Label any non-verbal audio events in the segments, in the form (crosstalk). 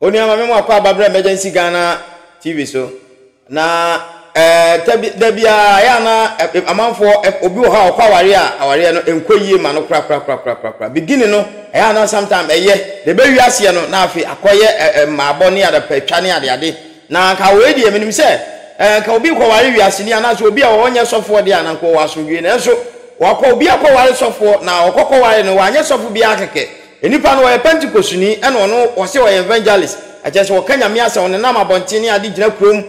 onye ama mmenwa akọ ababere emergency ghana tv so na eh, dabi a ah, ya na eh, amanfoɔ eh, obi wɔ hɔ a ɔkɔ awareɛ a awareɛ no nkɔ yie ma no kora kora kora kora kora kora beginning no ɛyɛ ano sometime ɛyɛ de bɛwi aseɛ no na afei akɔyɛ mmaabɔ ne adapɛtwa ne adeade na nka wɔyɛ deɛ menim sɛ nka obi kɔware wiase ni anaasɛ obi a wɔnyɛ sɔfoɔ deɛ ananka wɔwɔ asomdwie nanso wakɔ obi akɔware sɔfoɔ na ɔkɔkɔware no wɔanyɛ sɔfo biara kɛkɛ nipa no ɔyɛ pentikosuni ɛna ɔno ɔsɛ ɔyɛ evangelist ɛkyɛ sɛ ɔka nyame asɛm ɔne nam abɔnten ne ade gyina kurom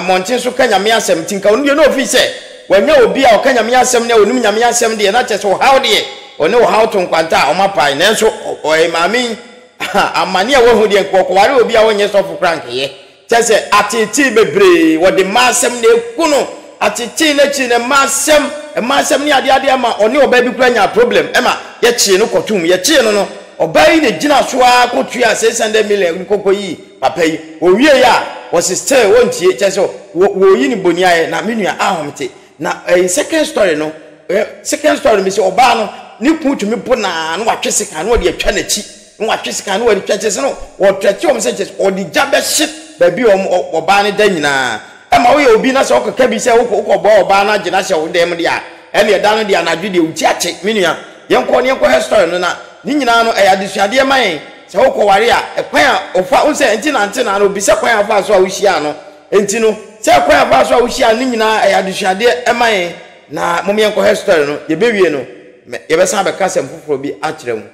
mmɔnten so ka nyame asɛm nti nka ɔno deɛ na sɛ wɔanya obi a ɔka nyame asɛm ne a ɔnim nyame asɛm deɛ na kyɛ sɛ ɔhaw deɛ ɔne ɔhaw to nkwanta a ɔma pae nanso ɔyɛ maame (laughs) amane a wahu deɛ nkɔkɔware obi a wɔnyɛ sɔfo kora nkɛyɛ kyɛ sɛ atetee bebree wɔde mmaa asɛm na ɛku akyekyee n'akyi na mmaa asɛm mmaa asɛm ni adeɛ adeɛ ma ɔne ɔbaa bi kura nya problem ɛma yɛkyee no kɔtum yɛkyee no no ɔbaa yi na gyina so a kɔtua six hundred million kɔkɔ yi papa yi owie yi a wɔsi still wɔntie kyɛ sɛ wɔyi ne boni ayɛ na me ahomte na ɛyɛ second story no ɛɛ second story mi sɛ ɔbaa no ni kun tumi po naa na watwe sika na wɔde atwa n'akyi na watwe sika na wɔde twɛ kyɛ sɛ no wɔtwɛ kyɛ wɔn sɛ kyɛ sɛ ɔde gya bɛhye baabi ɔbaa ne da nyinaa ma woyɛ obi na sɛ wokɔka bi sɛ wokɔbɔ ɔbaa no agye na hyɛ wo dɛm deɛ a ɛne ɛda no deɛ anadwo deɛ akye me nua yɛnkɔ ne no na ne nyinaa no ɛyɛ adesuadeɛ ma yɛn sɛ wokɔware a ɛkwan a ɔfa wo sɛ nante no obi sɛ kwan afa so a wohyia no no sɛ kwan afa so a wohyia ne nyinaa ɛyɛ adesuadeɛ yɛn na mom yɛnkɔhɛ story no yɛbɛwie no yɛbɛsan abɛka sɛm foforɔ bi akyerɛ mu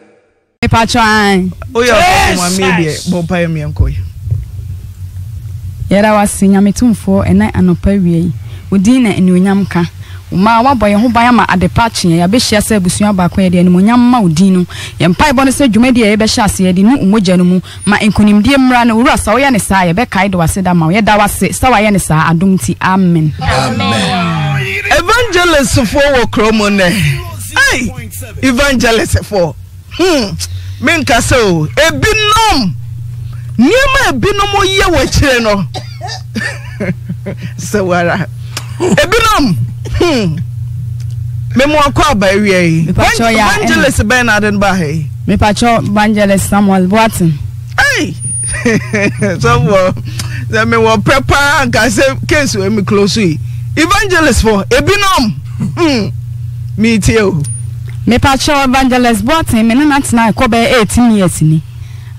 yɛra wase nyame tumfoɔ ɛnɛ anɔpa wie yi wodin na anuonyam ka ma wabɔ yɛn ho ban ama adepa kyeɛ yɛabɛhyia sɛ abusua baako yɛde animonyam ma wo din no yɛmpae no sɛ dwumadi a yɛbɛhyɛ ase yɛde no mmogya no mu ma nkonimdie mmra no wura sa woyɛ ne saa yɛbɛkae de wase da ma wo yɛda wase sɛ wayɛ ne saa adom nti amen evangelistfoɔ wɔ kurom nɛ evangelistfoɔ hmm, menkasɛ o ebinom nneɛma ebinom yɛ wɔ akyire no sɛ wara ebinom mɛmu akɔ aba ewia yi vangelis bɛn na adi ba ha yi. mipatsɔ vangelis samuel boatin. ɛyi sɔfɔ sɛmi wɔ pɛ paa nka sɛ keesi wɔ mi kulosu yi evangelis fɔ ebinom mi tie o. mipatsɔ evangelis boatin mi nana tena ɛkɔ eighteen years ni.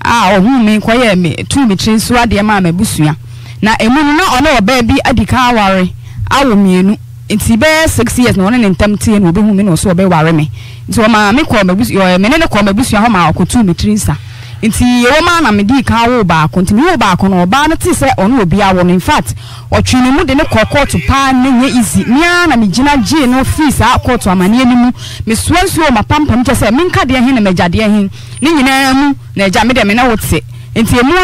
a ɔho me nkɔyɛ me tu me tiri nso adeɛ maa m'abusua na emu no na ɔne ɔbaa bi adi ka aware awo mmienu nti bɛyɛ six years na ɔne ne ntam tie na obi hu me na ɔso ɔbɛware me nti ɔmaa me kɔɔ m'abusua ɔyɛ me ne ne kɔɔ m'abusua hɔ ma ɔkotu me tiri nsa. nti ewo maa na mede ika awo baako nti mewo baako no ɔbaa no te sɛ ɔne obi awɔ no infact ɔtwe ne mu de ne kɔ kɔɔto paa ne nyɛ easy mea na megyina gyee no fii saa kɔɔto amanneɛ no mu mesoa nsuo ma pampam kyɛ sɛ menka deɛ he na magya deɛ he ne nyinaa mu na agya me deɛ me ne wo te nti emu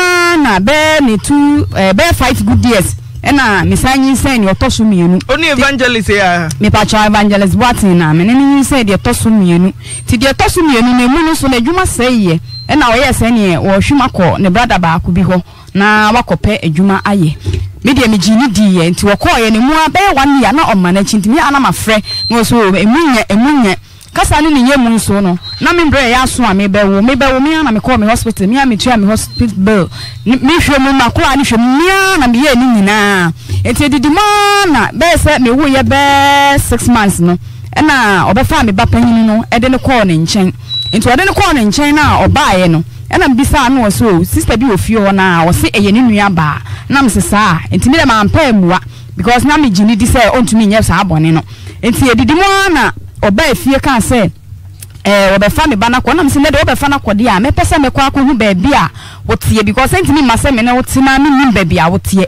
na bɛɛ ne two ɛɛ eh, bɛɛ five good years ɛna mesan nyinsɛn deɛ ɔtɔ so mmienu. o ni evangelist yɛ. mipatwa evangelist boatin na mene ne nyinsɛn deɛ ɔtɔ so mmienu ti deɛ ɔtɔ so mmienu na emu no so na adwuma sɛ yɛ ɛna ɔyɛ sɛneɛ wɔhwem akɔ ne brada baako bi hɔ na wakɔpɛ adwuma ayɛ media mi gyi ne dii yɛ nti wɔkɔɔ yɛ ne mu abɛyɛ one na ɔma n'akyi nti mi ana afrɛ na wɔso oh, wɔ emu nyɛ emu nyɛ kasa ne ne yɛ mu nso no na me mbrɛ aso a mebɛwo mebɛwo mea na mekɔɔ me hospital mea metua me hospital bill mehwɛ mu ma koraa ne hwɛ mu mea na meyɛɛ ne nyinaa ɛnti ɛdidi maa na bɛyɛ sɛ mewoyɛ bɛɛ six months no ɛna ɔbɛfaa me ba panyini no ɛde ne kɔɔ ne nkyɛn nti ɔde no kɔɔ ne nkyɛn na ɔbaeɛ no ɛna mbisa ano wɔ so sista bi wɔ fie hɔ na ɔse ɛyɛ ne nua baa na mse saa nti mi dɛ maa mpɛ because na mi gyi ne di sɛ ɔntumi nyɛ saa bɔne no nti edidi mu ara na ɔbaa fie kaa sɛ wɔbɛfa mi ba nakɔ na mse ne de wɔbɛfa nakɔ deɛ a mɛpɛ sɛ mɛkɔ akɔhu baabi a wɔteɛ because ɛntumi ma sɛ mi ne wɔtena mi baabi a wɔteɛ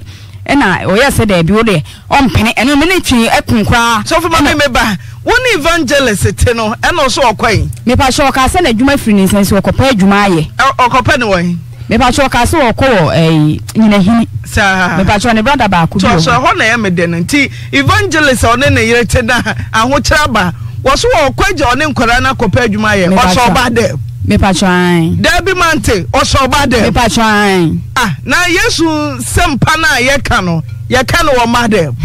ɛna ɔyɛ sɛ dɛɛbi o deɛ ɔmpene ɛno mi ne twi koraa. sɔfin maa mi ba wọn ní evangelist ti no ẹna ọsọ ọkọ yìí. mipasẹ ọkọ asẹ na adwuma firi ne nsa nso ọkọpẹ adwuma ayẹ. ọkọpẹ ni wọnyi. mipasẹ ọkọ asẹ ọkọ wọ ẹyìn nyinahini. saa mipasẹ ọne brada baako bi wọ. tọsọ ẹhọ na mi dẹ nti evangelist a ọne ne yere ti na ahokyere aba wọsọ ọkọ agya ọne nkwadaa na ọkọpẹ adwuma ayẹ ọsọ ọba dẹ. mipasẹ ọan. dẹbi mante ọsọ ọba dẹ. mipasẹ ọan. ah na yesu sẹ mpa na yẹ ka (laughs)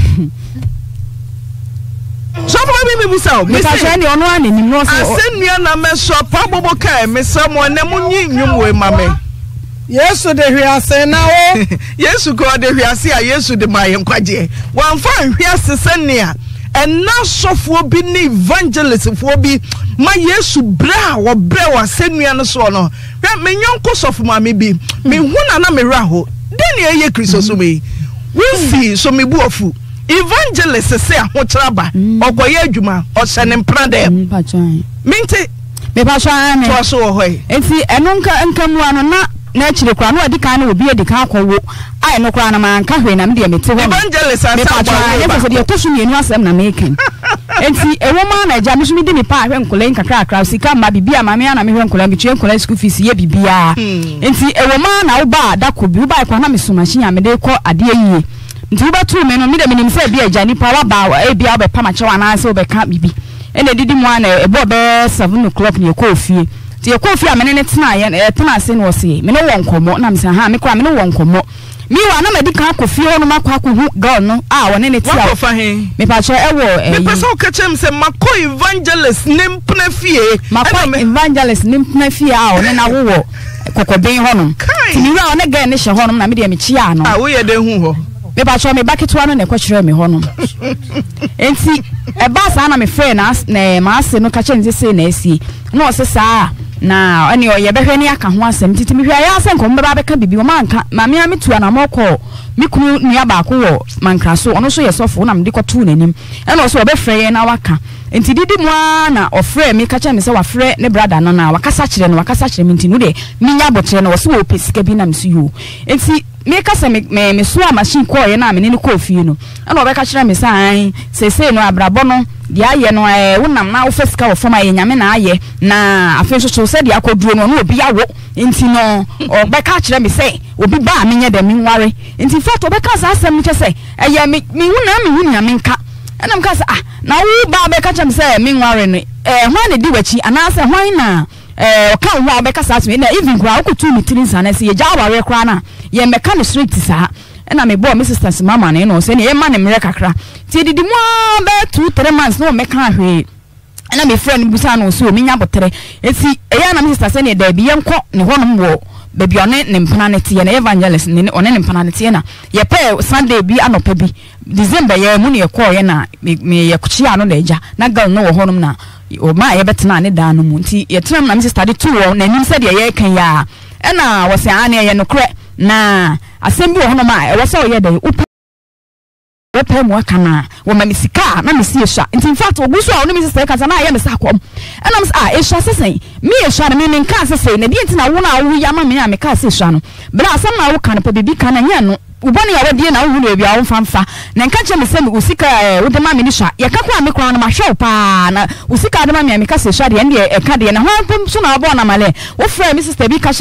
sọfọ mi mi busa o. mipasẹ ni ọnu ani ni nọọsi. asẹnua na mẹ sọ pabobo ka ẹ mi sẹ mo ẹnẹ mo nyi nyum wo ma mi. yesu de hwi ase na wo. (laughs) yesu kọ de hwi a yesu de ma yẹ nkwagye wọn fa nhwi ase sẹnia ɛna sɔfoɔ bi ne evangelistfoɔ bi ma yesu brɛ a wɔbrɛ wɔ asɛnnua no soɔ no hwɛ me nyɔnko sɔfo maame bi mi na na mewura hɔ dɛn ne ɛyɛ kristo so mu yi wosi so mebu evangelist sị ahụchara aba ọkọ mm. ya edwuma ọhyɛ ne mpra dɛ minti tọ so wɔ hɔ yi. eti ɛnu nka no na n'ekyiri koraa na kan na obi kan a koraa na maa hwee na mu deɛ hɔ no evangelist ba mepatwa asɛm na meekin eti na agya nso mi di mi pa ahwɛ nkɔla yi sika bibi a maame anam nkɔla nkɔla fees yɛ hmm. eti na bi na nti wobɛtoo me no mede menim sɛ bi agya nipa waba ebi a wobɛpam akyɛw anaasɛ wobɛka biribi ɛna ɛdidi mu a na ɛbɔ bɛɛ seven o'clock na yɛkɔɔ fie nti yɛkɔɔ fie a mene ne tena yɛ ɛtena ase na ɔse mene wɔ nkɔmmɔ na mesɛ ha me kora mene wɔ nkɔmmɔ miwa na mɛdi kan akɔ fie hɔnom akɔ akɔhu girl no a wɔne ne tia wakɔ fa he mepakyɛ ɛwɔ ɛyi eh, mepɛ sɛ woka kyerɛ m sɛ makɔ evangelist ne mpena fie makɔ evangelist ne mpena fie a ɔne na wowɔ kɔkɔben hɔnom nti miwa a ɔne girl ne hyɛ hɔnom na mede mekyia no a woyɛ dɛ hu hɔ mepakyɛ me baketewa no na ɛkɔkyerɛ me hɔ nom nti ba saa na mefrɛ na eh, maase no ka kyɛ se na asie na ɔse saa na ɛne ɔyɛ bɛhwɛ ne aka ho asɛm nti mehwɛ ayɛ sɛ nkɔm bɛba bɛka biribi ɔma nka mamea metu anammɔ kɔɔ me kunu nua baako wɔ mankra so ɔno so yɛ sɔfo na mede kɔtoo n'anim ɛna ɔsɛ ɔbɛfrɛ yɛn na waka nti didi mu ara na ɔfrɛ mi kakyɛ mi sɛ wafrɛ ne brada no na wakasa kyerɛ no wakasa kyerɛ mi nti no deɛ mi nya abɔkyerɛ no wɔsi wɔ pɛ sika bi na mi so yi o nti mi kasa mi mi mi so a machine kɔɔ yɛ na mi ne ne kɔɔ fie no ɛna ɔbɛka kyerɛ mi sàn sese no abrabɔ no deɛ ayɛ no ɛɛ wonam na wofɛ sika wɔ fam a yɛ nyame na ayɛ na afei nso so sɛ deɛ akɔduro no ɔno obi awo nti no ɔbɛka kyerɛ mi sɛ obi baa mi nyɛ dɛm nware nti fɛt ɔbɛka mi mi hu na ɛna mu ka sɛ ah na wo ba bɛka kyɛm sɛ mi nware no ɛɛ eh, hwan na di w'akyi anaasɛ hwan na ɛɛ eh, ɔka wo a bɛka saa tumi na even koraa wokutu ne tiri nsa na sɛ yɛgya aware koraa na yɛn mɛka ne straight saa ɛna mi bɔɔ mi sisters mama ne na ɔsɛ ne yɛma ne mmerɛ kakra ti didi mu aa bɛɛ two three months na wɔn mɛka ahwee ɛna mi frɛ ne busa na ɔsɛ omi nya abotire eti ɛyɛ anam sisters ne dɛbi yɛn kɔ ne hɔnom wɔ baabi ɔne ne mpana ne teɛ na evangelist ne ɔne ne mpana ne teɛ na yɛpɛ sunday bi anɔpɛ bi december yɛ mu ne yɛkɔɔ yɛ na me yɛkyi ano na agya na girl no wɔ hɔnom na ɔma a yɛbɛtena ne daa no mu nti yɛtena mu na mrs tade tu wɔ n'anim sɛdeɛ yɛreka yi a ɛna wɔsɛn a yɛ nokorɛ na asɛm bi wɔ hɔnom a ɛwɔ sɛ ɔyɛ dɛ bɛpɛ mu aka na wɔma me sika na me si ehyia nti in fact ogu a ɔno mi sisan kasa na ayɛ me sa kɔm ɛna mo sɛ a sisan mi ehyia no mi mi nka sisan na deɛ nti na wɔn a wɔyɛ ama mi a mi ka sisan ehyia no bɛrɛ asɛm na wɔka no pɔ biribi ka na nyɛ no wobɔ ne yɛwɔ deɛ na wohu no baabi a womfa na nka kyerɛ me sɛ wo sika eh, wode ma me ne hwa yɛka ko a me no mahwɛ wo paa na wo sika ma me a meka sɛ hwa deɛ ɛnedeɛ ɛka deɛ na ho mpom so na wɔbɔɔ namalɛ wofrɛ me sister bi ka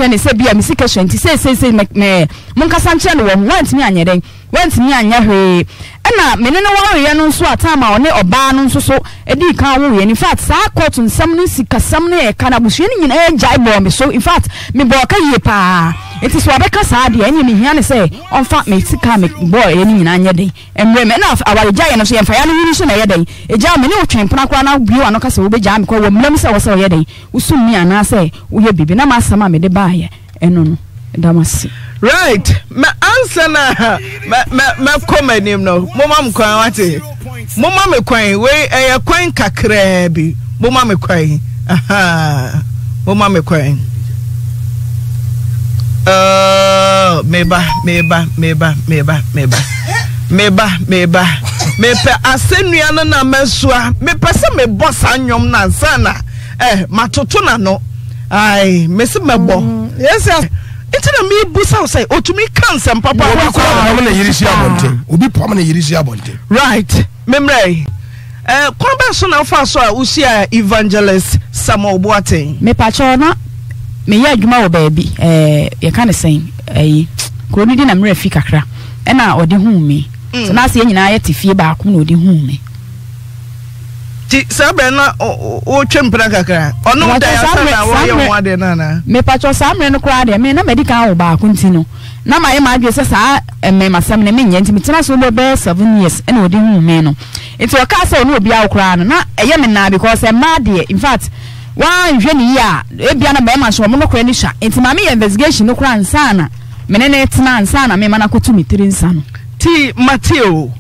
ne wɔntumi anyɛ hwee ɛna mene no wɔweɛ no nso atam a ɔne ɔbaa no nso so ɛdi kan woweɛ no infact saa court nsɛm no sikasɛm no yɛka no abusua no nyinaa gyae bɔɔ me so infact mebɔɔ ka yie paa nti sɛ wɔbɛka saa deɛ ɛne mehia ne sɛ ɔmfa me sika me ni ɛyɛ no nyinaa nyɛ den mmerɛ me ɛna awaregyaeɛ no so yɛmfa ya no wiri so na ɛyɛ den ɛgya mene wo twempena koraa na bio ano ka sɛ wobɛgyaa me kɔ wɔ mmerɛm sɛ wɔ sɛ ɔyɛ den wosum mi anaasɛ woyɛ biribi na maasɛm a mede baayɛ ɛno no ɛdam ase right ansa na mɛkɔ m'anim no momma me kwan wate momma me kwan wei ɛyɛ eh, kwan kakraa bi momma me kwan aha momma me kwan oh, meba meba meba meba meba meba meba mepɛ asɛnnua no na mɛsoa mepɛ sɛ mebɔ saa nnwom no ansa na eh, matoto na no ai mesi mɛbɔ mm, nti na mebu sa sɛ ɔtumi ka nsɛm papabipamneyirisiabɔnte right memmerɛ uh, kwan bɛɛ so na wofa so a wosia evangelist samuel boaten mepakyɛ na meyɛ adwuma wɔ baabi eh, yɛka ne sɛn eh, kuro no di na mmerɛ fi kakra ɛna ɔde hu me mm. so na ase yɛ nyinaa yɛte fie baako na ɔde hu me ti saa o na wotwe mpena kakra ɔno da yasa na wɔyɛ wɔn adeɛ nana. mipatwɔ saa mmerɛ no koraa deɛ na ma edi kan wɔ baako nti no na ma ayɛ ma adwe sɛ saa eh, mmɛn masɛm na mi nyɛ nti mi tena so bɛɛ seven years ɛna odi hu mi no nti ɔka sɛ ɔno obi awo koraa no na ɛyɛ mi naa because eh, mmaa deɛ in fact wɔanhwɛ ne yie a ebia na bɛrima nso ɔmo no koraa ni hwa nti maame yɛ investigation no koraa nsa na mene ne tena nsa na mema na kotu mi tiri nsa no. ti mateo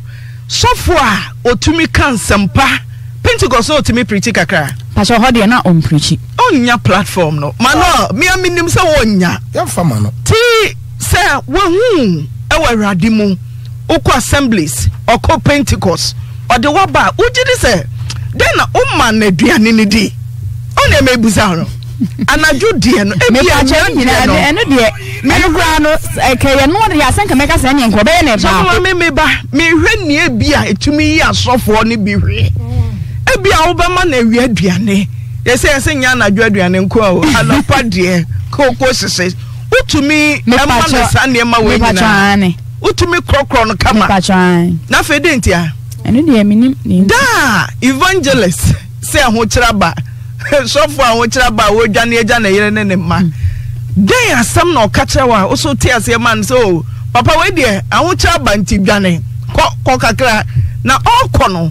sɔfo a otumi ka nsɛmpa. pentecost so timi pirikyi kakra. pàṣẹ ọhọ deɛ na platform no manuel mia mi nim sɛ wɔnya. yɛnfa ma no. ti sɛ mu assemblies ɔkɔ pentecost ɔde waba wogye de na ɔma n'aduane ne di ebi kura no na ɛbaako. sɔgbɔn mi mi ba mi ebi a yi bi ebi a wobɛma na awia aduane yɛsɛ yɛsɛ nya anadwo aduane nko a o anapa deɛ koko sese wotumi ɛma ne saa nneɛma wɔ nyinaa wotumi korɔkorɔ no kama na afei de nti a daa evangelist sɛ ahokyerɛ ba (laughs) sɔfo ahokyerɛ ba a wodwane agya na yere ne ne mma hmm. den asɛm na ɔka kyerɛ wɔ a woso te aseɛ ma no sɛ o oh, papa wei deɛ ahokyerɛ ba nti dwane kɔ kɔ kakra na ɔkɔ no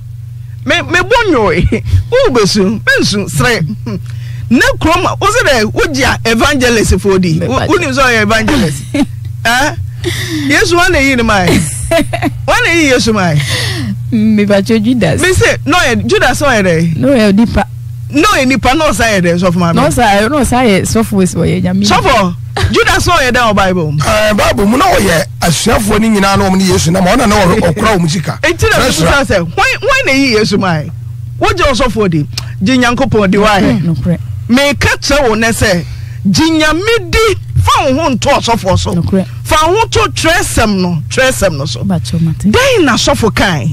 mebɔ nyoe wobɛsu mensu serɛ ne kurom wo sɛ dɛ wogya evangelist foɔ di wonim sɛ ɔyɛ evangelist yesu wane yi ni mae (laughs) wane yi yesu mae mebatwɛ judas mese na ɔyɛ judas ɔyɛ dɛ na ɔyɛ nipa na ɔyɛ nipa na ɔsa yɛ dɛ sɔfo ma na ɔsa yɛ sɔfo wɔ yɛ nyame sɔfo judas náà yẹ dẹ ọ baibu. ẹẹ baibu mu náà yẹ asuafoɔ ni nyinaa náà wọn ni yesu náà ɔnà náà ɔkura wɔn sika. eti na mi sisan sɛ wɔn na yi yesu maa yi wɔn jɛ ɔsɔfoɔ di gye nyankopɔn di wa yɛ mɛ kɛtɛ wɔn nɛ sɛ gye di fa so fa ho to twerɛsɛm no twerɛsɛm no so dɛn na sɔfo kan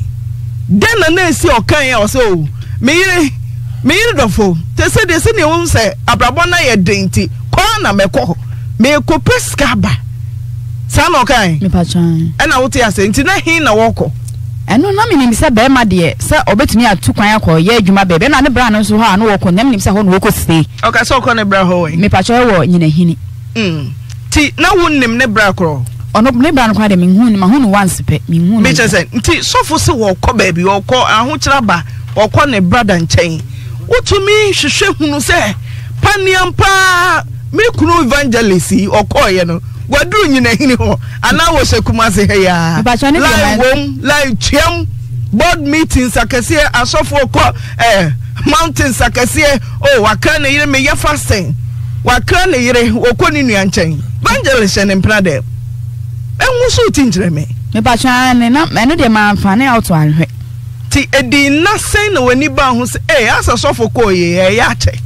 dɛn na na esi ɔkan a ɔsɛ o meyere meyere dɔfo sɛ abrabɔ na yɛ den ti na mɛkɔ meekɔpɛ sika ba saa na anyị. ɛna wote asɛ na he na wɔkɔ ɛno na menim sɛ bɛrima deɛ sɛ ɔbɛtumi ato kwan adwuma ne bra no nso hɔ a na wɔkɔ na menim sɛ hɔ na wɔkɔ ɔka sɛ ɔkɔ ne bra hɔ mepakyɛ wɔ nyinahini mm. nti na wonim ne bra korɔ ɔno ne bra no menhu no pɛ menhu sɛ nti sɔfo sɛ wɔkɔ baabi wɔkɔ ba wɔkɔ ne brada nkyɛn wotumi hwehwɛ hunu sɛ paneam me kunu evangelist yi ɔkɔɔyɛ no waduru nyinahini hɔ anaa wɔhyɛ kumase ha yaa lai wom lai twɛm board meetings akɛseɛ asɔfoɔ kɔ ɛɛ mountains akɛseɛ o wakra ne yere meyɛ fasting wakra ne yere wɔkɔ ne nua nkyɛn evangelist hyɛ ne mpena dɛ ɛnwo so ti nkyerɛ me. mipatwa ne na ɛno deɛ maa nfa ne awoto ahwɛ. ti edi nna sɛn na wani ba ho sɛ ɛɛ asɛ kɔɔ yɛ ɛyɛ akyɛ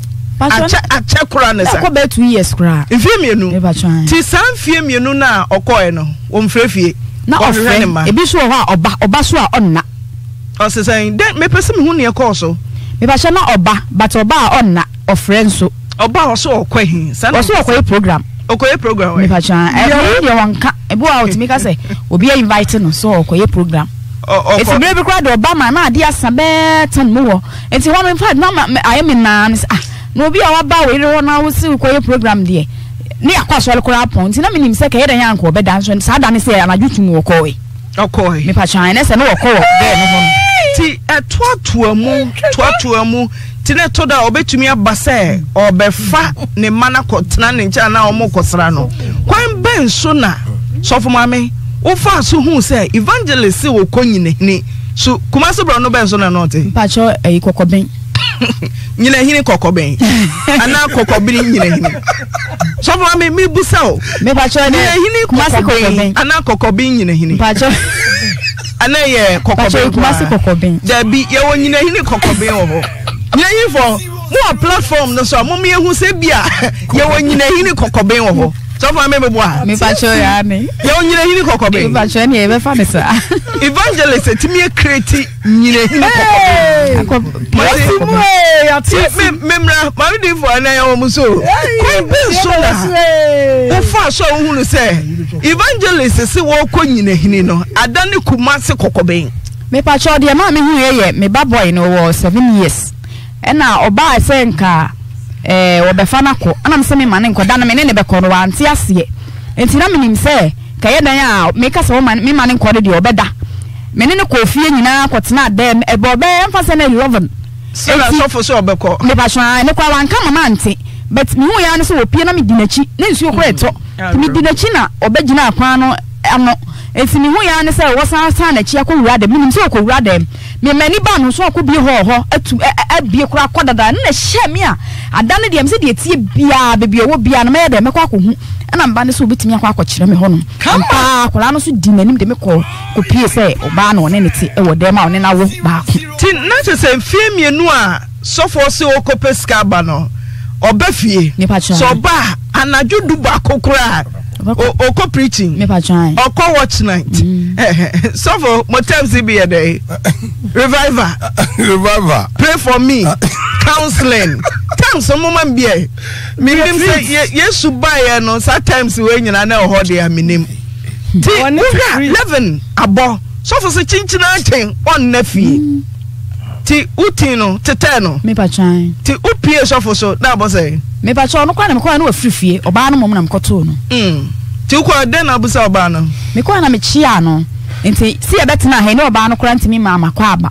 akyɛ akyɛ kura ne sa ɛkɔ bɛɛ two years kora mfie mmienu ti saa mfie mmienu na ɔkɔɛ no wɔn mfrɛ fie na ɔfrɛ ebi so wɔ hɔ a ɔba ɔba so a ɔnna ɔsesan dɛ mepɛ sɛ mehu neɛ kɔɔ so mepahyɛ na ɔba but ɔba a ɔnna ɔfrɛ nso ɔba a ɔso ɔkɔ hin saa na ɔso ɔkɔ program ɔkɔyɛ program wɛ mepatwa ɛwɔ deɛ wɔnka ebi wa ɔtumi ka obi yɛ invite no so ɔkɔyɛ program efi bere bi kora de ɔba ma na adi asa bɛɛ tan mu wɔ eti wɔn mi fa ayɛ mi naa mi sɛ ah. Nobi obi a waba wei rewɔ na wosi kɔyɛ program deɛ ne akɔ asɔre koraa pɔn nti na mi nim sɛ kɛyɛ dɛ yɛn ankɔ ɔbɛda nso saa da ne sɛ anadwo tum wɔ kɔɔ yi. ɔkɔɔ yi mipatwa ɛnɛ sɛ ne wɔ kɔ wɔ bɛɛ no ti ɛtoatoa mu toatoa mu ti ne to da ɔbɛtumi aba sɛ ɔbɛfa ne ma na kɔ tena ne nkyɛn na ɔmo kɔsra no kwan bɛn so na sɔfo maame wofa so hu sɛ evangelist wɔ kɔ nyinahini so kumasi brɔ no bɛn so na n'ɔte. mpatsɔ ɛyi bɛn. nyina nyinahini kɔkɔbɛn (laughs) anaa kɔkɔbiri nyinahini sɔfɔ mi mi busa o ana kɔkɔbɛn anaa kɔkɔbiri nyinahini (laughs) ana yɛ kɔkɔbɛn dabi yɛwɔ nyinahini kɔkɔbɛn wɔ hɔ nyinahini fɔ mu wɔ platform no so a mo mi ehu sɛ bia (laughs) yɛwɔ nyinahini kɔkɔbɛn wɔ hɔ. sọfún mi bọ ha. mipatsọ ya ni. yẹ o nyina yini kɔkɔ bɛ. mipatsọ ni ẹ bɛ fa mi sa. evangelist ti mi ye kireti nyina yini kɔkɔ bɛ. mo ti mu ee ati esi. mɛmira maame di fɔ ɛnɛ yɛ wɔn muso. kò bí so na o fa so ohun sɛ evangelist si wɔn kɔ nyina yini no adani kumasi kɔkɔ bɛ. mipatsọ deɛ maa mi hu yɛ yɛ mi ba bɔ yi ni o wɔ seven years ɛna ɔbaa ɛsɛ nkaa ɛɛ eh, wɔbɛfa n'akɔ ɛna mi sɛ mi ma ne nkɔda na mi ne ne bɛkɔ no wante aseɛ nti na mi nim sɛ kɛyɛ dan a mi kasa wɔn mi ma ne nkɔ no deɛ ɔbɛda mi ne ne kɔ fie nyinaa kɔtena adan ɛbɛ ɔbɛyɛ nfa sɛ ne eleven. sɛbɛ sɛ ɔbɛkɔ. mipasɔn ne kɔ wanka mama nti but mi hu ya no sɛ wɔ na mi di n'akyi ne nsuo kora ɛtɔ mi di n'akyi na mm. ɔbɛgyina akwan no ano efi ne ho ya ne sɛ wɔ san san n'akyi akɔ wura dɛm nim sɛ ɔkɔ wura dɛm no nso ɔkɔ ebie kora dada ne na hyɛ mi a ada ne deɛ m sɛ deɛ tie biaa beebi dị biaa no mɛyɛ dɛm mɛkɔ akɔ hu ɛna mba ne sɛ akɔ akɔkyerɛ mi hɔnom no nso di n'anim de mi kɔ kɔ pie na ɔne ne ti ɛwɔ dɛm a ɔne n'awo baako. ti na kyerɛ sɛ mfie mmienu a sɔfoɔ okɔ preaching ɔkɔ watch night mm. sɔfo (laughs) mo terms bi yɛ dɛ Reviver, (laughs) reviver. pray for me uh. counseling (laughs) times mo ma bi yɛ mi nim sɛ yesu ba yɛ no saa times wo nyinaa na ɛwɔ hɔ de a mi nim ti wura eleven abɔ sɔfo so kyinkyin akyɛn ɔn na fie ti uti no tetɛ no. mipatwan. ti upie sɔfo so na abɔ sɛ. mipatwan ɔno kora na mekora na wafiri fie ɔbaa no mɔmu na mekɔtoo no. Mm. ti wokɔ dɛn na abusa ɔbaa no. mekora na mekyia no nti si yɛbɛtena ha ne ɔbaa no kora ntumi maa makɔ aba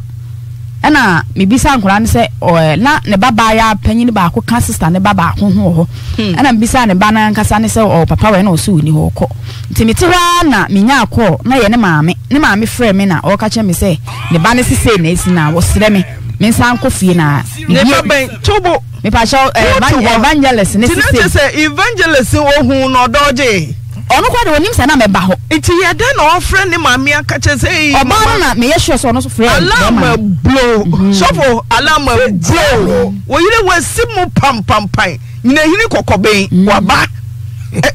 ɛna mebisa nkwadaa no sɛ ɔɛ na ne ba baayɛ panyin baako ka sista ne ba baako ho wɔ hɔ hmm. ɛna mebisa ne ba nankasa ne sɛ ɔɔ papa wɔ ɛna ɔsɛ oni hɔ kɔ nti mete hɔ na menya akɔ na yɛ ne maame ne maame frɛ me na ɔka kyerɛ me sɛ ne ba ne sise na esi na wɔsrɛ me me nsa nkɔ fie na. ne ba bɛn tubo. mipakyɛw ɛɛ evangelist ne sise. tinɛ ti sɛ evangelist ohun na ɔdɔɔgye ɔno kɔ de onim sɛ na mɛba hɔ. nti yɛ dɛ na ɔfrɛ ne maame akakyɛ sɛ eyi. ɔbaa no na meyɛ sure sɛ ɔno so frɛ alama bulo sɔfo alama bulo wɔyere wɔasi mu pampampan nyinahini kɔkɔbɛn waba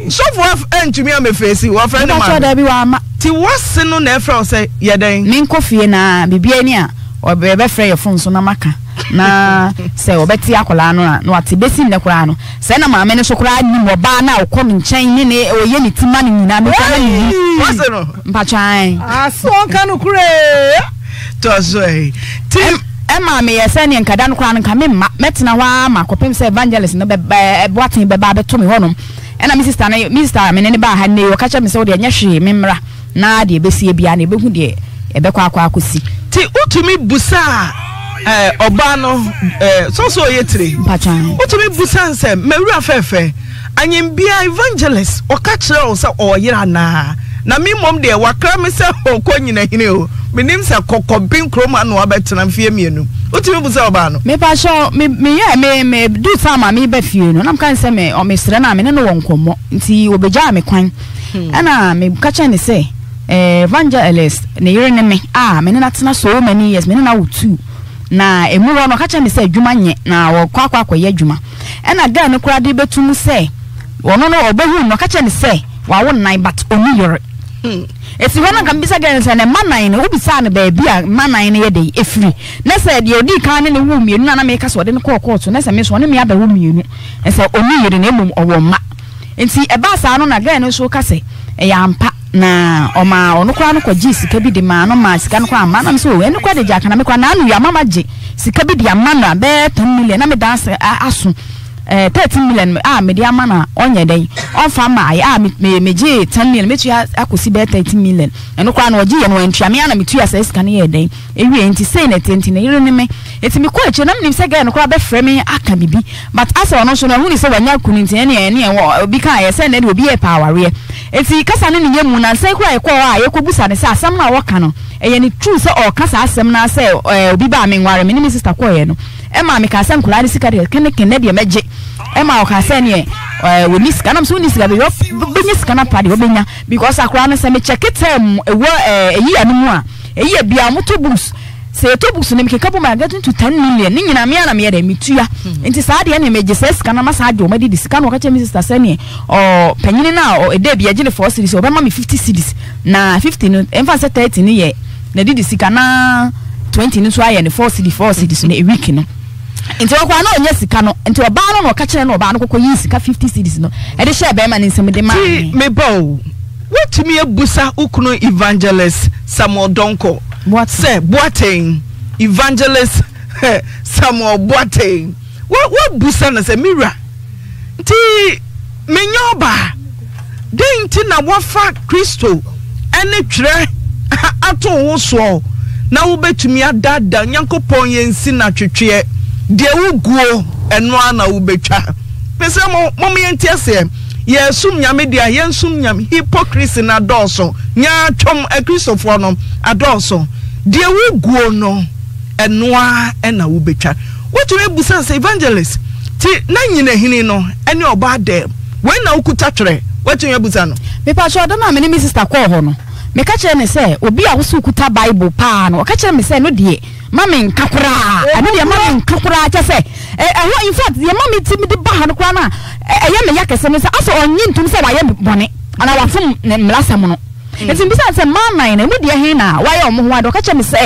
sɔfo ɛntumi amefesi wɔfrɛ ne maame. ti wɔsi no na ɛfrɛ ɔsɛ yɛ dɛn. mi fie na bibi ani a. ɔbɛfrɛ yɛ fon so na maka na (laughs) sɛ ɔbɛte akwadaa no a na wate bɛsi ne koraa no sɛ na maame no so koraa nim ɔbaa na ɔkɔ ne nkyɛn ne ne ɔyɛ ne ti ma ne nyinaa ne koraa ne yi mpatwan. aso nka no kuree. so yi ti. ɛma me yɛ sɛ ne nkada no koraa no nka mi ma mɛtena hɔ ama akɔpem sɛ evangelist no bɛ bɛ buaten bɛba abɛto mi hɔnom ɛna mi sista ne mi sista mi ne ne ba ha ne ɔka kyɛ mi sɛ ɔde ɛnyɛ hwee mi mmra na deɛ ebesie bia na ebehu deɛ ɛbɛkɔ akɔ akɔsi. ti wotumi busa ɛɛ eh, ɔbaa no ɛɛ eh, sɔsɔ oyɛ tire mpatwa wotumi busa nsɛm mɛwura fɛɛfɛ anyambia evangelist ɔka kyerɛ wɔn sɛ ɔyera naa na mi mom deɛ wakra (laughs) mi sɛ ɔkɔ nyinahini o menim sɛ kɔkɔ bi nkurom ano abɛtena fie mmienu wotumi busa ɔbaa no. mipatsɔ mi mi yɛ mi mi du saa ma mi bɛ fie no nam ka n sɛ mi ɔmi srɛ na mi ne no wɔ nkɔmɔ nti obegya mi kwan ɛna mi kakyɛ ne sɛ. Eh, evangelist ne yere ne me a ah, me ne natena so many years me ne na wotu na emu hɔ no ɔka kyerɛ sɛ adwuma nyɛ na wɔkɔ akɔ akɔyɛ adwuma ɛna gaa no koraa de bɛtu mu sɛ ɔno no ɔbɛhu no ɔka kyerɛ ne sɛ wawo nan but ɔni yɔre hmm. esi hɔ no nka mbisa gaa no sɛ ne mma nan no wobisa no baabi a mma nan no yɛ de efiri ne sɛ deɛ odi kan ne ne wu mmienu na anam eka so ɔde ne kɔɔ kɔɔto ne sɛ me so ɔne me abɛwo mmienu ɛsɛ ɔni yɔre na emom ɔwɔ mma nti ɛbaa saa no na gaa no nso ka sɛ ɛyɛ ampa na ɔma ɔno koraa no kɔgye sika bi de maa no maa sika no ama nam sɛ ɛno koraa de gye akaname koraa na ano yɛ ama ma gye sika bi de ama no a bɛɛ ten million na me dan aso ɛɛ eh, thirteen million a ah, mede ama na ɔnyɛ dɛ ɔnfa ma ayɛ a ah, me gye ten million tu ya akosi bɛɛ thirteen million ɛno koraa na ɔgye yɛ no ɛntua me ana metu yɛ sɛ sika no yɛ dɛ ewie nti sei na tenten na yere ne me eti mi kɔ akyire na menim sɛ gɛɛ no koraa bɛfrɛ me aka bibi but asɛ ɔno nso no ɛho ne sɛ wanya kunu nti ɛne ɛne ɛwɔ obi ka ayɛ sɛ ɛnɛ de obi yɛ pa eti kasa ne ne yɛ mu na nsɛn koraa yɛ kɔ hɔ a yɛkɔ busa ne sɛ asɛm no a wɔka no ɛyɛ ne true sɛ ɔɔka saa asɛm no sɛ ɛɛ eh, obi baa me nware me ne me sista kɔɔyɛ no ɛma meka sɛ nkoraa ne sika deɛ kene kene deɛ mɛgye ɛma ɔka sɛ neɛ wɔni sika nam sɛ woni sika bɛyɛ wobɛnya sika no pa deɛ wobɛnya because akoraa no sɛ mekyɛ ketaa mu ɛwɔ ɛyia no mu a ɛyia biaa moto books sɛ yɛtɔ books no mekeka bɔ ma yɛgɛto to ten million ne nyina mea na meyɛ dɛ metua nti saa deɛ ne megye sɛ sika no ma saa agye ɔmade de sika no ɔka kyɛ me sister sɛneɛ panyini no a ɛda bi agye ne four series ɔbɛma me fifty cedis na fifty no ɛmfa sɛ thirty no yɛ na de sika naa twenty no nso ayɛ no four cd four cd so na ewiki no nti ɔkɔ ano ɔnyɛ sika no nti ɔbaa no na ɔka kyerɛ no ɔbaa no kɔkɔ yi sika fifty cds no ɛde hyɛ bɛrima ne nsɛm de maa mi. ti o wotumi ebusa ukunu evangelist samuel donko sɛ boateng evangelist samuel boateng wabusa na sɛ mira nti menyɛ ɔbaa den nti na wafa kristo ɛne twerɛ (laughs) ato wo na wobɛtumi adada nyankopɔn yɛnsi na twetweɛ deɛ woguo na wobɛtwa pɛ sɛ momoyɛnti aseɛ yɛsom nyame deɛ yɛnsom nyame hypocrisi no adɔɔso nyaa twɔm akristofoɔ no adɔɔso deɛ woguo no ɛna wobɛtwa wotumi sɛ evangelist ti na nyinahini no ɛne ɔbaa dɛ wei na wokuta twerɛ woatumi abusa no ɔdɔ no a mene me sister meka kyerɛ ne sɛ obi a woso kuta bible paa no ɔka kyerɛ me sɛ no deɛ ma me nka koraa ɛno deɛ ma me nka koraa kyɛ sɛ ɛhɔ infact deɛ ma me ti de ba ha no koraa no a ɛyɛ me ya kɛse no sɛ asɛ ɔnye ntom sɛ wayɛ bɔne anaa wafom ne mmerasɛm no hmm. nti mbisa sɛ maa nan no mu deɛ hen na wayɛ ɔmo ho ade ɔka kyerɛ me sɛ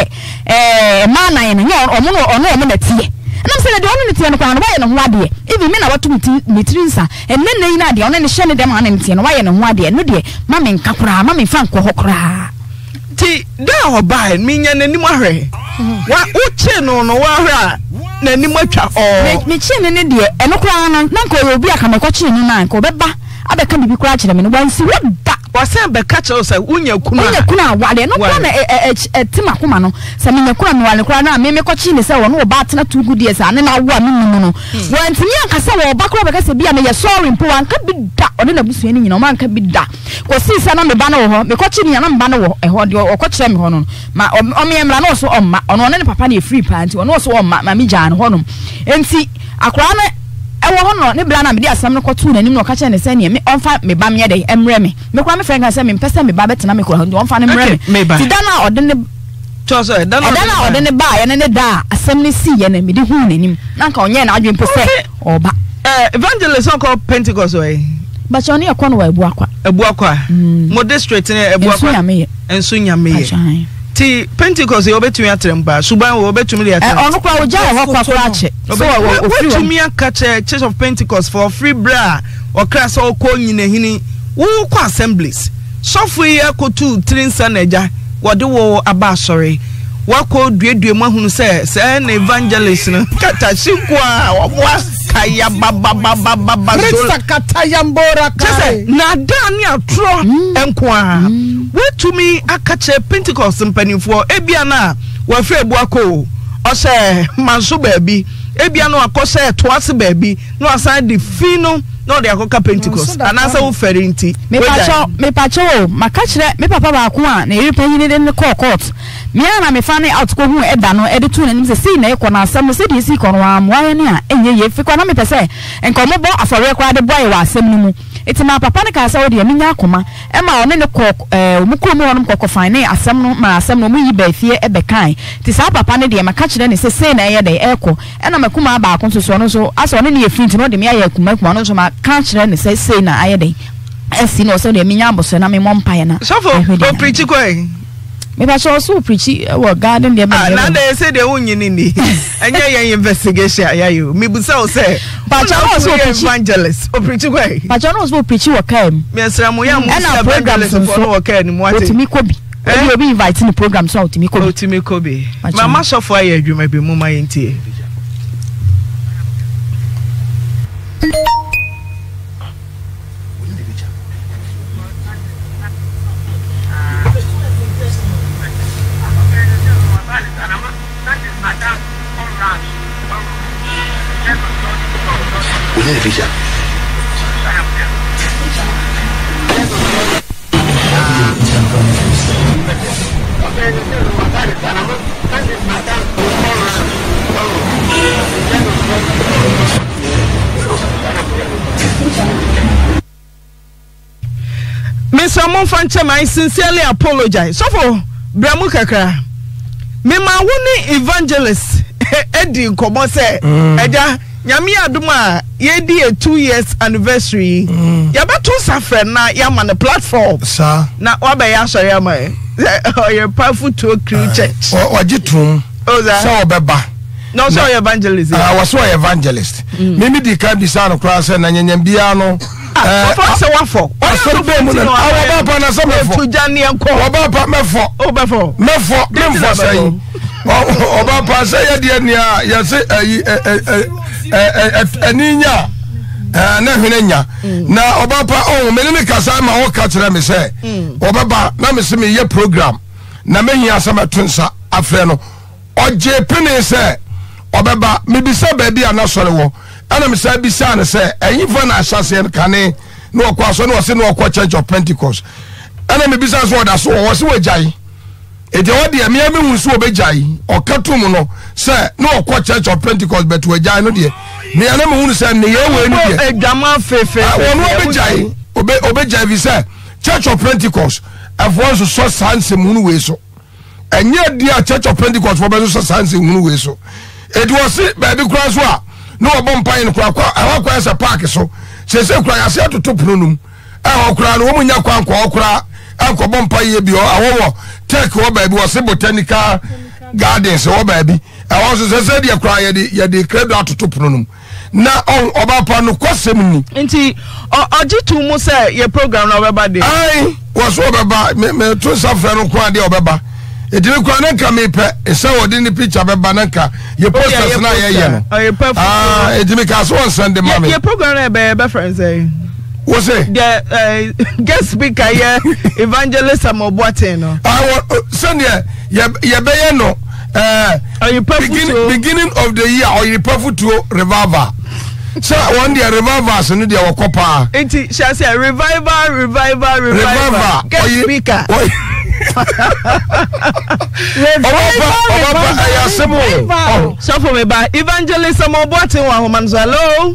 ɛɛ maa nan no nyɛ ɔmo no ɔmo na tie nam sɛ deɛ ɔno ne teɛ no koraa no wayɛ ne ho adeɛ ebi me na wato me tiri nsa ɛnɛ nna yi no adeɛ ɔno ne hyɛ ne dɛm a ne teɛ no wayɛ ne ho adeɛ no deɛ ma me nka koraa ma me mfa nkɔ hɔ koraa nti da ɔbaa menya n'anim ahwɛ wa wokye no no wahwɛ a n'anim atwa ɔɔ mekyee ne ne deɛ ɛno koraa no na nka ɔyɛ obi a ka mɛkɔkyee no no ɔbɛba abɛka biribi koraa kyerɛ me no wansi wada wɔsɛn bɛka kyerɛ sɛ wonya kunu a wonya kunu a wale no kura na ɛti ma koma no sɛ menya kura mi wale kura na mimi kɔkyi ne sɛ wɔn ɔba atena tugu deɛ sɛ ane na awo a mi nimu no hmm. wɔntumi ankasa wɔ ɔba kura bɛka sɛ bi a meyɛ sɔɔri mpo anka bi da ɔne na busua ne nyina ɔmo anka bi da kɔsi sɛ na mi ba no wɔ hɔ mi kɔkyi ne yana mi ba no wɔ ɛhɔ deɛ ɔkɔkyerɛ mi hɔ no ma ɔmiɛ mìíràn n'ɔso ɔmma ɔno ɔne ne papa ne efiri paa nti ɔno ɔso ne hɔ nti akora ne ɛwɔ hɔ no ne bra na mede asɛm no kɔtoo n'anim na ɔka kyerɛ ne sɛ neɛ me ɔmfa me ba meɛ dɛn ɛmmerɛ me mekora me frɛ ka sɛ mempɛ sɛ me ba bɛtena me kora ɔmfa no mmerɛ me da no a ɔde ne ɛda no a ɔde ne baayɛ ne ne da a asɛm no sii no mede huu n'anim na nka ɔnyɛɛ n'adwene mpo sɛ ɔba eh, evangelist ɔkɔ pentecost ɔyɛ bàtà ɔne ɛkɔ no wɔ abuakwa abuakwa mm. mo district ne abuakwa nso nyameyɛ nso nyameyɛ nti pentecost yɛ wɔbɛtumi atrɛ mpa suban wɔ wɔbɛtumi de atrɛ ɔno kora ogya yɛ hɔ kora kora akyɛ so wɔtumi aka kyɛ church of pentecost for free bra a ɔkra sɛ ɔkɔ nyinahini wokɔ assemblies sɔfo yi akɔtu tiri nsa na agya wɔde wɔ aba asɔre wakɔ duadua mu ahunu sɛ sɛɛ na evangelist no katahyenko a wɔboa kaya babababababa kyɛ sɛ naadaa ne atorɔ mm. nko a mm. woatumi aka kyerɛ pentecost mpanimfoɔ ebia no a wɔafiri abu akɔ o ɔhyɛ baabi ebia no wakɔ hyɛ toase baabi na wasan de fi na ɔde akɔka pentikos anaasɛ wo fɛre nti mepakyɛ o maka kyerɛ me papa baako a na ɛyere panyini de ne kɔɔ court mea na mefa ne out kɔhu ɛda no ɛde to n'anim sɛ sei na ɛkɔ no asɛm no sɛdeɛ ɛsii kɔ no waa mmoayɛ ne a ɛnyɛ yie fi kɔ na mepɛ sɛ nkɔmmɔbɔ afɔreɛ koraa de bɔɛ wɔ asɛm no nti na papa ne kaa sɛ ɔde ɛmi nya akoma ɛma ɔne ne kɔ ɛɛ eh, ɔmu kurom hɔ nom kɔkɔ fan ne asɛm no ma asɛm no ɔmu yi bɛɛ fie ɛbɛ kan nti saa papa ne deɛ mɛka kyerɛ ne sɛ sei na ɛyɛ dɛ ɛɛkɔ ɛna mɛ kuma baako nso so ɔno nso asɛ ɔne ne yɛ firi nti na ɔde mi ayɛ kuma kuma ɔno nso ma ka kyerɛ ne sɛ sei na ayɛ dɛ ɛsi na ɔsɛ ɔde ɛmi nya abɔsɔ na mi mɔ mpa yɛ na ɛhwɛ deɛ na mepatwa ɔso pirikyi eh, wɔ garden deɛ bɛn ah, yɛrɛ nana ɛsɛ deɛ wonyini ni (laughs) ɛnyɛ yɛn investigation ayɛ o mibusa o sɛ patwa ɔno ɔso pirikyi evangelist opirikyi kɔ yi patwa ɔno ɔso pirikyi wɔ kaa mu mɛsirɛ mu yɛ mu sɛ evangelist fɔ no wɔ kaa ni mu ate otumi kobi eh? ebi obi invite ni program so a otumi kobi otumi kobi mama sɔfo ayɛ adwuma bi mu ma yɛn tie. ne yapacağım? Mr. Monfanchem, I sincerely apologize. So for Bramu Kakra, Mima Wuni Evangelist, Eddie Komose, Eja. Mm nyame adum a yɛdi a two years anniversary mm. yɛbɛto safrɛ na yɛama no platform Sa. na wabɛyɛ asɔre ama yɛ ɔyɛ powerful to crew uh, church wagye tom oh, sɛ wɔbɛba na ɔyɛ evangelist wɔ sɛ ɔyɛ evangelist meme di ka bisa no koraa sɛ na nyanyam biara no ah, asɔre bɛɛ mu nowɔbapa na sɛ mɛfɔwɔbapa oh, mɛfɔ mɛfɔ memfɔ sɛ yi ɔbapa sɛ yɛdeɛ nea yɛse ɛni nya mm. na hwene nya na ɔbɛpa ɔn mene me kasa ma ka kyerɛ me sɛ mm. ɔbɛba na mese meyɛ program na mehia asɛm ɛto nsa afrɛ no ɔgye pene sɛ ɔbɛba mebisa baabi a nasɔre wɔ ɛna mesa bisaa no sɛ ɛyifa na ahyɛseɛ kane na ɔkɔ asɔ na ɔse ne ɔkɔ church of pentecost ɛna mebisa so ɔda so wɔwɔ gya wɔagyae ètò ɛwɔ deɛ mmea mi hu nso ɔbɛgya yi ɔka tum no sɛ na ɔkɔ church of pentecost bɛtu ɛgya no deɛ mmea no mi hu sɛ ne yɛ wɔ ɛnu deɛ ɛdwama fefe wɔn ɔbɛgya yi ɔbɛgya yi sɛ church of pentecost ɛfoɔ nsosɔ saa nsɛmhunu wei so ɛnyɛ di a church of pentecost fɔ bɛ nsosɔ saa nsɛmhunu wei so ètò ɔsi baabi kura so a na ɔbɔ mpa yi no kura kɔ ɛhɔ kɔ ɛsɛ paaki so sese kura yasi atoto pono nom ɛhɔ kura no wɔn mu nya kwan kɔ ɔkura ɛkɔ bɔ mpa yi bi ɔwɔ tech wɔ baabi wɔse botanical gardens wɔ baabi ɛwɔ nso sɛ sɛdeɛ koraa yɛde yɛde kredo atoto pono no mu na ɔba pa no kɔsɛm ni. nti ɔgye tu mu sɛ yɛ program na ɔbɛba de. ayi wɔso ɔbɛba mɛ mɛ to nsafrɛ no kora deɛ ɔbɛba ètùnú kura ne nka mi pɛ ɛsɛ wɔde ne picture bɛba ne nka yɛ oh, posters na oh, yɛ yɛ no aa ètùnú kà so wɔn nsɛn de ma mi. yɛ program na yɛ bɛ yɛ bɛ fɛn sɛ wọ́n sẹ́. jẹ guest speaker yẹ (laughs) evangelist amobuaten no. awọ sẹ́niyẹ yẹ bẹ yẹ nọ. beginning of the year ọ̀yẹ̀pẹ̀futuo revival sẹ wọn deɛ revivals ni deɛ wɔkɔ paa. nti sase revival revival revival guest speaker. (laughs) Revival, eh, revival, revival. sẹmu. Oh. sọfún mi ba evangelist ọmọ bọ́ọ̀tì wọn ahomanso hello.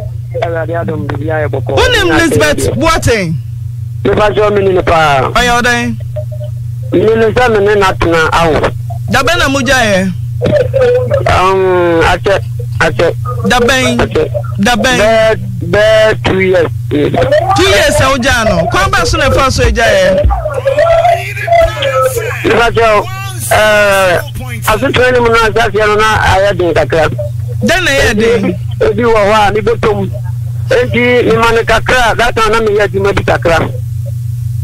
Who name lisbeth boateng mefa sɛ mene no paa ɔyɛ wo dɛn mene sɛ mene natena awo dabɛn na mogyaeɛ um, akyɛ akyɛ dabɛn dabɛn bɛɛ two years two years a wogyaa no kwan bɛ so na ɛfa so agyaeɛ mefa sɛ asetɔe no mu no asaseɛ no na ayɛ den kakra dɛn na ɛyɛ den ebi wɔ hɔ a mebɛtɔ mu enti mema kakra a data na meyɛ adwuma bi kakra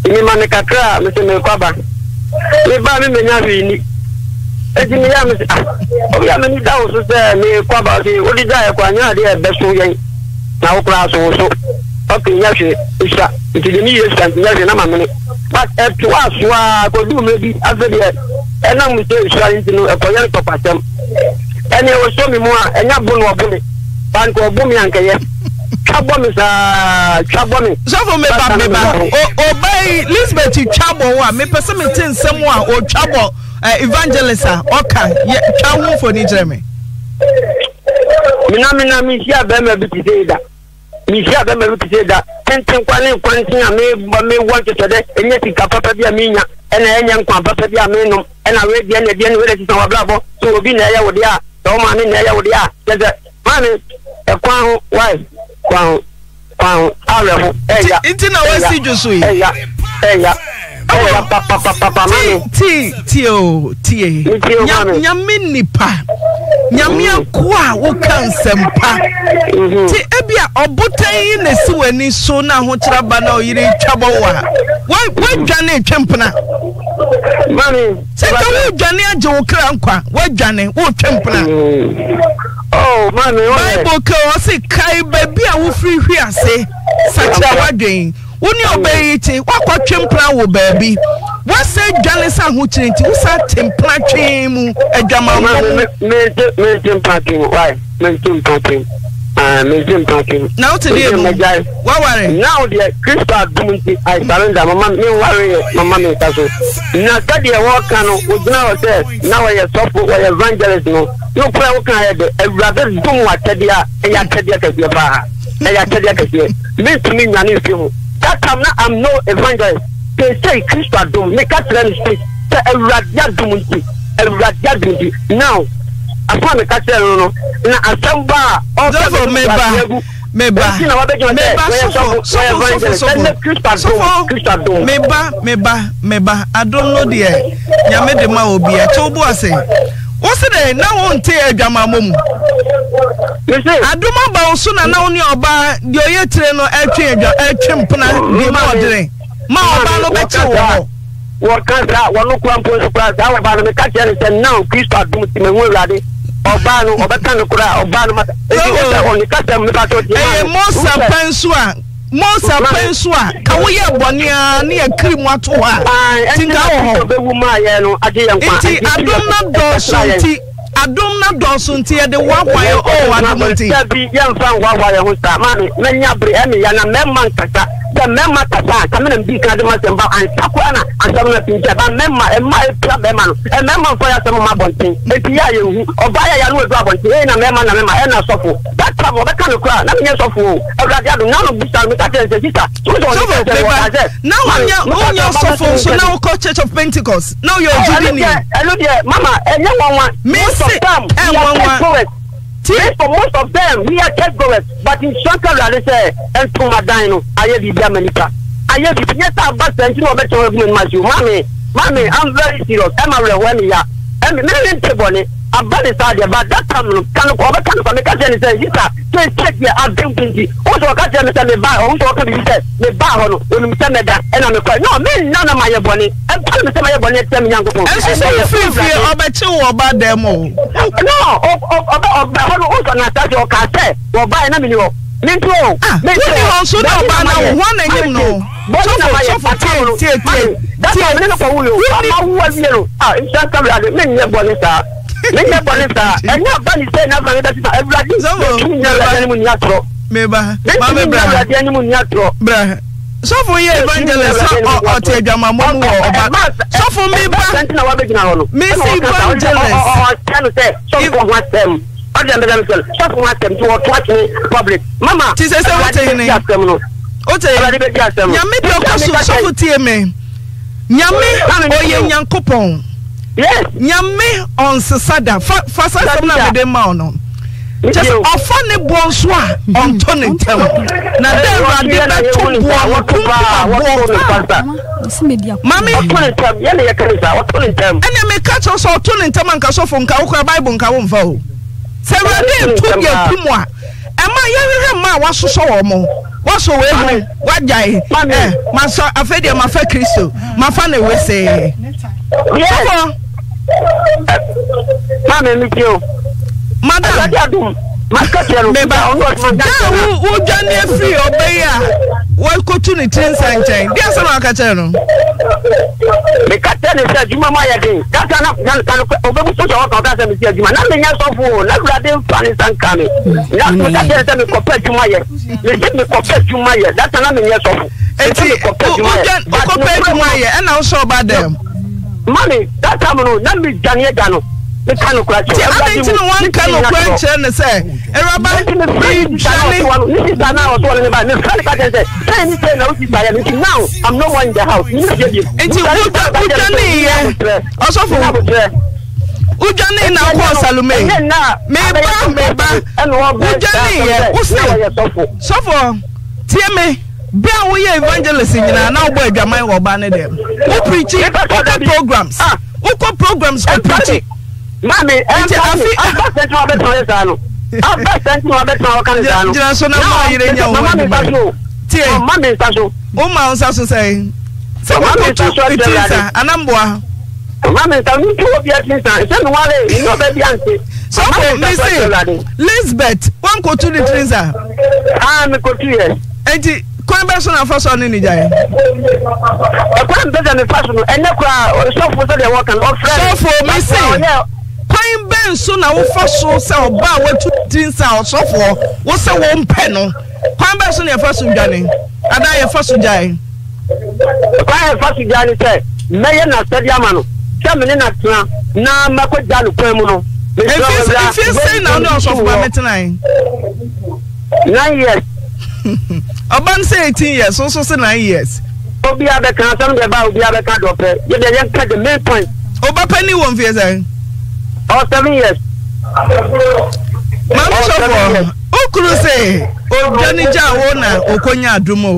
mema kakra me menya hwee ni enti meyɛ me sɛ ah, obia m'ani da wo so sɛ merekɔba se wode gyaeɛ kɔ anyɛ adeɛ na wo koraa so so ɔke nya nti nti nya na e bi deɛ ɛnam e, e no bank ọgbọ́n mi ànkẹyẹ twabɔ mi saa twabɔ mi. sɔfo meba meba o ọba yi lisbeth twabɔ wa mepɛ sɛ mete nsɛm a o twabɔ ɛ evangelist a ɔka yɛ twa ho mfoni kyerɛ mi. minamina mi si abɛɛma bi ti se yi da mi si abɛɛma bi ti se yi da tenten kwa ne nkwanten a mi bɔ mi wɔ ntɛtɛ dɛ enye sika papa bi a mi nya ɛna enye nkwa papa bi a mi nom ɛna wei deɛ na deɛ na wei na sisan wabla bɔ so obi na ɛyɛ wo deɛ a sɛ ɔmaa mi na ɛyɛ wo deɛ a kyɛ sɛ maa mi. ɛkwan ho wáyé kwa ho kwan ho awɛ ho ɛya nti na wɔsi ju ɛya ɛya ɛya ti o tie nyame nipa nyame mm-hmm. ako a woka nsɛmpa mm-hmm. ti ebi a ɔbotan yi na esi w'ani so na ahokyerɛ ba na ɔyere twa bɔ wɔ ha wadwane etwe mpena. sɛ ka agye wo kra nkwa wadwane wotwe bible ka ọ sị kae a wofiri hwi ase sakyera wadwen wo ọba ɔbɛ yi ti wakɔtwe mpena wasa dwane sa ahụ kyerɛ nti wosa te mpena twee Ah, mezim pakin. na o ti di ebu wawari. now deɛ kristu adum nti i surrender mama mi nwari yɛ mama mi nka so na kadi yɛ wɔka no o gyina hɔ sɛ na wɔyɛ sɔfo wɔyɛ evangelist no n'o kura o kan yɛ dɛ ewurade dum wa tɛdeɛ a ɛyɛ atɛdeɛ kɛseɛ paa ɛyɛ atɛdeɛ kɛseɛ mi tumi nyane fi mu that time na i'm no evangelist kese kristu adum mi ka kyerɛ mi sɛ ewurade adum nti ewurade adum nti now. afa mi ka no no na asɛm ba a ɔkɛ ba meba meba meba adom no deɛ nyame de ma ase dɛ na wɔn nte adwamamɔ mu adom aba wo so na na wo ne ɔbaa deɛ ɔyɛ tire no ɛtwe mpena ma ɔdere ma no hɔ wɔka saa wɔno mpo nso saa no meka kyerɛ ɔbaa no ɔbɛka no koraa ɔbaa no mata eti ɔsɛ ɔne kasa mu nipa tó di maa no musa pɛ nso a musa pɛ nso a ka woyɛ bɔnea ne yɛ kiri mu ato hɔ a ti nka wɔ hɔ nti adum na dɔɔso nti adum na dɔɔso nti yɛde wawayɛ ɔwɔ adum nti. yɛn fa wawayɛ ho sa maa mi mɛ nyabere ɛmi yanna mɛ man kasa sɛ mmarima kasa kame na mbii kan de ma sɛm ba ansako ana asɛm no pinkyɛ ba mmarima mma apira mmarima no mmarima mfa yɛ asɛm ma abɔnten enti yɛ a yɛhu ɔbaa yɛ yɛ no wadu abɔnten ɛyi na mmarima na mmarima ɛna sɔfo bɛta bɔ bɛka no kora na menyɛ sɔfo o awurade ado na bisa no meka kyerɛ sisa sɛ wɔ sɛ wɔ sɛ na wonyɛ wonyɛ sɔfo nso na wokɔ church of pentecost na woyɛ ɔgyidini ɛno deɛ mama ɛnyɛ nwanwa mesɛ Yes, eh? for most of them, we are church goers. But in Shankara, they say, and to my dino, I have the America. I have the Pieta Bass and you know better than my you. Mommy, mommy, I'm very serious. I'm a real one, yeah ɛmi mi ni nti bɔ ni aba ni saa deɛ ba that time no kanu kɔ ɔbɛ kanu kɔ mi ka kyerɛ ni sɛ yi ta so n tɛ deɛ abɛn kun ti o sɔ mi ba o sɔ ka mi sɛ mi ba hɔ no onum mi da ɛna mi kɔ no mi nna ma yɛ bɔ ni ɛba mi sɛ ma yɛ bɔ ni ɛtɛ mi nyanko pɔn. ɛsisi fifi ɔbɛ ti wɔ ɔba dɛm o. no ɔbɛ ɔbɛ hɔ no o sɔ na sa ti ɔka sɛ ɔba yɛ na mi ni wɔ nínú o. wọ́n ní wọn sún náà bá náà wọ́n náà yẹn nù. bọ́ọ̀lù náà máa yẹ fàtà o tiẹ̀ tiẹ̀. dátà òun nínú kọ̀ wúlò wọ́n máa wú ẹbí yẹn o. ìṣe sábẹ̀ àdé mi nìyẹn bọ̀ ní sá mi nìyẹn bọ̀ ní sá ẹni àbáni sẹ́ ẹni àbáni dá sísá ẹbí ladi mi tún yẹn ladi ẹni mu nìyà tọrọ. mẹba maame bra sọfún yẹ evangelist ọtí ẹgbàmọmọ mu wọ ọba sọfún mi bá mi sí evangelist ọdún ẹ̀mí lẹ́nu sẹ́lẹ̀ sọ́fún wa tẹ̀m tí wọ́n tó àti public mama ọ̀làdé bẹ́ẹ̀ di àsẹ̀m nù ọ̀làdé bẹ́ẹ̀ di àsẹ̀m nù. nyame bí ọkọ sọfún tiẹ̀ mi nyame oyè nyankopɔn nyame ɔnsesada fasasɛm na mede ma ɔno kyɛsɛ ɔfa ne boɔ nso a ɔntɔ ne ntɛm na dɛ awurade bɛto boɔ no kumkumaboɔ mame ɛne meka kyerɛ sɛ ɔto ne ntɛm anka sɔfo nka wokora bible nka wo mfa o sɛ awurade ntu deɛ ku mu a ɛma yɛhwehwɛ mma a wasosɔ wɔ mo wɔsɔ wɔ ehu wagyae ɛ masɔ afei deɛ mafa kristo mafa ne wesee sɔfɔ. maame mi ti o. madam meba daa wogya ne afiri ɔbɛ yi a wɔkɔtu ne tiri nsa nkyɛn deɛ sɛ na waka kyerɛ no meka kyerɛ ne sɛ juma ma yɛ den dasa ɔbɛbu so sɛ wɔka ɔka sɛ mesi juma. na menyɛ sɔfo na awurade mfa ne nsa nka me mm. na meka kyerɛ sɛ mekɔpɛ adwuma yɛ mese mekɔpɛ adwuma yɛ dasa na menyɛ sɔfo eti wogya wokɔpɛ adwuma yɛ ɛna wosɛ ɔba dɛm mami dasa mu no na mi gya no meka nokora kyerɛ adɛnti ne wanka nokora nkyerɛ ne sɛ awuraba nti wodwa neyɛ ɔsɔfo wodwa ne na kɔ salome meba meba wodwa neyɛ wose sɔfo tie me bí a wọ́n yẹ evangelist nyinaa náà wọ́n bọ̀ ẹ̀dwàmán wọ̀ ọba ni dẹ̀ wọ́n pìrìkì wọ́n programs ah. wọ́n programs wọ́n pìrìkì. maami aba sɛ ntoma bɛ tɔn yɛ saa no aba sɛ ntoma bɛ tɔn ɔka ne saa no gyina so na maa yɛrɛ nya wɔn mama mi nsa so mi nsa so o maa nsa so sɛ sɛ o tu tu nsa anamboa. mi nsa obi ɛti nsa sɛ mi wale mi n'o bɛ bi so lisbeth nsa. aa mi kò tu yɛ. eti kwan bɛ so na fa so ɔne ne gyae. ɛkwan bɛ sɛ ne fa so no ɛnɛ kura misi. kwan bɛn so na wofa so ọba ɔbaa watu ti nsa ɔsɔfoɔ wosɛ wɔn mpɛ no kwan bɛn so na yɛfa so dwane adaa yɛfa so gyae. kwan yɛfa so gyae ni sɛ mɛyɛ n'asɛde ama no sɛ mene na tena na mɛkɔ gya no kwan mu no. efie na ɔne ɔsɔfo ba mɛtena yi. nine years. ọba (laughs) n sɛ eighteen years nso sɛ nine years. obi abɛka asɛm deɛ ba obi abɛka dɔpɛ yɛ deɛ yɛn ka the main point. Ọba pɛ ni wɔn or seven years. maame sọfọ o kuru sị ojanija awo na okonye adum o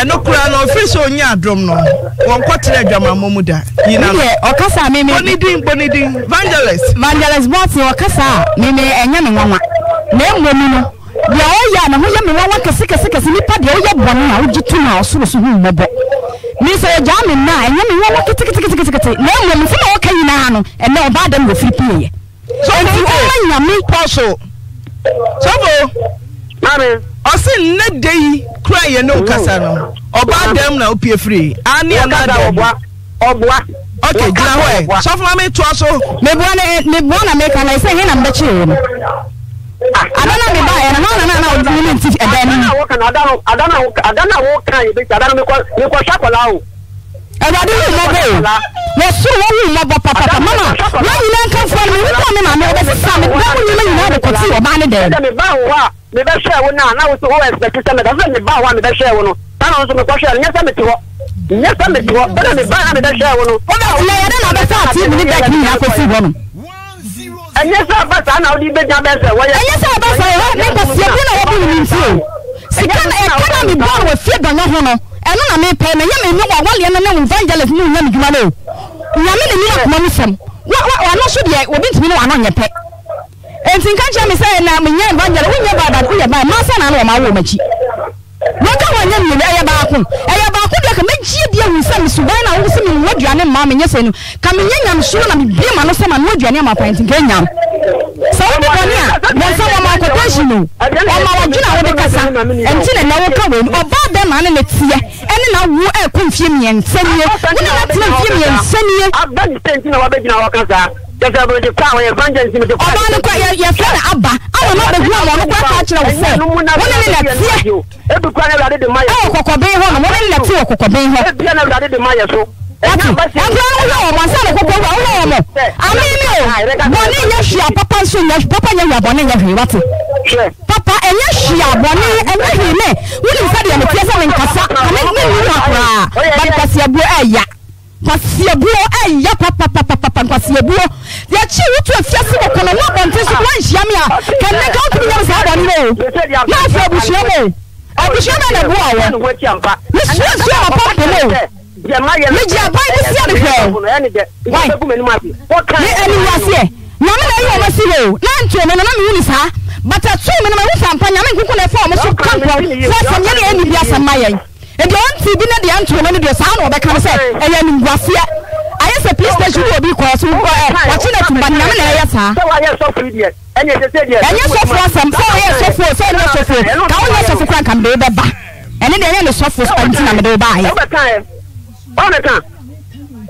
ẹnu kura na ofiri sọ onye adum nọ wọn kọtara adwam amomu da bonidin bonidin vangelis vangelis mi nwanwa mi nwanwa mese eh, ɔgyaa me nnaa ɛnyɛ me wɔwɔ na mmom fo na wɔka nyinaa no ɛnɛ ɔbaa da no wɔfiri pieɛ nti wɔma nyame pɔso sɔfo mame ɔse nnɛ da yi kura yɛ ne no mm. mm. na wopie firi ok gyina hɔ sɔfo na meka na ɛsɛ no adana mi ba ɛna eh, hɔn nana awo dumuni ti ɛdan ni. adana awo adana awo kan yi bi adana mi kɔ mi kɔ sakola o. ɛwurade wu mɔbɔ o wɔsi wɔn wu mɔbɔ papapa mama wɔn nyinaa nka fɔ mi wípé mi maame ɔbɛ sisan mi bɛn mu nyinaa nyinaa de kɔti ɔbaa ne dɛm. mi ba wo a mi bɛ sɛ wo na n'awo sɛ wo wɛ ɛsɛ kisɛ mi da sɛ mi ba wa, mi bɛ sɛ wo no sanni nso mi kɔ sɛ nyɛ mi ti wɔ mi ti wɔ mi ba a mi bɛ sɛ wo no. o bɛ tila yɛrɛ na a bɛ sɛ ɛnyɛ sɛ abasa na wode bɛgya bɛsɛ wɔyɛ ɛnyɛ sɛ abasa ɛhɔ mekɔsie bi na wɔbu ne mfi o sika na ɛka na mebɔ a wɔafie bɛno ho no ɛno na mepɛ na ɛyɛ menu wɔ awaleɛ no ne wo evangelist ne wonya me dwuma no o nyame ne nina koma no fam wano so deɛ obi ntumi ne wano nyɛ pɛ enti nka kyerɛ me sɛ na menyɛ evangelist wonyɛ baa baa woyɛ baa maasa na na wɔma wo makyi wɔka wɔnyɛ mmienu ɛyɛ baako ɛyɛ baa di ewu sɛ misu wɔn na awo sɛ mi nwa aduane maa mi nye sɛ no ka mi nye nyam soro na mi bie ma no sɛ ma nwa aduane ama pa nti nka nyam sɛ wo bɔbɔ ni a wɔn sɛ wɔn ma akɔ tension o wɔn ma wɔn dwena a wɔde kasa ɛnti na na wɔka wɔm ɔbaa bɛrima ne ne teɛ ɛne na wo ɛɛkɔ mfie mmiɛnsa nie wɔn na wɔtena mfie mmiɛnsa yɛfɛ bɛ de kɔ awɔ yɛ fan jɛnsi mi papa ɛyɛ fia bɔnni ɛyɛ hwi wuli nfa de yɛ mi sɛ mi nkasa kame mi wu ma koraa ba nkasiɛ ɛya nkwasiabuo ɛyɛ papapapapa nkwasiabuo yɛkyi wotu efiase wɔ kɔnɔ wɔn abɔnten so wɔn nhyia mi a kɛntɛn kan tumi yɛ saa bɔnne o n'afɔ abusua mu abusua bɛ na bu awɔ nisua nsua ma pɔmpe mu megye aban bi si adi pɛɛ wai ne ɛni waseɛ nyame na ɛyɛ ɔmo si wo nantio mi na mi wuli saa bata tu mi na ma wusa mpa nyame nkuku na ɛfɔ ɔmo so kankurɔ fɔ asɛm yɛ ni ɛni bi asɛm ma yɛn nti wọn ti bi ne deɛ ntu wɔn ne deɛ saa na ɔbɛka sɛ ɛyɛ nnuaseɛ ayɛ sɛ police station bi obi kɔ so wɔ ɛ wɔkye na tumba nyame na ɛyɛ saa. ɛnyɛ sɔfo asɛm sɛ ɔyɛ sɔfo sɛ ɔyɛ sɔfo ka ɔyɛ sɔfo kura nka mbɛ bɛba ɛne deɛ ɛyɛ ne sɔfo nti na mbɛ bɛba ayɛ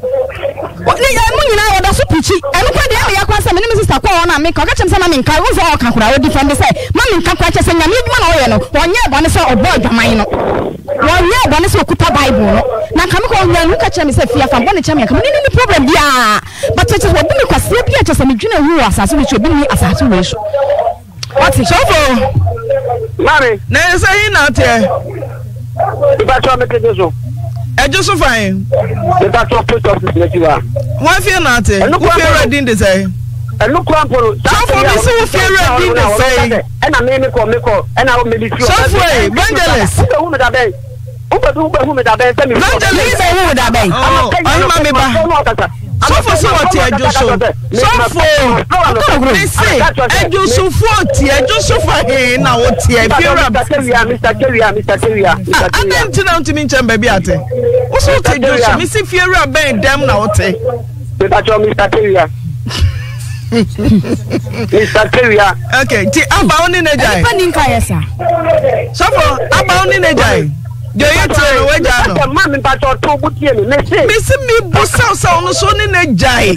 ɛmu nyinaa wɔda so pikyi ɛnopɛ deɛ ɛwɔ yɛkɔ sɛ mene me sister kɔ wɔn a meka ɔka kyɛm sɛ ma menka wo ɔka kora wodi fɛm de sɛ ma menka kora kyɛ sɛ nyame adwuma na ɔyɛ no ɔnyɛ ɛbɔne sɛ ɔbɔ adwaman no wɔnyɛ ɛbɔne sɛ ɔkuta bible no na nka mekɔ ɔnyɛ no ka kyerɛ sɛ fie afa bɔne kyɛ me yɛka mene ne problem biaa but kyɛ sɛ wɔbu me kwaseɛ bi sɛ medwene wu wɔ asase so ẹjọ so fain. nípa tó post office ní tiwa. wọ́n fi ẹ̀nà àtẹ wọ́n fi ẹ̀rọ dín dè sẹ́yìn. ẹnu kura nkoro. sọfọ mi sì wọ́n fi ẹ̀rọ dín dè sẹ́yìn. ẹna mi mi kọ mi kọ ẹna o mi bi fi o. sọfọ ẹ vangelis. ube hu mi da bẹ́ẹ̀ ube hu mi da bẹ́ẹ̀ sẹ́mi. vangelis ube hu mi da bẹ́ẹ̀. ọ̀nùmá mi ba sọfọ sí wọn ti ẹjọ so sọfọ ọkọọfẹsẹ ẹjọ so fún ọtí ẹjọ so fún ẹhìn náà wọ tiẹ fíra. adan ti náà tún mi nkyɛn baabi àtẹ wọ́n sọ ti ẹjọ so mi sí fíra bẹ́ẹ̀ dẹ́m náà wọ́n tẹ. mr mr keria. mr keria. ok ti abawo ni ne jai. ẹni pẹ́ ni nka yẹ sá. sọfọ abawo ni ne jai de oye tere na wagya ano. mmaa mi mpatsa ọtọ ọgbọ tie mi mesi. mesi mi bu sawusawu no so ne na gyae.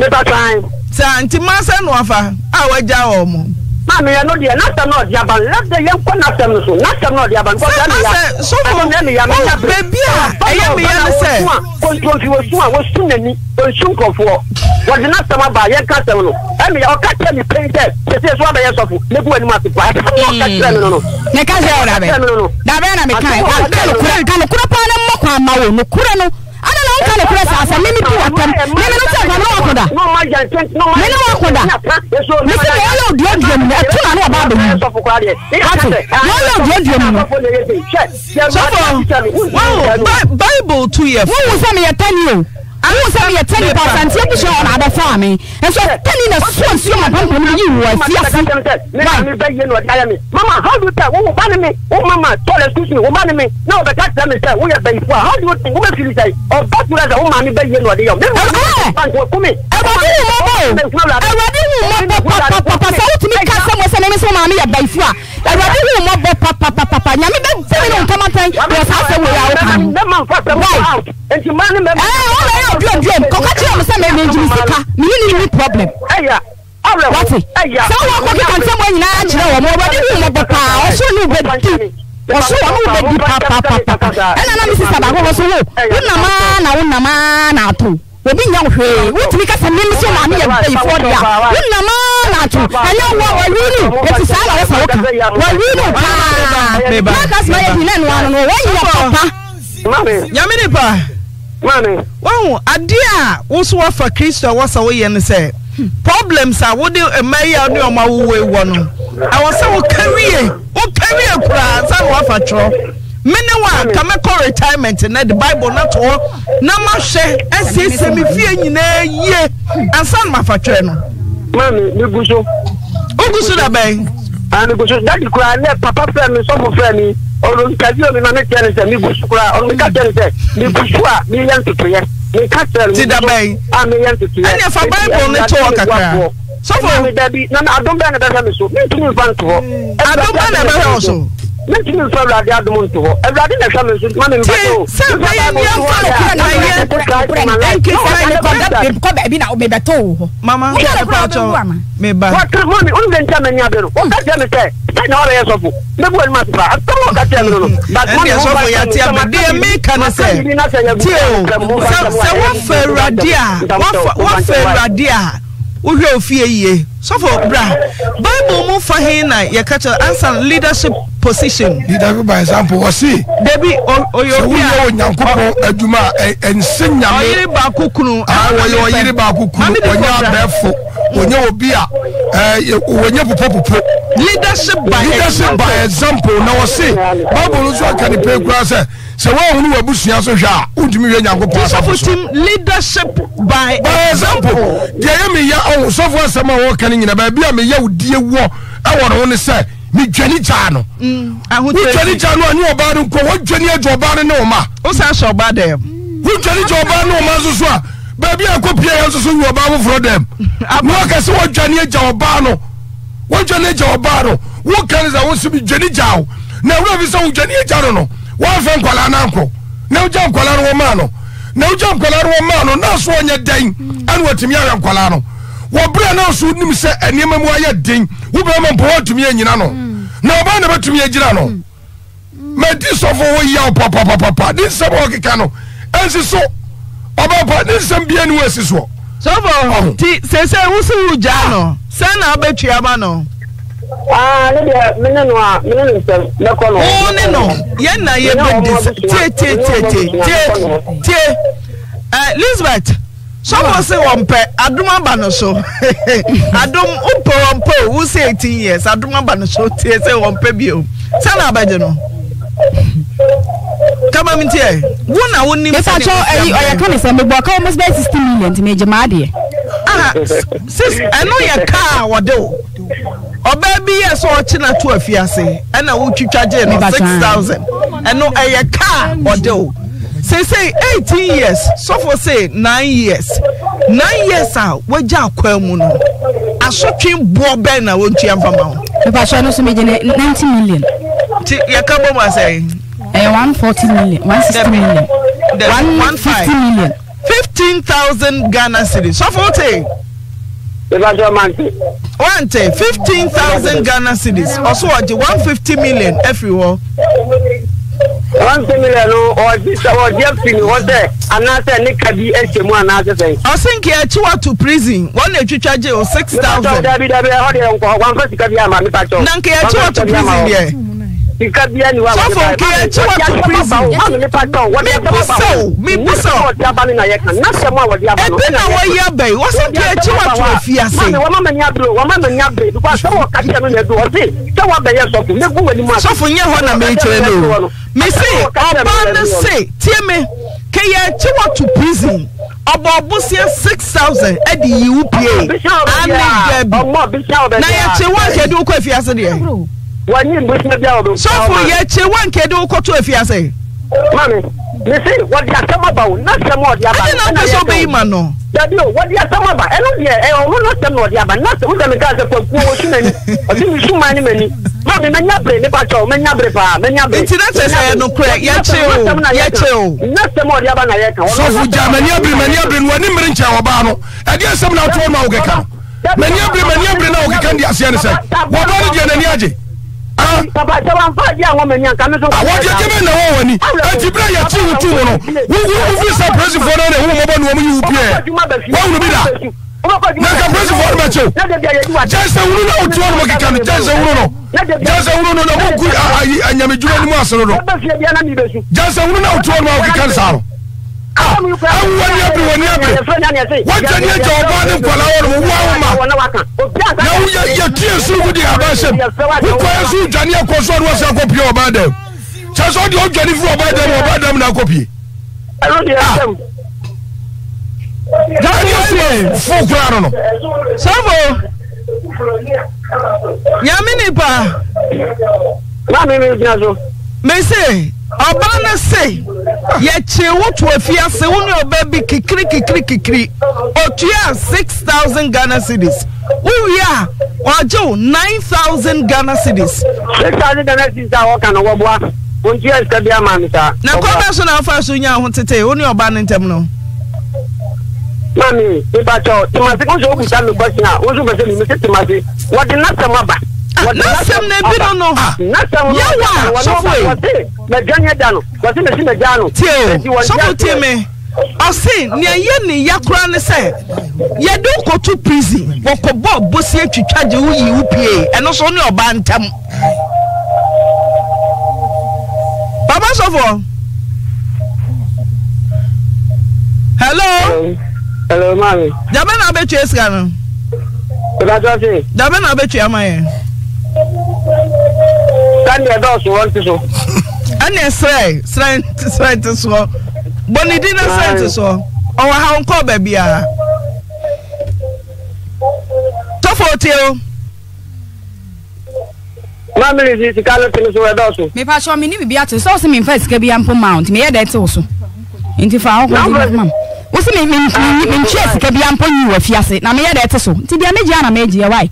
mi pata anyi. saa nti maa sẹ nuwafa a wagya wọ ọmọ maame yɛ no deɛ n'asɛm na ɔde aba lɛbde yɛn kɔ n'asɛm no so n'asɛm na ɔde aba nkɔ sɛ ɛmiya ɛfɔ ne a ɛyɛ mi yɛ no sɛ kontomfi wosu a wosu n'ani wosu nkɔfoɔ wɔde n'asɛm aba yɛn ka asɛm no ɛmiya ɔka kyerɛ mi pɛn sɛ sese so abɛyɛ sɔfo ne bu anim ase pa ɛfɔ ɔka kyerɛ mi no ne ka sɛ ɔdabɛ dabɛ na mi ka yɛ wa kalo kura kalo kura paa ne mɔkɔ ama wo no kura yìí ká lè pẹ́ sá sá mímí bí wàtẹ́m mímí ní sẹ́kọ̀ ní wàá kọ̀dà mímí wàá kọ̀dà mí sì ni yọ́yọ́ òdìọ́ dìọ́ mu ẹ̀tú nà ní ọba àbẹ̀yẹ àtò yọ́yọ́ òdìọ́ dìọ́ mu sọ́fọ̀ báyìbù tu yẹ fún. wọ́n wù sẹ́mi yẹ tẹ́ ni o ahu sɛ meyɛ tɛne pa asanteɛ bi hyɛ hɔ na abɛfaa me ɛnso tɛne na so nsuo ma pampam no yiwo asi ase mama how do you tell wo ba ne me wo mama tɔl excuse me wo ba ne me na ɔbɛka kyerɛ me sɛ woyɛ bɛyifo a how do you think wo bɛfiri sɛ ɔba tura sɛ wo maame bɛyie no ɔde yɛ wo me ma ne me kome ɛwɔ hu mmɔbɔ papapapa sɛ wotumi ka sɛ mo sɛ mo sɛ maame yɛ bayifu a awurade hu mmɔbɔ papapapa nyame bɛ fɛn ne ntomatɛn wɔ saa sɛ wɔyɛ awo kan why ɛɛ wɔn yɛ oduoduom kɔkɔ kyerɛ mo sɛ mɛ mɛ njimi sika mi ni ni problem wati sɛ wɔn akɔ kika nsɛm wɔn nyinaa kyerɛ wɔn awurade hu mmɔbɔ paa ɔsoro ne bɛ di wɔso wɔn wo bɛ di papapapa ɛna mi sisan baako wɔ so wo wo namaa na wo namaa na ato obi nya hwee wotumi kasa mmemme sɛ maame yɛ mpanyinfoɔ deɛ a wonama n'ato ɛnyɛ wɔ wɔwi no eti saa na ɔresa woka wɔwi no paa n'aka sima yɛ di ne noa no no wɔyi yɛ papa. nyame nipa wɔn adeɛ a woso wafa kristo a wasa woyɛ no sɛ problems a wode mmaa yi a ne ɔmo awowo ewɔ no ɛwɔ sɛ wokawie wokawie koraa sɛ wafa twerɛ mene wa ka mɛkɔ retirement na de bible na toɔ na ma hwɛ ɛsiesie me fie nyinaa yie ansa na ma fa twɛ no. maami mi gu so. o gu so dabɛn. aa mi gu so dadi kura ne papa fɛ mi sɔfo fɛ mi ɔno nkazi omi ma mi tɛ ne sɛ mi gu so kura ɔno mi ka tɛ ne sɛ mi gu so a mi yɛ ntutu yɛ mi ka tɛ ne mi a mi yɛ ntutu yɛ. ɛnna fa bible ne toɔ kakra. sɔfo. ɛnna mi dabi na adum bɛɛ na bɛ fɛ mi so mi tun mi fa ntutu. adum bɛɛ na bɛ fɛ mi so mɛntumi nfa awurade adum nto hɔ awurade na ɛhwɛ mi nso tuma mi nfa so sɛ bɛyɛ ni ɛfa okura na yɛ okura na nkesa ne kɔda kɔ baabi na bɛbɛ to wo hɔ. mama n yɛrɛ kura bɛ wu ama. meba wa kiri mɔmi olu bɛ n tɛmɛ ni abɛrɛ o ka jɛ mi tɛ sɛ na ɔrɛ yɛ sɔfo ne b'o ni ma sifa a tɔgɔ o ka tɛ mi nɔ. ɛni ɛsɔfo y'a ti a ma deɛ mi kana sɛ ti o sɛ wafɛ awurade a wafɛ awurade a wohwɛ ofie yie sɔfo bra bible mu fa hin na yɛka kyerɛ ansa leadership position. yíyá by example wọ́n sí. debi oyo bia sọ wúyẹ onyankopɔ adwuma ẹnsi nyame. ọyiri baako kunu. awọ ah, yẹ ọyiri baako kunu ọnyẹ abẹ́fo ọnyẹ obi a ọnyẹ pupopupo. leadership by example. leadership by example na wọ́n sí báwo ló sọ akanipe kura sẹ sɛ wọn ahunu wɔ so hwɛ a wotumi hwɛ nyanko pɔ asafo so. leadership by by example deɛ yɛ mi yɛ ɔwɔ sɔfo asɛm a wɔn kan nyina a mi yɛ odie wɔ ɛwɔ ne ho ne sɛ mi dwani gyaa no wodwani mm, gyaa no a ne ɔbaa mm. no nkɔ wɔdwani agya ɔbaa no ne ɔma wosan hyɛ ɔbaa dɛm wodwani gya ɔbaa ne ɔma nso so a baabi a ɛkɔ pia yɛ nso so wi ɔbaa foforɔ dɛm na wɔka sɛ wɔdwani agya ɔbaa no wɔdwani agya ɔbaa no woka ne sɛ woso mi dwani gyaa o na wura bi sɛ wodwani agya no no wɔamfa mm. nkwalaa no ankɔ na wogya nkwalaa no wɔmaa no na wogya nkwalaa no wɔmaa no na so ɔnyɛ dɛn ɛne watumi awɛ nkwalaa no wɔberɛ eh, no so wonim sɛ nneɛma mu ayɛ den wo bɛma mpo woatumi anyina no na ɔba na bɛtumi agyina no madi sɔfo wo yaw papapapapa ne nsɛm a ɔkeka no ɛnsi so ɔbɛpa ne nsɛm bia ne woasi soɔ sɔfo nti sɛsɛ wo se wo gyaa no sɛn na wobɛtua ma no ah, ne deɛ mene no a mene no nsɛm mɛkɔ no wo ne no yɛn na yɛbɛdi tie tie tie tie tie eh, tie lisbeth sọfọ sị adumaba pẹ adum so (laughs) adum mpọ wọn pọ eighteen years adumaba aba no so tie sị wọn pẹ bi o sị na abegye no kama mi tie wụ na wụ nim sị na ịkọ ẹyi ọ ka n'isa mbọ ọka ọmụ bẹẹ sixty million tì m'egye maa deɛ. aha sis ɛno yɛ kaa wɔde o ɔbaa bi yɛ sɛ ɔkye na to afiase ɛna wotwitwa gye no six thousand ɛno ɛyɛ kaa wɔde o. say say eighteen years sọfọ say nine years nine years a wagya akwa mu no asotwe boɔ bɛn na wɔn tia nfa ma wɔn. ìpàṣẹ ní sọmi jẹ ninety million. ti yẹ ká bọ́ mu àṣẹ yìí. ẹ one forty million one sixty million one fifty million. fifteen thousand ghana cedis sọfọ tey ìbájọ́ máa ń tè. wọ́n tẹ fifteen thousand ghana cedis ọ̀ṣun ọ̀jẹ̀ one fifty million ẹ̀fì wọ́. one million ọdí ọdí ẹfin wọsẹ anasẹ ní kabi ẹsẹ mu anasẹ sẹyìn. ọsìn kì í ẹkí wá to prison wọn lè twitwa o six thousand. wọn na nkì í ẹkí to prison yẹ. nka bia ni wa sɔfo nkiya nkyi wa to prison mi busaw mi busaw ebi na wɔyi abɛyi wɔsɛ nkiya nkyi wa to efiase. sɔfo nyɛ hɔ na mekyerɛ no o mesi ɔbaa no se tie me kiya nkyi wa to prison ɔbɔ ɔbusia six thousand ɛdi yiwu pie ane gɛbi na yɛ kye wa nkɛ de okɔ efiase deɛ wɔnyi mbusua bi a wɔbɛ. sɔfo yɛ kye wa nkede wokɔto efiase. maami misi wɔde asɛm aba o n'asɛm wɔde aba. ɛdi na mpɛsɛ ɔbɛyi ma no. dabi o wɔde asɛm aba ɛnu deɛ ɛyɛ ɔmo n'asɛm na wɔde aba n'asɛm o dɛmɛ gaa sɛ kwakuo wɔ suma ni ɔdi mi suma ni ma e ni maami mɛ nya bere nipa kyɛw mɛ nya bere paa mɛ nya bere. nti n'asɛ sɛ ɛnu kurɛ yɛ kye o yɛ kye o. n'asɛm wɔde aba na yɛ kan. sɔfo gya mɛ nya bere mɛ nya bere wɔni miri nkyɛn wɔbaa no ɛdi asɛm na ato ɔmo a wɔkeka mɛ nya bere mɛ nya bere na wɔkeka ndi aseɛ ni sɛ wɔbaa ni papa sábà ń fa di àwọn ọmọ ènìyàn kan ní sọ́kùnrin. àwọn jẹjẹ bẹ́ẹ̀ náà wọ̀ ni ẹtì bẹ́ẹ̀ yẹ tí wù tù wọn wọn wọn fi sa pẹ́sì fún ọ náà wọn mọ bọ́ ni wọn mú yìí pẹ́ wọn wù mí dà naka pẹ́sì fún ọ bẹ́ẹ̀ tí o jẹ́sẹ̀ wúlò náà tún ọ̀nà kíkà ní jẹ́sẹ̀ wúlò náà jẹ́sẹ̀ wúlò náà mú kú ẹ̀yàmẹ̀dúró ni mú àṣẹ lọ́dọ̀ jẹ́sẹ̀ wúlò náà tún ọ̀nà kíkà ní sàrọ̀ awuwa ni abiri wɔ ni abiri wajɛ ni ɛjɛ ɔba ni nkɔla wɔ no wo awo ma na wo yɛ yɛ tie surugu di aba sɛm wo kɔ yɛ suru dwa ni ɛkɔ sɔɔ ni wɔsi akɔ pie ɔba dɛm sɛ sɔ di o dwa ni firi ɔba dɛm ɔba dɛm na akɔ pie jaani ɛsɛ fo kura no no. sáfò nyame nipa. maa mi mi gyina so mese ɔbaa no se yɛkyee woto afiase wo ne ɔbaa e bi kikiri kikiri kikiri ɔtua six thousand ghana cities wowie a wɔagye nine thousand ghana cities. six thousand ghana cities a wɔka no wɔboa wɔntua sika bi ama me saa. na kɔba so na afa so nya ho tete wo ne ɔbaa no ntɛm no. maami nipa kyɛw temase wo sɛ wobusa me question a wo nso pɛ sɛ mimese temase wɔde nasɛm aba nasɛm ah, na ebi no no ah, ah. yɛwɔ a sɔfo yi tie o sɔfo tie me ɔse nea yɛ ne ya koraa ne sɛ yɛde wokɔto prison wɔkɔbɔ bosie twitwa gye wo yii wo pie ɛno so ne ɔbaa ntam baba sɔfo hello hello maami dabe na abɛtua sika no dabe na abɛtua ama yɛ sani ɛdɔɔso wɔn ti so. ɛna ɛsrɛ srɛ srɛ ti soɔ bɔnidi na srɛ ti soɔ ɔwɔ ha nkɔ baabi a. tɔfo tie o. mamiri si sika no ti so ɛdɔɔso. mipa sɔ mi ni bibi ato sɔ si mi nfa sika bi ya mpo mount mi yɛ dɛ ti o so nti fa ɔkɔ di mi mam wosi mi mi mi ntwi sika bi ya mpo yi wɔ fiase na mi yɛ dɛ ti so nti deɛ mi gyi ana mi gyi yɛ waayi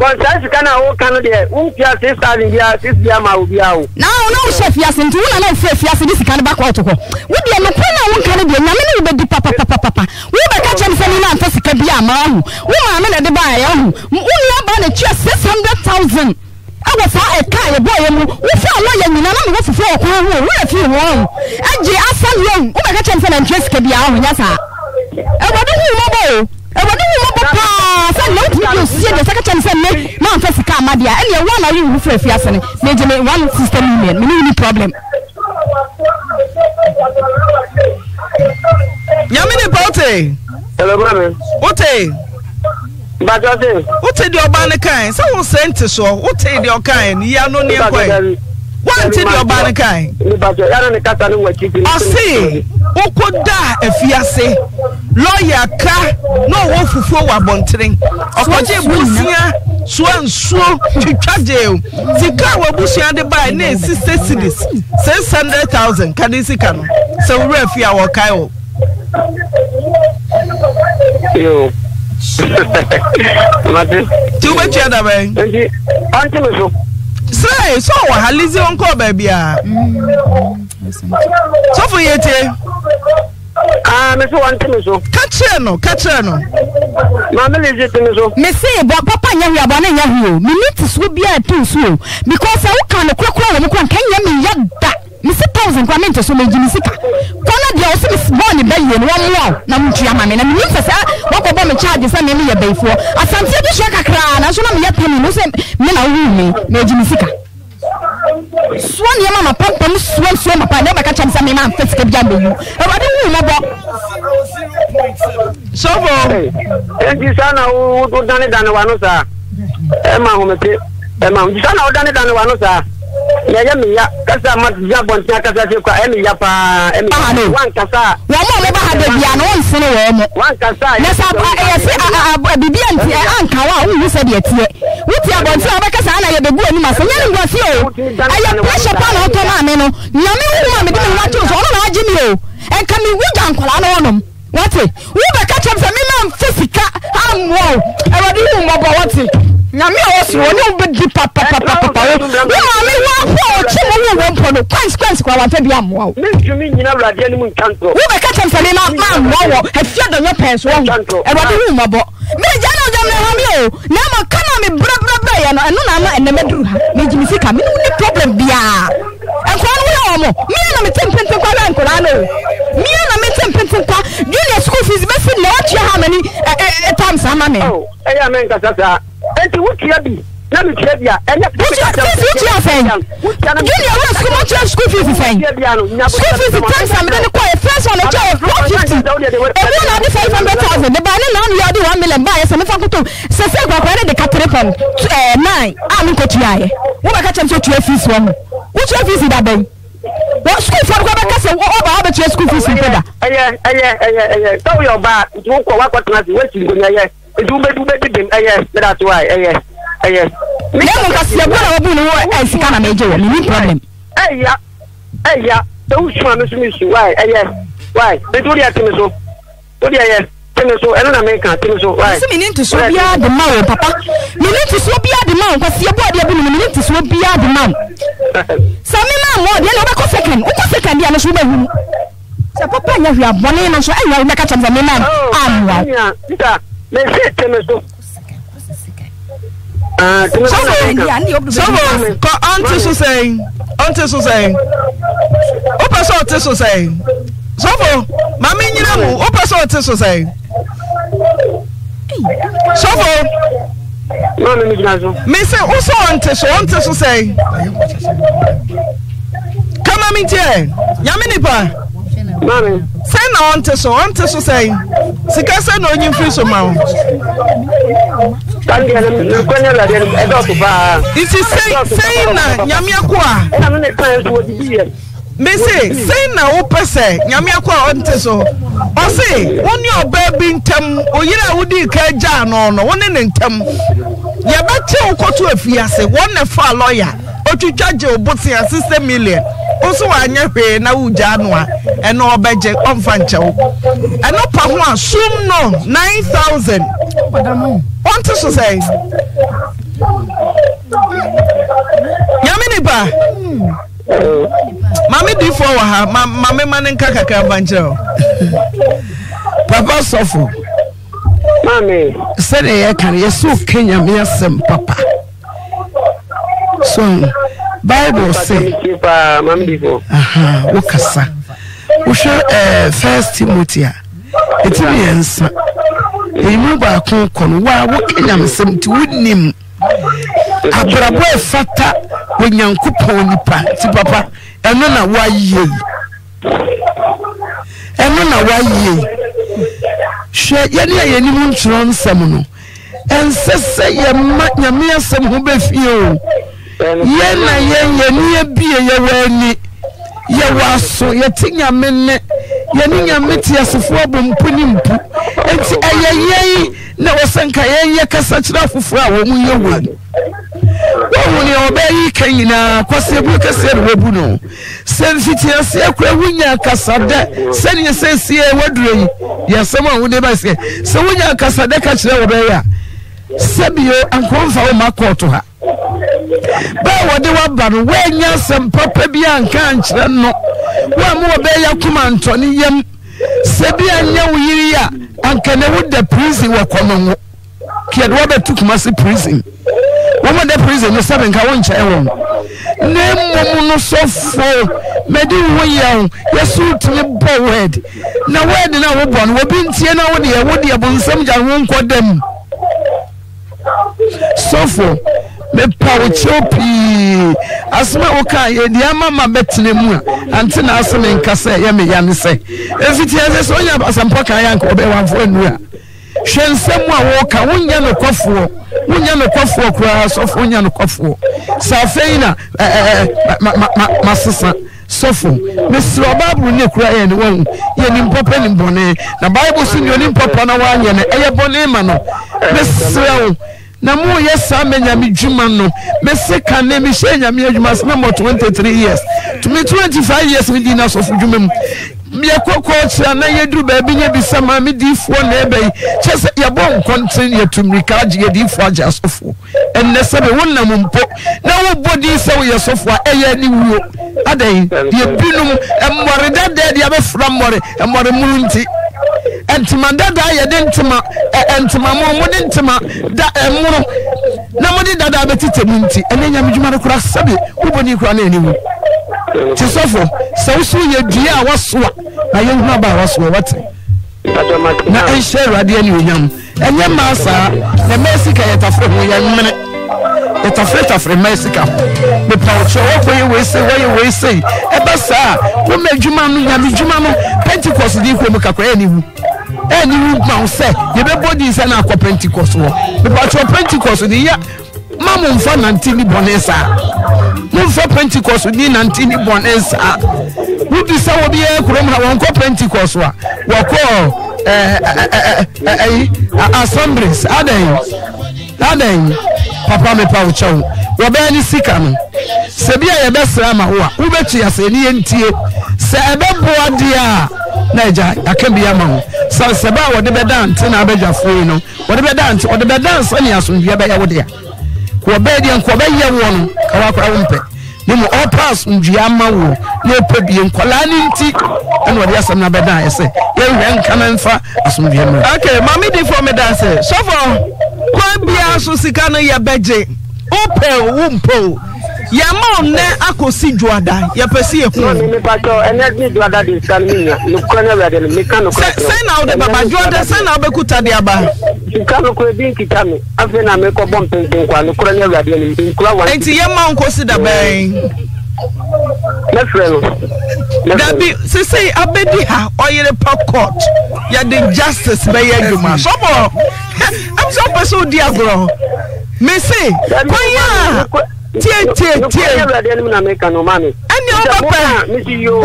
bọ̀nsá sika náà wọ́n kan deɛ wọ́n fia six thousand bia six bia ma obi a o. naa wọn náà wọ́n hyɛ fiase nti wọn náà fẹ́ fiase de sika no ba kɔɔto hɔ wọ́n deɛ no kwan náà wọ́n kan deɛ nyame náà bɛ di papapapapa wọ́n bɛ ka kyɛn sɛni náà ntɛ sika bia ama ɔho wọ́n maame na ɛde ba ayɛ ɔho wọ́n nua ba na kyia six hundred thousand ɛwɔ saa ɛka a yɛbɔ yɛ mu wofi a wɔyɛ nyina na mewɔ fufuo ɔkwan ho wɔyɛ fi wɔn agye asa loan wobɛka kyɛm sɛ nantwɛ sika biaa ho nyɛ saa ɛwɔde ho mmɔbɔ ɛwɔ ne wo bɔ paa sɛ na wotumi de osie deɛ sɛ ka kyɛ ne sɛ me mamfa sika ama deɛ ɛneɛ wo na woyɛ wo fra afiase no na agye me one system email mene woni problem nyame nipa wote wote wote deɛ ɔba ne kae sɛ wo sɛ nte soɔ wote deɛ ɔkae ne yia no neɛ kɔe wanti ni ọba ni kan. ọsì okó da efiase lọ́ọ̀yà ká náà wọ́n fufuo wà bọ̀ntẹ́rẹ́ ọ̀kọ́jẹ́ ìbùsíà sua nsuo twitwa jail sika a wọ́n busua de báyìí ne èsì six cities six hundred thousand kàdé sika no sẹ wúrọ̀ ẹ̀fí àwọ̀ ká ẹ̀ wọ̀. tí o bẹ tí a dàbẹ̀. ọ̀ntí mi so sɛ so wɔ ha lizi nkɔ baabi a sɔfo yɛ tie mese wɔnte ah, me so ka no ka kyerɛ no maame lizi te me so mese bɔ papa nyɛ hwee abɔ ne nyɛ hwee o mene te soɔ biaa ɛto so o because sɛ eh, woka no korakora wɔ me kora nka nyɛ meyɛ da misi thousand kura mi so meji misi ka kɔnɔ deɛ o si mi bɔɔl ni bɛyi yɛn wɔn mu aw na mu tuya ma mi na mi n fɛ sɛ wɔkɔ bɔ mi kyaadi sɛ mi mi yɛ bɛyi fɔ asante bi hyɛ kakra na so na mi yɛ pini no sɛ mi na wu mi meji misi ka soɔ nneɛma ma pampam soɔ soɔ ma pa ne bɛ ka kyɛn sɛ mi ma n fɛ sika bi a bɛ yu ɛwɔde wu ma bɔ. sɔfo eti saa na o dani dani wa no saa ɛ ma ahomete ɛ saa na o dani dani saa yɛyɛ meya kasa ma ti abɔnten akasa ah, se kɔ ɛmi ya paa ɛmi ya wankasa. wɔn mu a wɔn bɛ ha bɛbi a na wɔn nsini wɔn mu. wankasa yɛ sɛ yɛsi bibi ɛnti anka wa awo wusa deɛ tiɛ wuti abɔnten a wɔbɛka saa na yɛ bɛbu anim ase yɛn ngwa fi o ɛyɛ pressure pan a ɔtɔ maame no nyame wuhu a mede mi wati o so ɔno na agye mi o ɛnka eh, mi wigya nkwadaa na wɔnom wɔte wubɛka kyɛm sɛ mi ma nfe sika amoa o ɛwɔ eh, de yi mu mɔbɔ wɔte nyame a wɔsi wɔn wo bɛdi papapapapa wo maame wo akɔ a ɔkye mu ne wɔn no kwansi kwansi kora wata bi amoa wo. wo bɛka kyɛn na ma amoa wɔ efi adanya pɛn so wɔn awurade hu ma bɔ na ɔgya ha mi o na ama ka na mi brɛbrɛbrɛ no ɛno na ama ɛnɛmɛ ha mi sika mi ni problem biara nkɔla no wɔyɛ wɔn mo mia na mi te kwa bɛ nkɔla no mia na mi te kwa junior school fees bɛ na ɔtua ha mɛ ni ɛ ɛ times ama mi. ɛyà mi nkasa saa nti wotua bi na mi tia bi a ɛnɛ. wotia fees wotia fɛn junior wọn sukuu mo tia school fees fɛn school fees ten sam ne ne kɔ ye first one ɛkyɛ yɛ four fifty ebi wọn adi five hundred thousand ne ba ne na yɛ ɔdi one million ba yɛ sɛ ne fa koto sese gbakɔ ne de ka three pam eh, nine a mi ko tia yɛ wọn bɛ ka kyɛn so tia fees wɔn mo wotia fees da bɛyi wọ sukuu fún ọkọ bẹka sẹ ọba ọba tia school fees nkọ da. ɛyɛ ɛyɛ ɛyɛ ɛyɛ sɛwúyɛ ɔbaa ntuwó kọ wakọ nti wobɛdi wobɛdi ɛyɛ meda to a ɛyɛ ɛyɛ. lẹ́nu kasiẹ bọ́lá wọ́n bú ni wọ́n ẹ̀ sika náà méje wọ̀ ní problem. ẹ̀yà ẹ̀yà ewu sùn mi sùn wáyé ẹ̀yẹ wáyé nti wọ́n di ẹ̀ tẹ̀mí so wọ́n di ẹ̀yẹ tẹ̀mí so ẹ̀nu nà mí kàn tẹ̀mí so wáyé. sísè mi ní ntùsùn di má o papa mi ní ntùsùn di má o nkọ́síyẹ bọ́ọ̀dì ẹ̀bí mi mi ní ntùsùn bíyà di má o. sami máa mọ̀ ọ́ di ẹni ọbẹ̀ kọ́ sẹ́kẹ̀ndì ọkọ̀ sẹ́kẹ̀ndì ẹ̀ ní sùn bẹ́ẹ̀ wù. sẹ́ pọ́pọ́ ẹ̀yẹ hùwà bọ́ni náà sọ ẹ̀yẹ ọ̀rẹ́ kàtàkùn sẹ́mi náà àmùwà mɛ se tɛmɛ so. sọfọ kọ ọntì so sẹyìn ọntì so sẹyìn ó pẹ sọ ọtí so sẹyìn sọfọ maami nyina mu ó pẹ sọ ọtí so sẹyìn sọfọ mese wosɔ ɔnte so ɔnte so sɛe kama me ntiɛ nyame nipa sɛ na ɔnte so ɔnte so sɛn sika sɛ na ɔnyi mfiri so ma wo nti sɛn na nyame ako a mese na wopɛ sɛ nyame ako a ɔnte so ɔse wo ne ɔbaa bi ntam oyere a wodii ka no no wo ne ne ntam yɛbɛkye wo kɔto afiase wɔn na fa lɔya gye wo million nso anya hwee na wogya anụ a ɛno ɔbɛgye ɔmfa nkyɛ wo ɛno pa hụ a sum nọ nine thousand ɔnte so sɛ nyame nipa maame hmm. ha ma maame ma ne nka kakra mfa nkyerɛ wo papa papa bible say wokasa wohwɛ ɛɛ first timothy a ɛtumi yɛ nsa ɛyimu baako kɔ no wa wokanyamsɛm nti wonim abrabɔ ɛfata onyankopɔn nipa nti papa ɛno na woayie ɛno na woayie hwɛ yɛne a yɛnim ntwerɛ nsɛm no ɛnsɛ sɛ yɛma nyame asɛm ho bɛfie o yɛn na yɛn yɛn ni yɛ bie yɛwɔ ani yɛwɔ aso yɛte nyame nne yɛne nyame te asefoɔ abɔ mpu ne mpu nti ɛyɛ yɛn na wɔsɛ nka yɛn yɛ kasa kyerɛ afoforɔ a wɔn mu yɛ wɔ mu wɔn nea ɔbɛyi ka nyinaa kwasi ebu kɛseɛ na wɔbu no sɛ mfitiaseɛ kora wonya akasadɛ sɛdeɛ sɛsie waduro yi yɛsɛm a wɔde ba seɛ sɛ wonya akasadɛ ka kyerɛ wɔbɛyɛ a sɛbio ankɔmfa wɔn akɔɔto ha bẹ́ẹ̀ wɔde waba no wɔanya asɛm papa bi a nka nkyerɛ no wɔn a mo wɔ bɛyɛ kuma ntɔne yam sɛ bi anyɛ wo yiri a anka wo da prison wɔ kɔnɔ ngo kiadu wɔbɛtu kuma si prison wɔn mo da prison no sɛbi nka wɔn nkyɛn wɔn ne mmom no sɔfo mɛdi wo yɛ o yɛsu bɔ wɛd na wɛd na wo bɔ no obi ntie na wo deɛ wo deɛ bɔ nsɛm gya wo nkɔ dɛm sɔfo mepa wo kyerɛw pii asɛm a woka yɛde ama ma bɛtena mu a ante na asɛm nka sɛ yɛ meya ne sɛ ɛfitia sɛ sɛ wonya asɛmpa ka yɛ anka ɔbɛwamfoɔ anu a hwɛ nsɛm a wɔka wonyɛ nokɔfoɔ wonyɛ nokɔfoɔ koraa sɔfo wonyɛ nokɔfoɔ sɛ afei na masesa sɔfo mesrɛ ɔbaabolo ne kura yɛ ne wɔn yɛ ne mpɔpɛ ne bɔne na bible so nea ɔne na wanyɛ no ɛyɛ bɔne ma no mesrɛ wo na mu yɛ saa mɛ nyame dwuma no mɛ se ka ne mi hyɛ nyame adwuma sena mɔ twenty three years tumi twenty five years mi di na asɔfo dwuma mu yɛ kɔkɔ kyerɛ na yɛduru baabi nyɛ bi sɛ maame diifoɔ na ɛbɛ yi kyɛ sɛ yɛbɔ nkɔnten yɛtu mmirika agye yɛ diifoɔ agye asɔfo ɛnɛ sɛ bɛ wonam mpo na wobɔ din sɛ woyɛ sɔfo a ɛyɛ ne wuo adan deɛ binom mmɔre dadaɛ deɛ abɛfra mmɔre mmɔre muru nti ntoma dadaa yɛde ntoma ntoma mu ɔmo de ntoma da ɛmono na mo de dadaa bɛtete mu nti ɛne nyame dwuma no kora sɛbi wobɔ ni kora no ani mu te sɔfo sɛ woso yɛ dua a wasoa na yɛhunu aba a wasoa wate na ɛnhyɛ awurade anuonyam ɛnyɛ mmaa saa na mmaa sika yɛtaforo ho yɛnwene ɛtafrɛtafrɛ ma sika mepawɔkyerɛ wɔkɔyɛ weisei wɔyɛ weisei ɛbɛ saa woma adwuma no nyame dwuma no pentecost de kurom kakora ɛne wu ɛne wu ma wo sɛ yɛbɛbɔ din sɛ no akɔ pentecost wɔ mepawɔkyerɛ pentecost ne yɛ ma momfa nante ne bɔne saa momfa pentecost ni nante ne bɔne saa wodi sɛ wo biara kurom ha wɔnkɔ pentecost a wɔkɔɔ assemblies adɛn adɛn papa mepa wo kyɛw wɔbɛyɛ ne sika no sɛ bi a yɛbɛsrɛ ama wo a wobɛtu asɛ ne yɛntie sɛ ɛbɛboa deɛ a na agya aka ama wo sɛ sɛ a wɔde bɛda nte na abɛgyafoɔ yi no wɔde bɛda nte wɔde bɛda nsa ne asomdwua bɛyɛ wo dea wɔbɛyɛ deɛ nka wɔbɛyɛ wɔ no ka wakora wo mpɛ ne mu ɔpa ama wo na ɛpɛ bie nkɔlaa ne nti ɛna wɔde asɛm no abɛda ayɛ sɛ yɛhwɛ nka na mfa asomdwua mmerɛ ok maame difoɔ meda sɛ sɔfoɔ kwan biara so sika no yɛbɛgye wopɛ o wompɛ o yɛma wo nnɛ akɔsi dwoada yɛpɛ sɛ yɛhusɛn na wode baba dwoada sɛn na wobɛkuta de aba enti yɛma wo nkɔsi da bɛn dabi sisi abedi ha ɔyere pa court yɛde justice bɛyɛ adwuma sɔbɔ (laughs) sọ pẹ sọ di agorɔ mese kɔnya tie tie tie ɛni ɔbɛ pɛ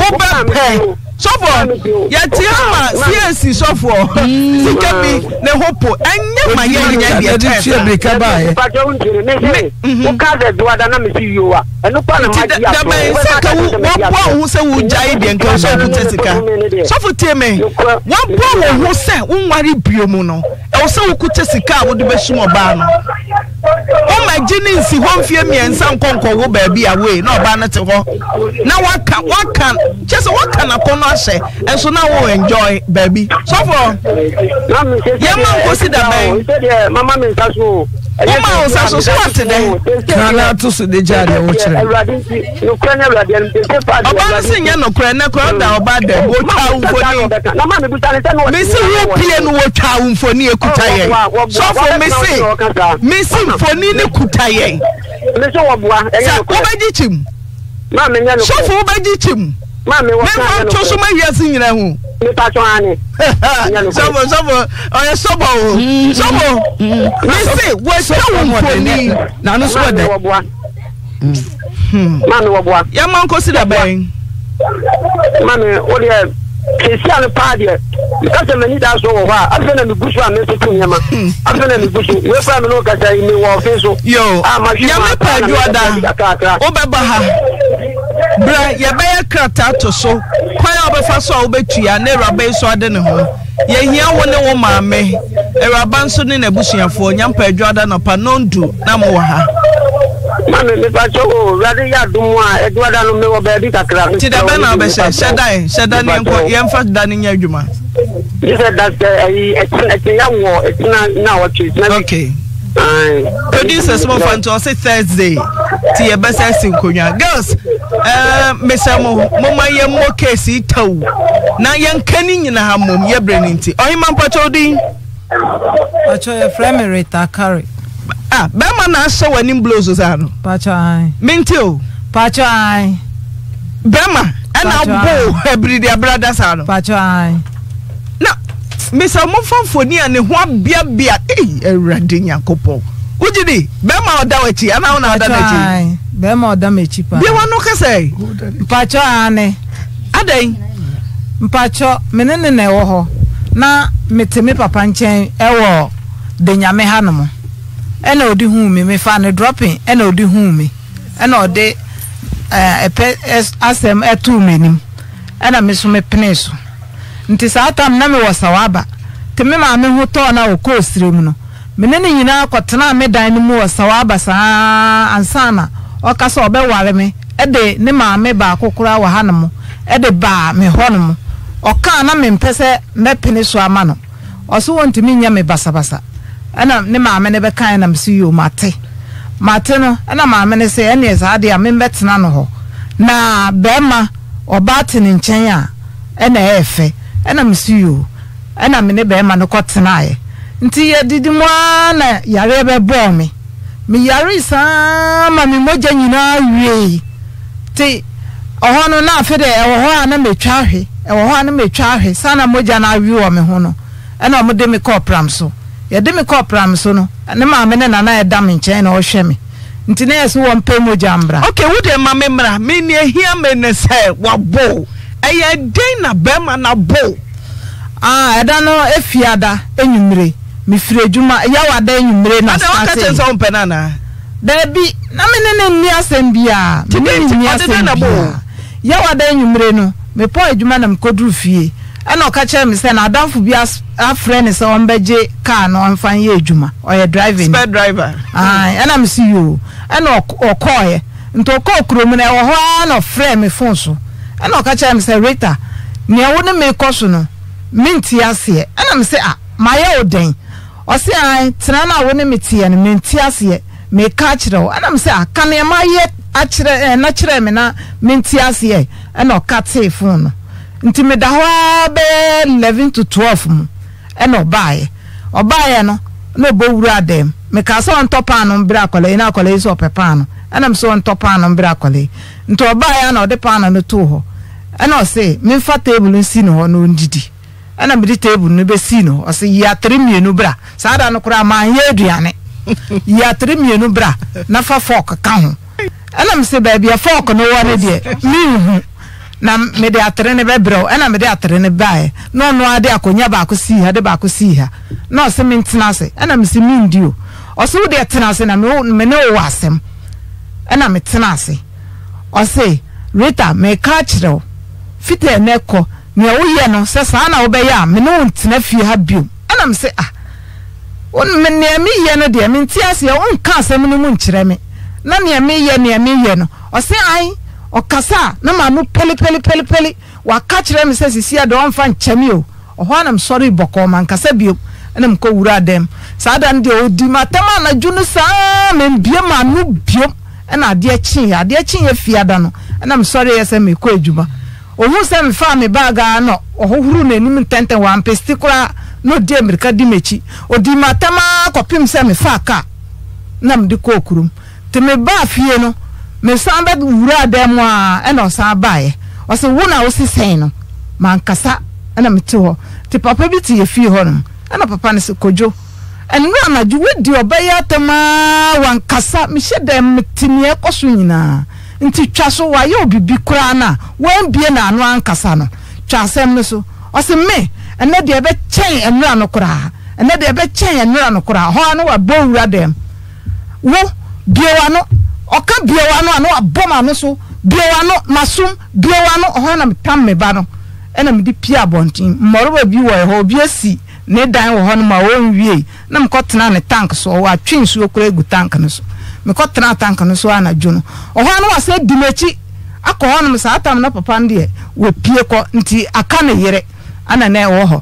ɔbɛ pɛ. sɔfoɔ yɛte ama csc ah, sɔfoɔ mm. sika bi ne ho po ɛnyɛ ma yɛnyɛ deɛ tɛɛdɛmɛn mhm. sɛ ka wo wɔboa wo ho sɛ wogyae deɛ nka sɛ wokuta sika sɔfo tie me ho sɛ mu no ɛwɔ sɛ a ɔbaa no gye ne nsi mmiɛnsa baabi na ɔbaa no te hɔ waka kyɛ sɛ no ahyɛ ɛnso na wo enjoy baabi sɔfo yɛn mma nkosi dabɛn mo ma wo nsa so so wa te dɛ. kana ato so de gya adeɛ wɔkyerɛ. ɔbaa no si nyɛ nokorɛ ne korɛ da ɔba dɛ wotwa awo mfoni mesi wo pie no wotwa awo mfoni ekuta yɛn sɔfo mesi mesi mfoni ne kuta yɛn. sɛ wobɛgye kyim sɔfo wobɛgye kyim mímọ tó súnmọ́ yìí ẹsìn yìnyín ẹ̀hún. nípa tó hàn ní. sọ́bọ̀ sọ́bọ̀ ọ̀yẹ́ sọ́bọ̀ o mm-hmm. sọ́bọ̀ mi sè wọ́n ṣe wọ́n mfoni nànú sọ́bọ̀ dẹ̀. maami wọ bua. Hmm. yẹ máa ń kó sí dàbẹ́ yín. maami o de yẹ kesi ano paa deɛ kasa mani da so wɔ hɔ a afei na hmm. mi gu so a mi nso tu nneɛma afei na mi gu so wei fura mi n'o kasa yi mi wɔ ɔfin so. yoo nyame pɛ adua da wobɛba ha. berɛ yɛbɛyɛ krataa to so kwan a wobɛfa so a wobɛtua na awuraba yi so ade ne ho yɛhia wo ne wo maame awuraba nso ne n'abusuafoɔ nyampa adwa da nɔpa nondu na mowɔ ha mami mipa tso o wulade ya dumu a adwa da no mewɔ baabi kakra ti dɛ bɛn na wobɛhyɛ hyɛ dae hyɛ da ne yɛnkɔ yɛmfa da ne nyɛ adwuma yisɛ da sɛ ɛyi ɛtina wɔ ɛtina na wɔtwe ok producer small fan to thursday ti yɛ bɛsɛ si nkonnwa girls eh, mesɛ mo momma yɛ mmɔ keesi taw na yɛnka ne nyinaa mmom yɛbrɛ ne nti ɔhema mpɔkyɛw din pàtó efrɛ mi rita kari. a ah, bɛrima na ahyɛ wɔ anim blows saa no. pàtó an. minti o. pàtó an. bɛrima ɛna abo ebiridi abirada saa pàtó an. na misamu fanfoni a ne ho abiabia ee ewurade nyankopɔn. wogye di bɛrima ɔda w'akyi anaa wo na ɔda bɛrima ɔda paa bi wɔn mpatsɔ ane. mpatsɔ mene ne na ɛwɔ hɔ na mete me papa nkyɛn ɛwɔ denyame hanom ɛna ɔde hu mi mefa ne dropping ɛna ɔde hu mi ɛna ɔde ɛɛ ɛpɛ asɛm ɛtu mi ɛna me so me pene so nti saa tam na me wɔ sawaba te me maame ho tɔɔ na ɔkɔɔ sire mu no. mene ne nyinaa kɔtena me dan no mu wɔ sawa aba saa ansana na ɔka sɛ ɔbɛware me ɛde ne maame baako koraa wɔ hanom ɛde baa me hɔnom ɔkaa na mempɛ sɛ mɛpene so ama no ɔso wɔntumi nyɛ me basabasa ɛna ne maame ne bɛka nam so yio mate mate no ɛna maame ne sɛ ɛne saa deɛ a membɛtena no hɔ na bɛrima ɔbaa te ne nkyɛn a ɛna ɛyɛ fɛ ɛna meso yio ɛna me ne bɛrima no kɔtenaeɛ nti yɛdidi mu ara na yare bɛbɔɔ me meyare saa ma me mogya nyinaa wiei te ɔhɔ no na afe dɛ ɛwɔ hɔ a na metwa ahwe ɛwɔ hɔ a na metwa ahwe saa na mogya no awe wɔ me ho no ɛna ɔmo de me kɔɔ pram so yɛde me kɔɔ pram so no ne maame ne nana ɛda me nkyɛn na ɔhwɛ me nti na yɛsɛ wɔn pɛ mogya mbra. ok wo de ma me mmra me ni ehia me ne sɛ wabo ɛyɛ den na bɛrima na bo. aa ah, ɛda no ada enyimire. mefiri adwuma yɛwɔ adan nwummere na daabi na mene ne nni no mepɔ adwuma na mekɔduru fie ɛna ɔka kyerɛ me na adamfo bi afrɛ ne sɛ ɔmbɛgye kaa no ɔmfa nyɛ adwuma ɔyɛ driving spare driver ɛna me si yoo nti ɔkɔɔ kurom no ɛwɔ hɔ na ɔfrɛ me fon so ɛna ɔka kyerɛ me sɛ rita wo ne mekɔ so no aseɛ ɛna me sɛ a ah, mayɛ wo ɔsi a tena na wo ne mi teɛ no menti aseɛ meka akyerɛ wo ɛnam sɛ aka nneɛma yɛ akyerɛ ɛna kyerɛ mi na menti aseɛ ɛna ɔka tee fon no nti mi da hɔ bɛɛ eleven to twelve mu ɛna ɔbaayɛ ɔbaayɛ no na ɔbɔ wura mu dɛm ka sɛ ɔntɔ paano mbere akɔlɛ yi na akɔla yi sɛ ɔpɛ paano ɛnam sɛ ɔntɔ paano mbere akɔlɛ yi nti ɔbaayɛ na ɔde paano no too hɔ ɛna ɔsi mmefa teebulu si ne hɔ na ɔndidi. ɛna mede table no bɛsii no ɔsɛ yi atere mmienu bra saa da no koraa maanyɛ aduane yi mmienu bra na fa fork ka ho ɛna mese baabi a fork no wɔ no deɛ menhu na mede atere no bɛbrɛw ɛna mede atere no baeɛ na ɔno ade akonnwa baako sii ha de baako sii ha na ɔsɛ mentena ase ɛna mese mendi o ɔsɛ wo tena ase na me ne wowɔ asɛm ɛna metena ase ɔse rita meka kyerɛ wo fitaa kɔ nea woyɛ no sɛ saa na wobɛyɛ a mene wo ntena fie ha biom ɛnam sɛ a ah, nea meyɛ no deɛ mente aseɛ wonka asɛm no mu nkyerɛ me na nea meyɛ nea meyɛ no ɔse ae ɔkasa a na maa mu pɛlipɛlipɛlipɛli waka kyerɛ me sɛ sisi a deɛ ɔmfa nkyɛme o ɔhɔ anam sɔre bɔkɔɔ ma nkasa biom ɛnam kɔ wura dɛm saa da no deɛ ɔdi ma atam anadwo no saa membie ma ano biom ɛna adeɛ kyeeɛ adeɛ kyeeɛ fiada no ɛnam sɔre yɛ sɛ mekɔ adwuma ohun sɛ fa me baage ano ɔhohoro n'anim ntɛntɛn wampesti koraa na ɔdi mirika di m'akyi ɔdi m'atam ara kɔpem sɛ mefa kaa na mede kɔɔ kurom te me baa fie no mesan bɛwura dan mu a ɛna ɔsan baeɛ ɔsɛ wo na wosi sɛn no mankasa ɛna mete hɔ te papa bi te yɛ fie hɔ nom ɛna papa no sɛ kodwo ɛnura anadwo wodi ɔbɛyɛ atam ara wankasa mehyɛ dan mu mete neɛ ɛkɔ so nyinaa nti twa so wayɛ obibi koraa no a wambie naano ankasa no twa asɛm no so ɔse me ɛnɛ deɛ ɛbɛkyɛn nnera no koraa ɛnɛ deɛ ɛbɛkyɛn nnera no koraa hɔ a no wabɔ wura dɛm wo biowa no ɔka biowa no a na wabɔ ma no so biowa no masom biowa no ɔhɔ na metam me ba no ɛna mede pie abɔnten mmɔreba bi wɔ hɔ obi asi ne dan wɔ hɔ no ma wɔnwie na mekɔtena ne tank so ɔwɔ atwe nsuo koraa gu tank no so mekɔtena tank no so anadwo no ɔhɔ no wasɛ di m'akyi akɔ hɔnom saa tam no papa no deɛ wɔpie kɔ nti aka na ɛwɔ hɔ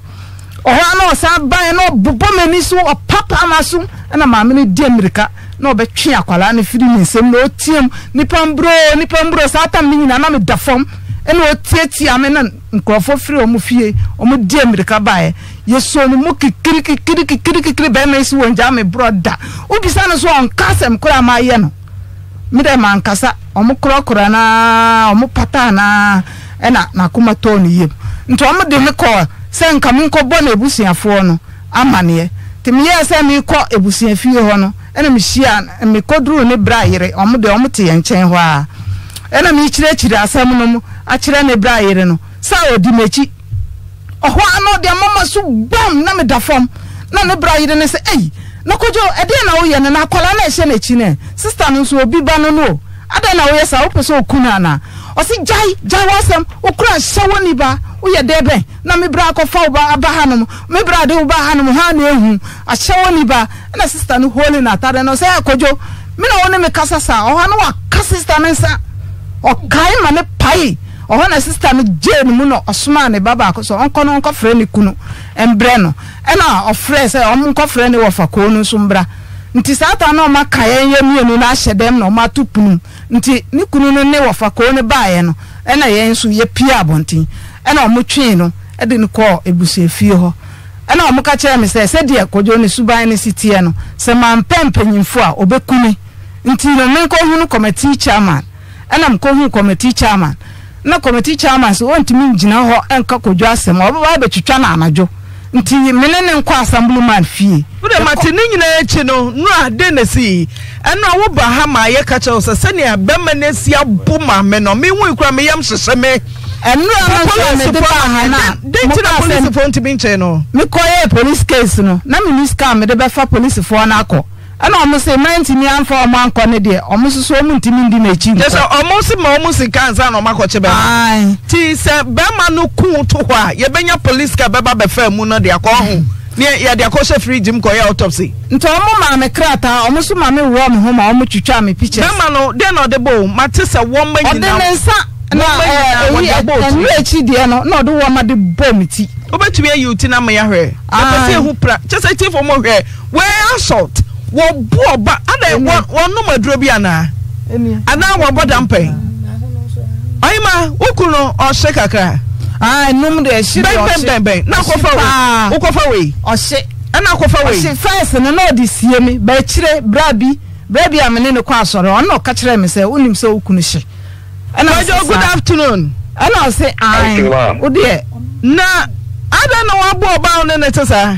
ɔhɔ no ɔsan ban na ɔbobɔ m'ani so ɔpapa ma so ɛna maame no di mmirika na ɔbɛtwe akwadaa na ɔtiam nipa mburo nipa mburo saa tam no nyinaa na fam ɛna ɔtiatia me na nkurɔfoɔ firi fie Yesu no mu kikiri kikiri kikiri kikiri bɛrima yi si wɔ ngya mi borɔ da obisa no so ɔnka asɛm koraa ma ayɛ no mi dɛ ma nkasa ɔmo korɔkorɔ naa ɔmo pata naa ɛna n'akoma tɔɔ ne yam nti ɔmo de ne kɔɔ sɛ nka mi nkɔ bɔ n'ebusuafoɔ no amaneɛ te mi yɛ sɛ mi kɔ ebusua fie hɔ no ɛna mi hyia mi kɔ duro ne bra yere ɔmo de ɔmo te yɛn nkyɛn hɔ a ɛna mi kyerɛkyerɛ asɛm no mu akyerɛ ne bra yere no saa odi m'akyi ɔhɔ ano deɛ mama so bɔm na meda fam na ne bra yere ne sɛ ɛyi na kɔgyo ɛdeɛ na woyɛ no na akwadaa no ɛhyɛ n'akyi no sista no nso obi ba no no o adan na woyɛ saa wopɛ sɛ oku no anaa ɔsi gyae gyae wɔsɛm okura hyɛ wɔ niba woyɛ dɛ bɛn na me bra akɔfa wo ba aba hanom me bra de wo ba hanom ha na ehu ahyɛ wɔ niba ɛna sista no holi na atade no sɛ akɔdwo me na wɔne me kasa saa ɔha no waka sista ne nsa ɔkae ma ne pae ɔhɔ na sista no gyee ne mu no ɔsomaa ne ba baako so ɔnkɔ no nkɔfrɛ ne kunu mbrɛ no ɛna ɔfrɛ sɛ ɔmo nkɔfrɛ ne wɔfa koo no nso mbra nti saa taa na ɔma ka yɛn yɛ mmienu na ahyɛ dɛm na ɔma ato punu nti ne kunu no ne wɔfa koo no baayɛ no ɛna yɛn nso yɛpie abɔnten ɛna ɔmo twee no ɛde no kɔɔ ebusuafie hɔ ɛna ɔmo ka kyerɛ mi sɛ sɛdeɛ kodwo ne suban ne si teɛ no sɛ maa mpɛ a obeku nti na menkɔ hu no chairman ɛna mekɔ hu kɔmɛtii chairman na committee chairman so ntumi gyina hɔ nka kodwo ọ bụba abɛtwitwa na anadwo nti mene ne nkɔ assemblyman fie wode mate ne nyinaa akyi no na si ɛno a ha ma yɛka kyerɛ wo sɛ sɛnea bɛma no asi abo maame no mehu na ntumi no case no na ɛna ɔmo sɛ mmerante ni anfa ɔmo ankɔ ne deɛ ɔmo soso ɔmo ntumi ndi n'akyi nkɔ. kyesɛ ɔmo si ma ɔmo sika nsa na ɔmo akɔkye bɛrima. ti sɛ bɛrima no kun to hɔ a yɛbɛnya polisi ka bɛba bɛfɛ mu no de akɔ ne yɛde akɔ firiji mu kɔ yɛ autopsy. nti ɔmo maame krataa ɔmo so maame wɔ ɔmo ho ma ɔmo twitwa mi pictures. bɛrima no deɛ na ɔde bɔ o ma te sɛ wɔn bɛ nyinaa. na ɛyi ɛnu ekyi deɛ no na ɔde wɔn ma de bɔ mi ti. wobɛtumi ayi o ti na mo yahwɛ. yɛpɛ sɛ ehu pra kyesɛ tie fɔ mo hwɛ wɛɛ assault. wɔbu ɔba ana wɔnom aduro bi anaa anaa kakra de na akɔfa wei wokɔfa na sie mi a mene ne kɔ asɔre ɔno ɔka kyerɛ mi sɛ wonim sɛ wokun hyɛ ɛna ɔsɛ saa good afternoon na adan na wabɔ ɔbaa saa.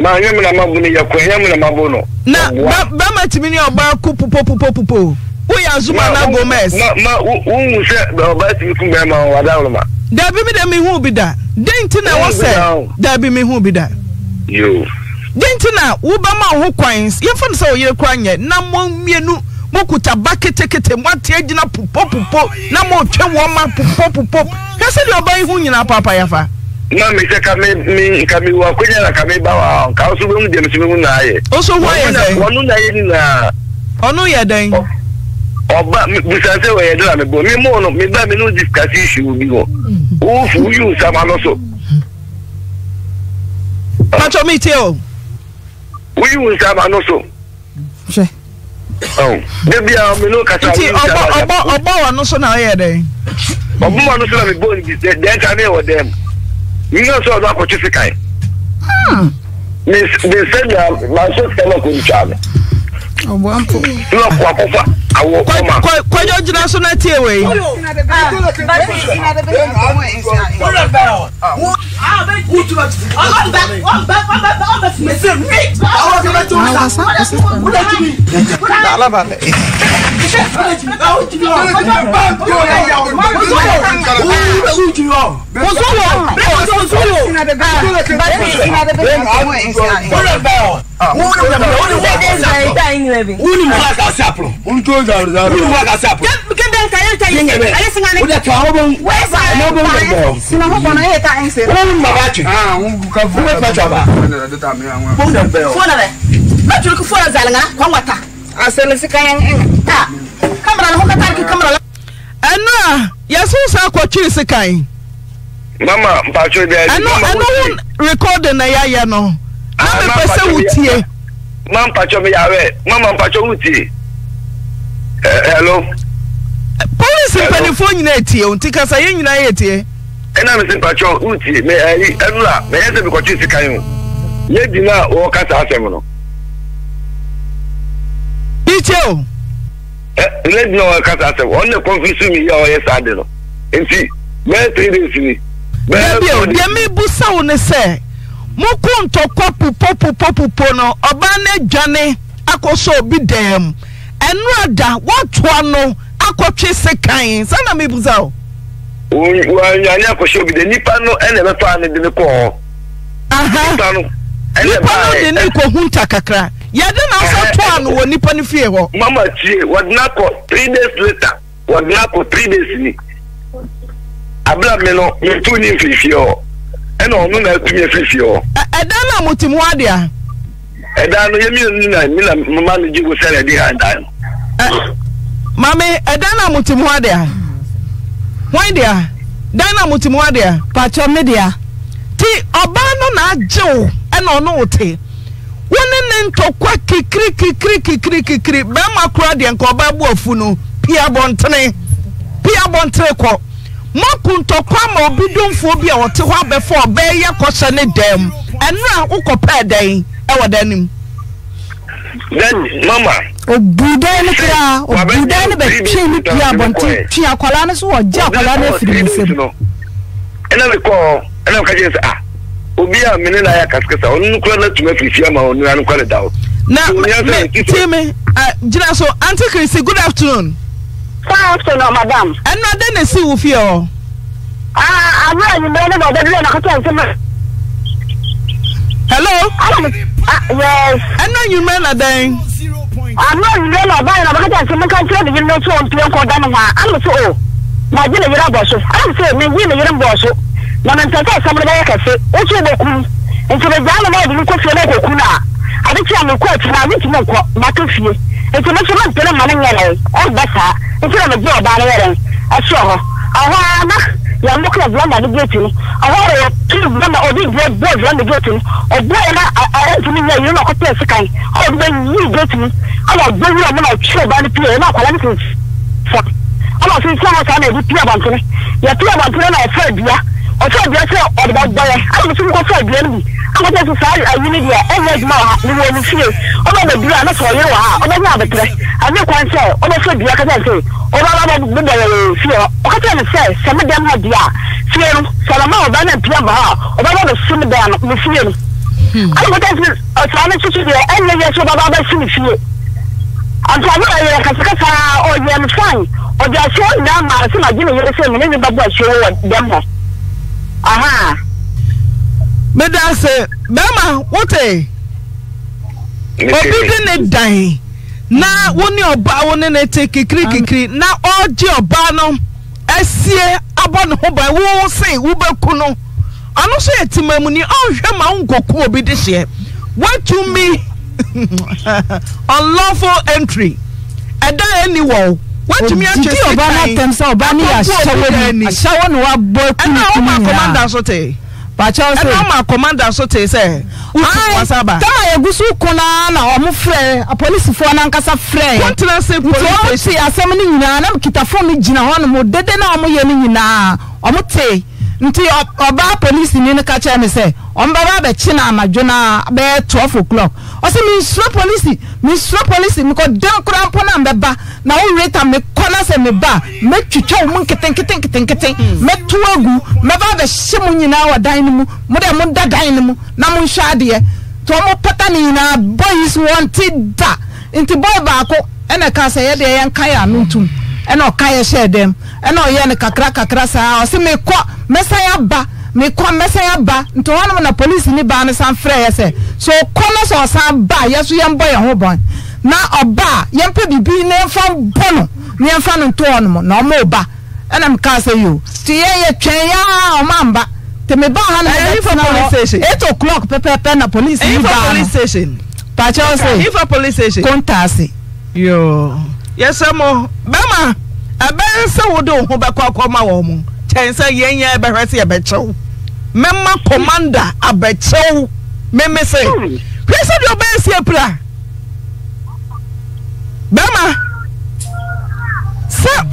ma nyɛ mu na ma bu no yɛkɔ nyɛ mu na ma bu no. na bɛma tìmí ni ɔbaa kú pupo pupo pupo woyɛ azuma na gomez. ma ma wunwu sɛ ɔbaa tìmí kú bɛrɛ ma wà dá wòlò ma. dabi mi dɛ mi hu bi da den ti na wɔ sɛ dabi mi hu bi da. yoo. den ti na wo bɛ ma ho kwan yɛn fɔ ne sɛ oyere kura nyɛ na mo mienu mo kuta ba ketekete mo ati egyina pupo pupo na mo twɛ wɔn ma pupo pupo hwɛ sɛ deɛ ɔbaa yi hu nyinaa paapa yafa. na mmesịa ka mme ka mme na ka mme bawa ka ndị na ayị. ọsọ hwa ọnụ na na. ọba busase wọ yẹ na mi bọ mi mi mi disikasi isu bi yi pàtó mi o. a mi n'o kasa mi n'o kasa. ọgbọ ọgbọ wa na million sọ ọdọ akọtí sika yi ne nse na maa nso sika náà kò ní twa mi. ọ̀bọ̀ mpọ. náà kọ akọfà awọ ọmọ. kọjọ gyina so náà tiẹ̀ wẹ̀ yìí. Alaba. Musulo, Musulo, Musulo. Wúni mu wá kà sí àpò. Wúni tó jà rẹ̀ rẹ̀. Wúni mu wá kà sí àpò. Kébé nǹkan yóò ta yín sè. Ayé singa ni. O de tún àwọn bọ̀n. Wẹ́ẹ́ sà àwọn bọ̀n bẹ̀ bọ̀. Sinna fún bọ̀nà yóò ta yín sè. Wọ́n mú bàbá tù. Wọ́n mú bàbá tù àbá. Fóònù bẹ̀ bẹ̀. Fóònù bẹ̀. Mẹ́tùrú kí fóònù zàlìngà kọ́ ń wà ta. Àṣẹlẹ̀ sí káyọ̀ ń ta. Kámẹ́rà ni wọ́n kẹ́ta kí kámẹ́rà lọ. Ẹnu à, yẹ mama mpacho bia ɛno ɛno wo rekɔdi na yɛ ayɛ no na ah, mepɛ sɛ wo tie ma mpacho mi yawɛ mama mpacho wo tie hello. polisi mpanyinfoɔ nyinaa etie o nti kasa yɛn nyinaa yɛ tie. ɛna mi si mpacho wo tie mɛ ɛyi ɛnura mɛ yɛn sɛ mi kɔtí sika yi o yɛ di na wɔn kasa asɛm no. bíkye o. ɛ ne di na wɔn kasa asɛm wɔn na kɔnfi su mi yɛ ɔyɛ saa de no nti mɛ tiri de si mi. dabio deɛ mebusa wo ne sɛ moko ntɔkwa popopopoppo no ɔbaa no adwane akɔ sɛ obi dam ɛno ada woatoa no akɔtwe sekan saa na mebusa wo wanyane akɔhyɛ obi dɛ nipa no ɛna ɛbɛfaa no de ne kɔɔ nipa no de ne kɔhu nta kakra yɛde na sɛ toa no wọ nipa mama days later days ni abira mi no yɛtu ni ọ hɔ ɛna ɔno na ɛtu mi mfirifie hɔ. ɛdan na mo ti mu adeɛ. ɛdan no yɛmi ni na mi na mama mi jigo sɛlɛ di ha ɛdan e, no. maame ɛdan na mo ti mu a wɔn deɛ dan na mo ti mu adeɛ. pàtó mi deɛ. ti ɔbaa no na agye wo ɛna ɔno wo te wone ne ntɔkwa kikiri kikiri kikiri kikiri bɛrima kura deɛ nka ɔbaa bu afu no pia pia moku kwa ma obi domfoɔ bi a ɔte hɔ abɛfo ɔbɛɛ yɛ kɔhyɛ ne dɛm ɛnura a wokɔpɛɛ dɛn ɛwɔ dɛn nim. dɛn mama. obu dɛn ne kura obu dɛn ne bɛ twi ne pii abɔnten twi akwadaa ne so wɔ gye akwadaa ne firi ne nsam. ɛna mi kɔɔ ɛna mi ka kyerɛ sɛ ah obi a mene na ayɛ kasikasa ɔno no kura na tuma firifiri ama ɔno anokwa ne da o. na mɛ tí mi gyina so aunty christy good afternoon fáwọn ọ̀sẹ̀ madam. ẹnu adé na esi wù fi ọ. àbúrò yìí bẹ́ẹ̀ ní bàbá dúró nàkàtà ẹ̀ sẹ́mi. hello. yes. ẹnu ẹ̀yìn mẹ́rin na àbúrò yìí bẹ́ẹ̀ náà báyìí nàkàtà ẹ̀ sẹ́mi kan tí ó lè yí ní oṣù òǹpì ẹ̀kọ́ o mà jí lè yíra bọ̀ so àmì sí mi jí lè yíra bọ̀ so mà mi ntẹ̀ bẹ́ẹ̀ kẹ̀sẹ̀ oṣù bẹ̀ kú adekyerɛ mekɔ akyiri a metumi nkɔ fie ma saa na megye ɔbaa no yɛrɛe a na yɛmmokora blanda no gate ɔhɔ na ntumi nyɛ yiri na ɔkɔtɔɛ sekan ɔde bɛyii gate no ɔna ɔbɔ wura mu na ɔtwerɛ ɔbaa no pie fa saa na ebi pie na ọtí ẹbí ẹsẹ ọdọba gbọyẹ ẹni tí nkọ fún ẹbí ẹni bi akọtẹ sọ sáà ẹyí ni diẹ ẹyẹ ẹdùnmá wà ní wọn ní fíye ọba bẹbí wà lọsọ ọyẹ wà ọba ní abẹtẹrẹ àbí kwan sẹ ọba fún ẹbí akọtẹ sẹ ọba bá bẹ bẹrẹ fíye ọkọtẹ ni sẹ sẹmi dẹm hàn di a fíye nu sọlọmọ ọba náà pìlẹ bá a ọba bá bẹ sún mi bẹyà mi fíye nu hmm. akọtẹ sẹ ọsàn ni tuntun diẹ ẹni yẹ sọ ọba bá sún mi fíye àti àwọn ẹyẹ kasakasa ọyẹ mi fain ọjà sọ ọ nyinaa màá sọ màá jí mi yẹrẹ sẹ mi ní mi bá bọ àṣẹ wọ dẹm aha. meda ase bɛrima wote obi di ne dan na wo ne ɔbaa wo ne ne te kikiri kikiri na ɔregye ɔbaa no asie abɔ ne ho ban wo se wobɛku no ɔno nso yɛ temamuni ɔnhwɛ ma wo nkoku obi de hyeɛ woatumi (laughs) unlawful entry ɛda ɛni wɔ wọ́n ti di ọba n'atẹ̀m sẹ́ ọba ni aṣáwó ni aṣáwó ni wàá bọ́ kúrú kúrú yìnyín náà ẹ̀ná ọmọ àkọ́mọ́dà sote. tẹ̀ pàṣẹ ọsẹ ẹ̀ná ọmọ àkọ́mọ́dà so tẹ̀ sẹ́ wọ́n wá sábà. táwọn yẹgu sùn kun náà na ọmọ fúrẹ apolisifoɔ nankasa fúrẹ. kọ́ńtínẹ́sì polisi nti wọ́n ti asẹ́mu ni nyinaa nam kita fóònù gyina hɔnom dede náà ọmọ yẹ ni nyinaa ọmọ tẹ̀ nti ọbaa polisi ni ka kyerɛ mi sɛ ɔmo bɛ bá bɛ kyi na anadwo na bɛyɛ twelve o'clock ɔsɛ mi nsúra polisi mesuro polisi mi mekɔdan koraa mpo na mbɛba na wo reta mekɔ na sɛ meba mɛtwitwa wo mu nketenketenketenketen mɛto agu mɛba abɛhye mo nyinaa wɔ dan no mu mode moda dan no mu na monhwɛ adeɛ nti ɔmo pata ne nyinaa boys wɔnte da nti boy baako ɛna ka sɛ yɛdeɛ yɛnka yɛ ano ntom ɛna ɔka yɛ hyɛ dɛm ɛna ɔyɛ no kakra kakra saa ɔse mekɔ mɛsan ba mekɔ mɛsɛn aba nti hɔnom na polisi ni baa no san frɛ yɛ sɛ so kɔ no sɛ ɔsan ba yɛ yɛn bɔ yɛn ho bɔn na ɔba yɛn pɛ bibi na yɛn fa bɔ no na yɛn fa no nto hɔnom na ɔmo ba ɛna mo kaa sɛ yi ti yɛ yɛ twɛn yɛ a ɔmo amba tèmi bá hàn ní ɛtena hɔ eight o'clock pɛpɛpɛ na polisi ni baa no pàṣẹ ɔsè kóntaasi. yoo yɛsɛ mo bɛma ɛbɛn sɛ wo de wo ho bɛkɔ akɔma wɔn mo kyɛn yɛn yɛn bɛhwɛ sɛ yɛbɛkyɛw. mɛma kọmanda abɛkyɛw mɛmɛ sɛ hwɛ sɛ deɛ ɔbɛyɛ si apira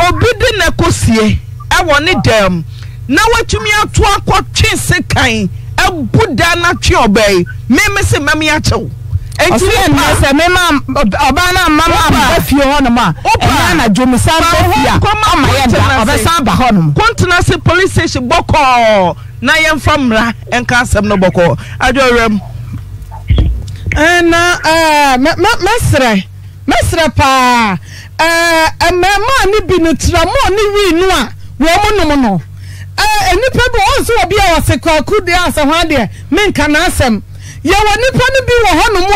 obi de na kɔsie ɛwɔ ne dɛm na watumi ato akɔtwe sekan ɛbu da na twe ɔbɛ yi mɛmɛ sɛ mɛmɛ akyɛw ɔsɛ ɛnna sɛ mɛma ɔbaa na mama aba fie hɔ nom a ɛnna na dwomisa bɛ fie a ɔma yɛ da ɔbɛsan aba hɔ nom. kɔntena se polisi station bɔkɔɔ. na yɛmfa mmara nka asɛm no bɔkɔ adwɔwerɛm na mɛserɛ mɛserɛ paa mmɛmaa no bi no tiramɔɔ ne wii no a wɔn nom no nnipa bi wɔn nso wɔ bi a wɔse kwaku deɛ asɛhwa deɛ menka n'asɛm yɛwɔ nnipa no bi wɔ hɔnom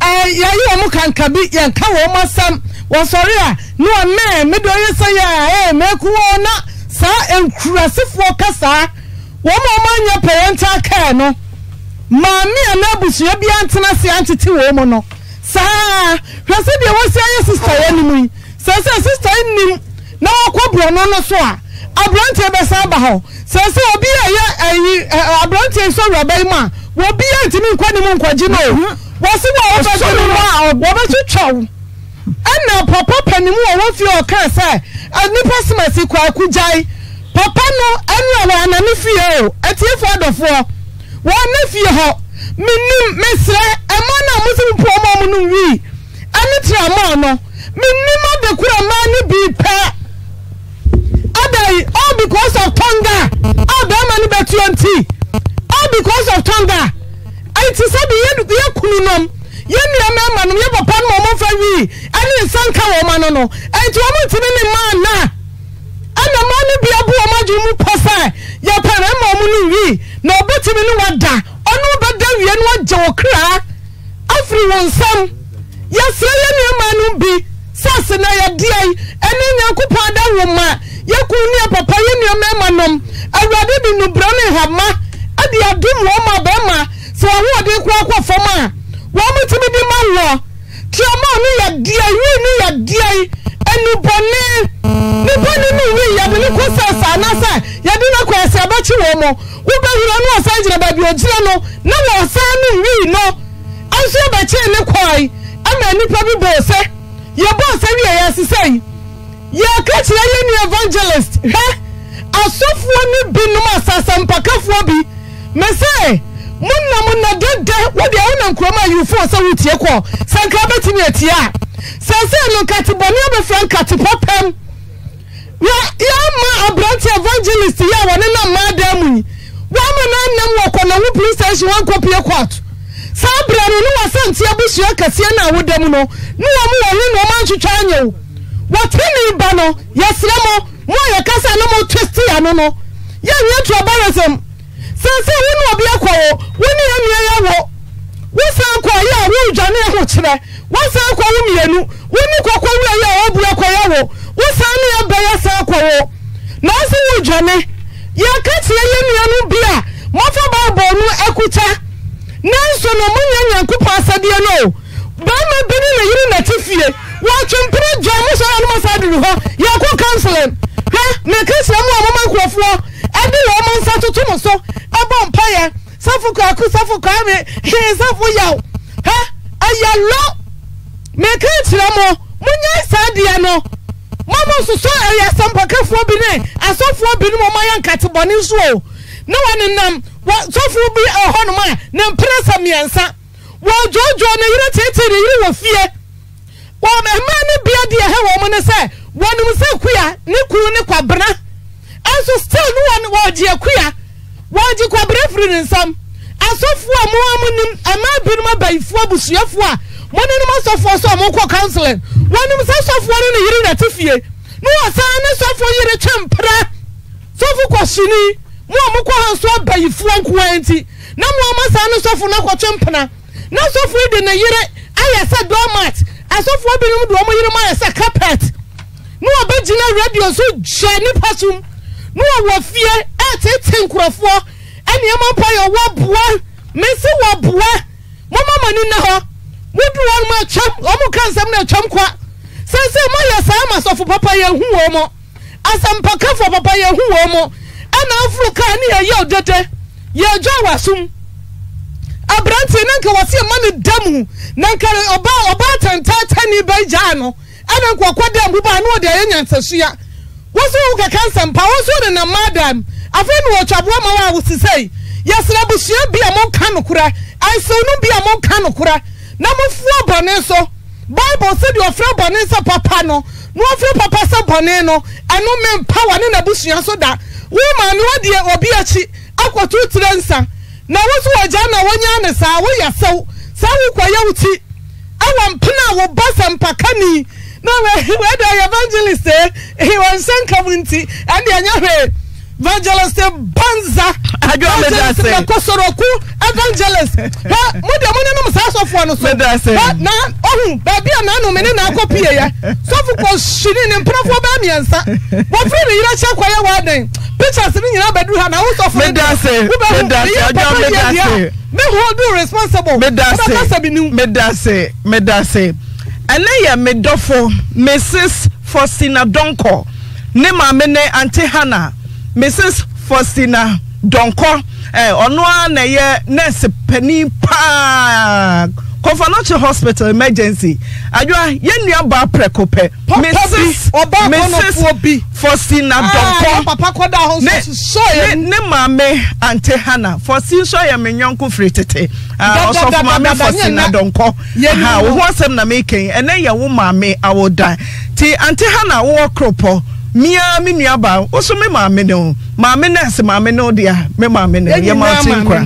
a yɛayɛ wɔn kanka bi yɛnka wɔn asɛm wɔsɔre a ne wɔn mɛɛ mmedɔ yɛ sɛ yɛ ɛɛ mɛɛku wɔn na saa nkurasefoɔ kasaa wɔn a wɔanyɛ parental care no maame a n'abusua bi antena se antete wɔn mu no saa hwɛ sɛ deɛ wɔsi ayɛ sista yɛ no mu yi sɛ sista yɛ nim na wɔkɔ borɔno no so a aberanteɛ bɛsa aba hɔ sɛ sɛ obi a yɛ ayi aberanteɛ so awuraba yi mu a obi a ntumi nkɔ ne mu nkɔgye no o wɔsi wɔ wɔbɛgye no mu a wɔbɛtwitwa wo ɛna papa panin wɔ wɔn fie ɔkaa nipa simasi kɔ akugyae papa no ɛnu ɛwɔ anani fie o etiefo adɔfoɔ wɔn ne fie hɔ minim mesrɛ ɛmo na mo si po ɔmo ɔmo no wi ɛne tira mo ano minim adekura maa ne bi pɛ adayi all because of tonga a bɛrima ne bɛ tuo all because of tonga ayi ti sɛ bi yɛ kunu nom yẹn nua mẹ́ma no yẹ papa no ọmọ fẹ́ wi ẹni nsa nka ma no no ẹnti wọ́n ti ne ne mmaa na ẹna mmaa no bi di mu yɛpɛrɛ ma ɔmo no wi na ɔbɛtumi no wada ɔno bɛda wie no agye wɔ afiri wɔn nsam yɛsrɛ yɛ nneɛma no bi sase na yɛdeɛ yi ɛne nyankopɔn ada wo ma yɛku ne yɛ papa yɛ nneɛma ma nom awurade de nubra ne hama ɛde adom wɔn ma bɛrima sɛ wɔhoɔden kora kɔ fam a wɔn mo tumi de ma wɔ tiɔma ne yɛdeɛ yi ne yɛdeɛ yi ɛnubɔne ne bɔne wi baabi ne ko sɛ saa na sɛ yɛde no kɔ ɛsɛ ɛbɛkye wɔ mu wobɛwura no ɔsan gyina baabi ogyina no na wɔɔsan no wii no nso yɛbɛkyee ne kɔe ama nnipa bi bɔɔ sɛ yɛbɔ sɛ wie yɛasesɛ yi yɛka kyerɛ yɛni evangelist hwɛ asɔfoɔ ne binom asasampakafoɔ bi me sɛ mo nam na dada wode a wonam kurom a yiwfoɔ sɛ wotie kɔ sɛ nka wobɛtumi atie a sɛ sɛ no nkatebɔne abɛfira nkatepɔ pɛm yɛma aberante evangelist yɛ a nam yi wɔama no anam na ho police station wankɔpie court saa berɛ no ne wɔsante abusua kɛseɛ no a woda mu no ne na ɔma ntwitwa anyɛ wo wɔtene ba no yɛserɛ mɔ mo a yɛka sɛ ne motwiste ano no yɛnnyɛ tuabaresɛm sɛn sɛ wo ne ɔbi akɔ wo wo ne yɛnnua yɛwɔ wosan kɔ yɛ a woredwane ho kyerɛ kɔ wo mmienu wo ne wosan ne yɛbɛyɛ saa kɔwɔ na ɔso wo dwane yɛka kyerɛ yɛ nnua no bi a mɔfa bible no akuta nanso no monyɛ nyankopɔn asadeɛ no o bɛrima bi ne ne yere nate fie wɔatwempere gya mo sɛ ɔnom sa aduru hɔ yɛkɔ kanselin hwɛ meka kyerɛ mu a moma nkurɔfoɔ ɛde wɔ ɔma nsa toto mo so ɛbɔ mpayɛ safo kaako safo kaame hee safo yaw hɛ ɛyɛ lɔ meka kyerɛ mo monyɛ saa deɛ no mama soso ɛyɛ eh, asɛmpakafoɔ bi ne asɔfoɔ bi ne mo mayɛ nkatebɔne nso o ne wɔnenam sɔfoɔ bi ɛhɔnom a ne mprɛsa mmiɛnsa wɔdwoodwoo ne yere tiatia ne yere wɔ fie mmaa ne bia deɛ eh, ɛhɛ wɔn ne sɛ wɔnom sɛ kua ne kuru ne kwabena ɛnso still ne wɔn wɔgye eh, akua wɔgye kwabena firi ne nsam asɔfoɔ a mo wɔn mu nim mmaa binom abayifoɔ abusuafoɔ a mo ne nom asɔfoɔ so a mo kɔ counseling wɔnom sɛ sɔfoɔ no ne yere na te fie ne wɔsan ne sɔfoɔ yere twɛ mpra sɔfo kɔhyini mo a mokɔ ha nso abayifoɔ nkoa nti na mo a masa ne na no akɔtwe mpena na sɔfo de ne yere ayɛ sɛ doormat asɔfoɔ binom de wɔn yere mu ayɛ sɛ carpet ne wɔbɛgyina radio so gyɛ nipa som ne wɔwɔ fie ɛɛtete nkurɔfoɔ ɛnneɛma mpo yɛ wɔboa mesi wɔboa mo mama ni na hɔ mo duru wɔn mu atwam wɔn mu ka nsɛm na atwam kwa sese moyɛ saa ma sɔfo papa yɛn hu wɔn mo asɛmpakafo papa yɛn hu wɔn mo ɛna afuru kaa ne yɛyɛ ɔdede yɛdwa awasom aberanteɛ na nka wɔsi ɛma ne dam na nka ɔbaa ɔbaa tantaatani bɛɛ gyaa no ɛna nkɔkɔ dam buba ano ɔde ɛyɛ nyansasua wosi wo kaka nsɛmpa wosi ne nam madam afei na wɔtwa boɔ ma wɔn a wosi sɛ yɛsrɛ busua bi a mo nka no korɛ ansew no bi a mo nka no korɛ na mo fu abɔne so bible sɛ deɛ ɔfrɛ bɔne sɛ papa no na ɔfrɛ papa sɛ bɔne no ɛno mempa wa ne n'abusua so da wo maame wadeɛ obi akyi akɔto tire nsa na wo so wɔ gyaa na wɔnya ne saa woyɛ sɛw saa wokɔyɛ wo ti ɛwɔ mpena a wo ba sɛ mpakani na wɔde evangelist eh wɔnhyɛ nkam nti ɛne ɛnyɛ hwee evangelist banza evangelist mekosoroku evangelist ɛ mo de mo ne nom saa sɔfoɔ no so ɛ na ɔhu baabi a nanu ne na akɔ pie yɛ sɔfo kɔ sini ne mpirafoɔ bɛɛ miɛnsa wɔfiri ne yira kyɛ kɔyɛ wɔ adan pictures ni nyinaa bɛ duru ha na awo sɔfo ne deɛ wo bɛ hu ne yɛ papa yɛ deɛ me hold you responsible wo bɛ kasa bi niw. medase medase ɛnɛ yɛ medɔfo mrs fosina donko, ne maame ne aunty hannah mrs faustina dɔnkɔ ɔno eh, ara na ɛyɛ nurse panin paa kɔfanochi hospital emergency adwa yɛn nua baa prɛko pɛ mrs mrs faustina ah, dɔnkɔ ne ne ne maame ante hana fɔsi nso yɛ me nyɔnko firi tete ɔsɔfo ah, maame faustina dɔnkɔ aha wo ho asɛm na mekɛn ɛnɛ yɛ wo maame awodan ti ante hana wowɔ kuropɔ. mia mi nuaba o so mi maame ne ho maame nurse maame ne ho deɛ mi maame ne ho yɛ maa ti nkura.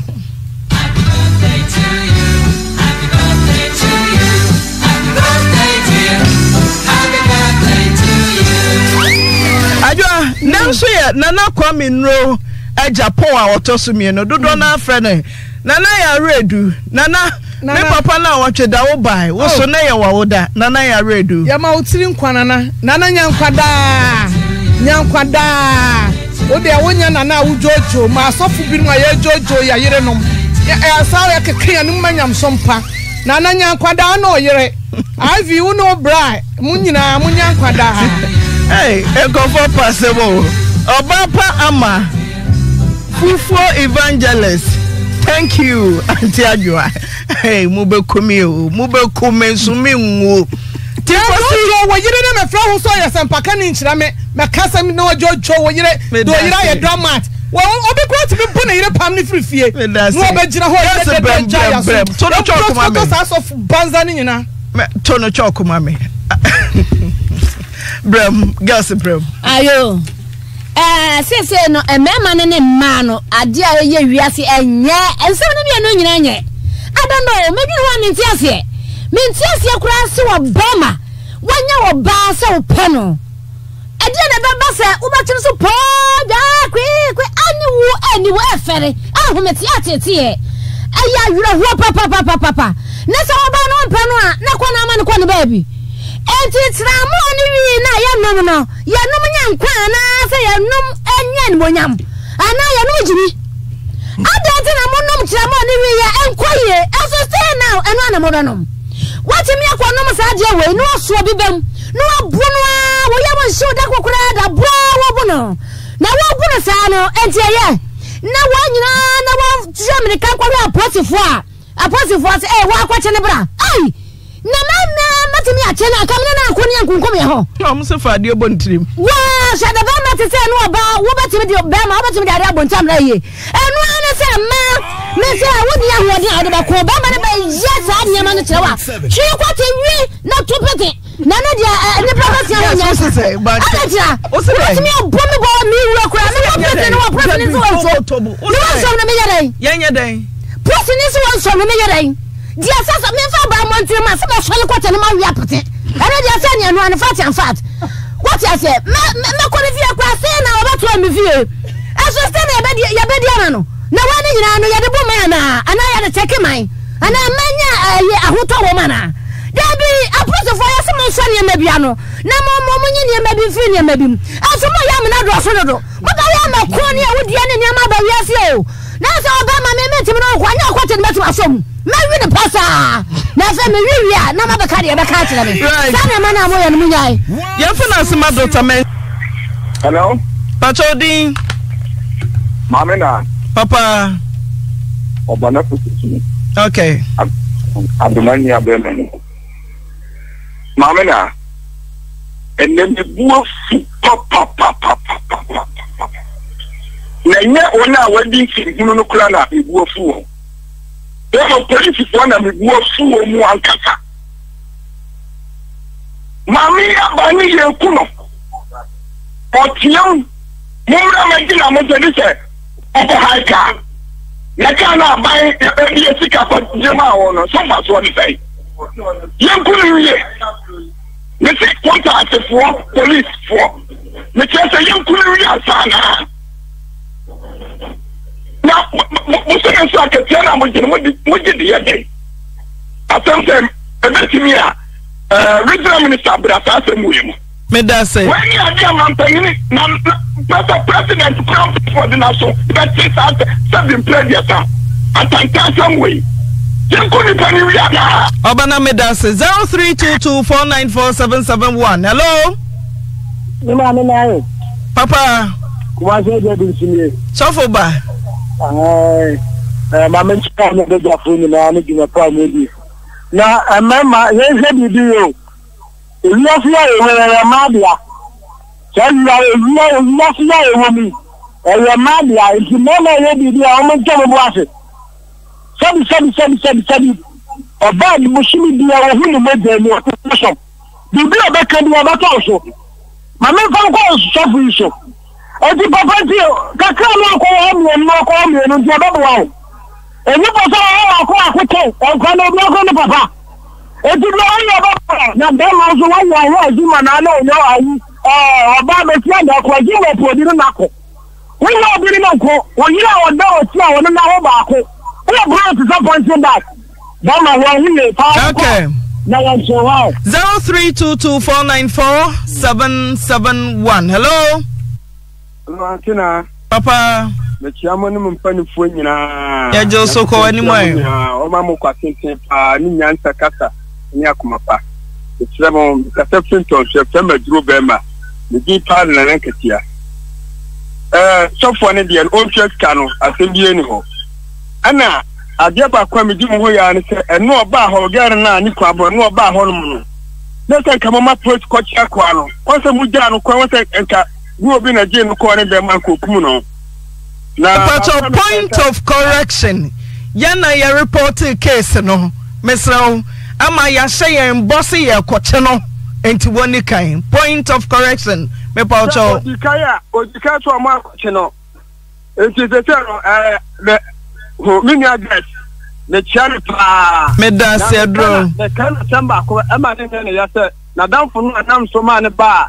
adwa nanso yɛ nana kwame nro agya pɔn a ɔtɔ so mmienu dodoɔ naa fɛ ne nana yɛ aredu nana. me papa na da wo wo so oh. na yɛ nana yɛ nkwa nana nana nya nkwa daa nya nkwa daa o deɛ wonya nana a wodwoodwo ma asɔfo binom a yɛdwoodwo yɛ yere nom yɛsa yɛ keke yɛn nim manyam so mpa nana nya nkwa daa na ɔyere iv wo ne bra nyinaa mo nya nkwa daa. ɛɛ nkɔfɔ pasebo fufuo evangelist. thank you (laughs) aunty adua hey mo bɛ kumi o mo bɛ kumi sunmi nwo. tifosi ɛdɔjɔ wɔ yiri ne mɛ fila ho so yɛ sɛnpaka ni nkyira mɛ mɛ kasa mi na wɔjɔ jɔ wɔ yiri do yiri ayɛ dramat wɔ obi kura ti mi bu ne yiri pam ne firi fie na ɔbɛ gyina hɔ yɛ dɛdɛ gya yɛ so ɔbɛ kura foto saa sɔ banza ne nyinaa. mɛ tó ne kyɔɔ kuma mi brem girls brem. ayo ɛɛ eh, seesei no eh, mmarima no ne mmaa no adeɛ a ɛyɛ wiase ɛnyɛ nsɛm no mmienu nyinaa nyɛ adanda o eh, hɔ a mente aseɛ mente aseɛ koraa se wɔ bɛrima wɔnyɛ wɔ baa sɛ wopɛ no ɛdeɛ na ɛbɛba sɛ wobɛtwere so pɔɔ dwaa kwekwe ane wo ani wo ɛfɛre ahomete ɛyɛ awerɛhoɔ papapapapa na sɛ wɔbaa no wompɛ no a na kɔ ama no kɔ no baabi eti tiramu ni wi na yɛnum no yɛnum nyɛ nkwa anaasɛ yɛnum nyɛ nimonyam anaa yɛnum gyimi adanti na mo nom tiramu ni wi yɛ nkɔ yie ɛso stay now ɛno ana mo nom wɔtumi akɔ nom saa adeɛ wei na wɔsoɔ bi bɛm na wɔbu no a wɔyɛ mo nhyɛw da kokora da boa wɔbu no na wɔbu no saa no eti ɛyɛ na wɔn nyinaa na wɔn tuya mirika kɔhwɛ apɔsifoɔ a apɔsifoɔ sɛ ɛyɛ eh, wɔn akɔkye ne bra ayi na mɛmɛ mɛtumi akyɛ no akam ne no anko ne ankonkom yɛ hɔ ɔm sɛ fa adeɛ bɔ ntirim waa hyɛ da bɛma te sɛ ne ɔba wobɛtumi de bɛma wobɛtumi de adeɛ abɔntam no yie ɛno a ne sɛ ma me sɛ wode ahoɔden a wode bɛko bɛma no bɛyɛ saa nneɛma no kyerɛ wo a twe kɔte nwi na to pete na ne deɛ nnipa bɛsia ho nyansa anakyira wobɛtumi abɔ me bɔ me wura koraa mekɔ pete no wɔ prɛfene nso wɔ nsuo ne wɔnsɔm no meyɛ dɛn prɛfene nso wɔ nsɔm no meyɛ dɛn diẹ sẹ mi nfa bàá mọ ntiri ma sẹ ma sọlẹ kọtẹ ni ma wia pẹtẹ ẹni diẹ sẹ nìyẹn nuwa ni fat and fat wọti ẹsẹ mẹ mẹ kọ ni fie kọ ẹsẹ na ọba tó mi fie ẹsọ sẹ na yabẹ diẹ yabẹ diẹ na no na wọn ni nyinaa no yàda bọ mọ yàn náà àná yàda tẹkí mọ àná mẹ ẹyẹ ahotọ wọ mọ dabi apolisifo yẹ mo nsọ nìyẹn mẹbi ano na mo mo mo nye nìyẹn mẹbi nfiri nìyẹn mẹbi mu ẹsọ mo yẹ amuna dọsọ dodo mo bá yẹ amẹ kọ ni ẹwọ diẹ ni nìyẹn ma bẹ o náà sọ ọbẹ ma mi mi ti mi náà kọ anyi ọkọ tẹ ni bẹ tẹ ma mu mɛwi ne pɔ saa na sɛ mewiwi a na mabɛka deɛ bɛka akyerɛ me saa nneɛma no a moyɛ no munyae yɛmfo no asema dɔta mɛ hello pakyɛ wodin maame na papa ɔbana fosusu ok adomani abɛmani maame na ɛnɛ mebuo fu papapapapapapa na ɛnyɛ wɔn a wɔadi mfirihunu no koraa na mebuo fu wɔn wɔma polisifoɔ na mebu afu wɔ mu ankasa maame aba ne yɛ ku no ɔteam mommra magyina mo sɛ de sɛ ɔbɔ hae kaa na kaa no aban ɛbi asika kɔgye maa wɔ no sɛ fa soɔ de sɛe yɛnku no wie me se kɔntaatefoɔ polisifoɔ mekyerɛ sɛ yɛnku no wie ansaa naa na mo sɛ nso akatua no a mogye no mogye de yɛ den asɛm sɛ ɛbɛtumi a regional minister abra saa asɛm wei mu meda sɛ wani ade a mampanyini na pɛsɛ president kora mpɛfoɔ de na so bɛte saa sɛbi mprɛ deɛ sa atanta asɛm wei yɛnkɔ nipa ne wia daa ɔbɛna meda sɛ 0322494771 hello mema me nae papa kumase agya bi nsumie sɔfo ba Eh, maame nkyɛn ne adagyafoɔ nyinaa ne dwumapɔ a wɔadi na mmarima eh, yɛnhwɛ biribi yɛ o ewiase a ɛwɔ ɛyɛ mmaadea saa wia ewia ewiase a ɛwɔ mu ɛyɛ mmaadea nti mmarima yɛ biribi a wɔn ntɛm bu ase sɛbi sɛbi sɛbi sɛbi sɛbi ɔbaa ne bosomi bi a wɔhu ne mogya mu ɔtete so biribi a ɔbɛka bi a ɔbɛtɔ so maame nfa nkɔ nsɔfo yi so. eti papa nti kakra mu akɔ wɔ mu wɔ pɔtɔ wɔ wɔ akɔ na papa eti bi na bɛrima nso ɔdi ma n'ano onye ɔyi ɛɛ eh, ɔbaa bɛti ɛdi akɔ ɔdi ma ɛpɔ ɔdi ne n'akɔ wọnyɛ ɔbi ne nkɔ wɔnyina ɔda ɔti a wɔne n'ahɔ baako ɛyɛ bro ti sɛ pɔnti bag Martina. Papa. Mekyia mo ne mo mpanimfoɔ nyinaa. Yɛgye nso kɔ anim ayɛ. Ɔma mo kɔ atenten paa ne nyansa kasa ne akoma pa. Mekyerɛ mo kasa finton so fɛn ma duro bɛrima. Medi paa ne nan ketewa. Ɛɛ sɔfoɔ ne deɛ no ɔnhwɛ sika no asɛm bie ni hɔ. Ɛna adeɛ baako a medi mo ho yɛ ano sɛ ɛno ɔbaa hɔ ɔgɛrɛ no a ne kɔ abɔ ɛno ɔbaa hɔ no mu no. Ne sɛ nka mo ma polis kɔ kyerɛ kɔ ano. Kɔn sɛ mo gya no kɔn sɛ nka gu obi na gye no kɔɔ ne dɛm anka okum no mpakyɛ point of correction yɛna reporting case no mesrɛ wo ama yɛahyɛ yɛn bɔ se yɛkɔkye no nti wɔni kan point of correction mepakyɛ odikae a odikae to ɔmo akɔkye no nti sɛsɛ no ɛɛ me ho me nua gɛs mekyia no paa meda aseɛ dorɔ meka no sɛm baako ɛma ne ne ne yɛ sɛ nadamfo no anam so maa ne baa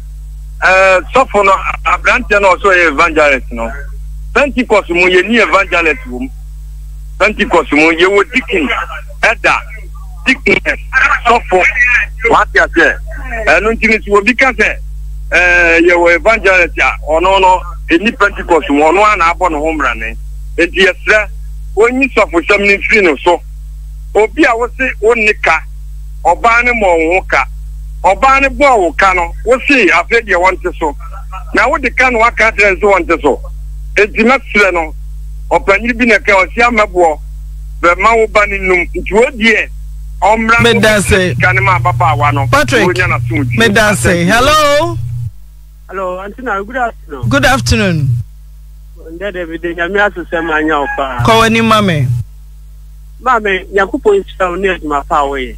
sɔfo no aberanteɛ no ɔsɛ ɔyɛ evangelist no pentecost mu yɛni evangelist wɔ mu pentecost mu yɛwɔ dikin ɛda dikiness sɔfo wate aseɛ ɛno nti no sɛ obi ka sɛ yɛwɔ evangelist a ɔno no ɛni pentecost mu ɔno ana naabɔ ne ho mmerane onye yɛsrɛ wɔnyi sɔfo sɛm no mfiri no so obi a wose wo nne ka ɔbaa ne ma ɔwo ka ɔbaa ne bɔɔl ka no wosi afei deɛ wɔnte so na wode ka no waka kyerɛ nso wɔnte so eti mɛsrɛ no ɔpanyin bi na ka ɔsi amɛboɔ bɛma wo ba ne num nti wo deɛ ɔmmra no ka ne ma ababaawa no patrick medase hello. hello antina good afternoon. good afternoon. ndé david nyame asosɛ ma anya wo paa. kɔwɔ ni maame. maame nyankopɔn nhyira wo ne adwuma pa a woyɛ.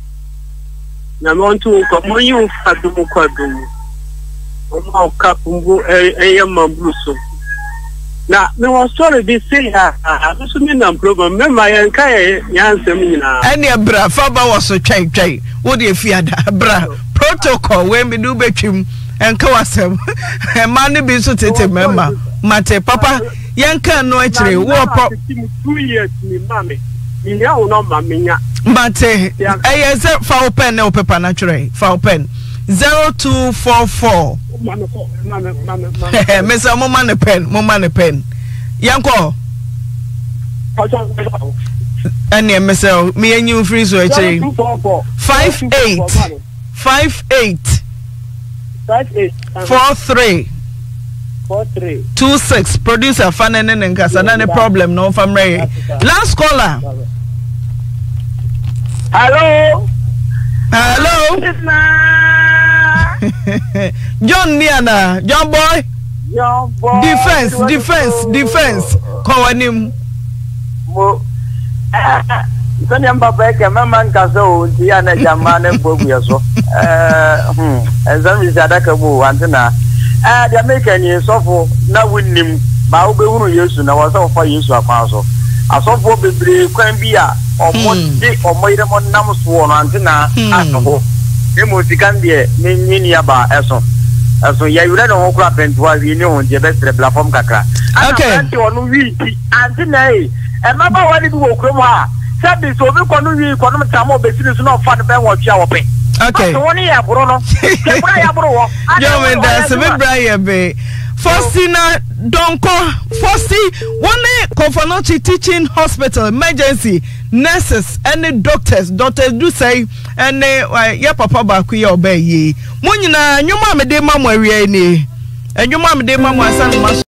na nkọ nkɔ mɔnyi nfa dumu kɔ dumu ɔmo a ɔka kumbu mma mambulu so na mewɔ sọrọ bi se ha ano so mi nam program mɛma yɛn ka yɛ nyansɛm nyinaa. ɛnni bra faba wɔ so twɛn twɛn wo de fi ada bra protocol wɛn mi de wobɛtwam ɛnka wasɛm mmaa no bi nso tete mɛma mate papa yɛn ka no akyire wɔ minya wo nɔma minya. mbate ɛyɛ sɛ fa wo pɛn na wo pepa na twerɛ fa wo pɛn zero two four four. mesa mo ma ne pɛn mo ma ne pɛn yankɔ. ɛnneɛ mesa o meyɛ nyi wo firi so akyire five eight five eight four three two six producer fane ne ne nkasa na ne problem na ɔfa mmerɛ yɛ last caller. hello. hello. (laughs) john niana john boy. john boy. defence defence defence kɔ wɔ ne mu. mo sani n papa yɛ kɛmɛ man ka se o ti yan ne jama ne bo guyɛ so ɛɛ ɛn sɛn mi se adaka bo wa n tɛna. Ah, a meka ni sɔfo na wonnim ma wobɛhunu yesu na wɔ sɛ wɔfa yesu akwan so asɔfoɔ bebree kwan bi a ɔmo de ɔmo yerɛmɔ nam soɔ no na ato hɔ mmom sika no deɛ menye nniaba ɛso ɛso yɛwerɛ ne ho kora pɛntoa wie ne ho deɛ bɛserɛ bla fam kakra ɔno wii nti ante na e ɛmaba hɔ ne bi wɔ kurom hɔ a sɛ obi kɔ no wii okay ah, ah, teaching hospital emergency nurses ɛne doctors doctors do ɛne eh, yɛ papa baako yɛ ɔbɛ yie mo nyinaa nnwom a mede ma mo awia ni eh, nnwom a mede ma mo asanuma so.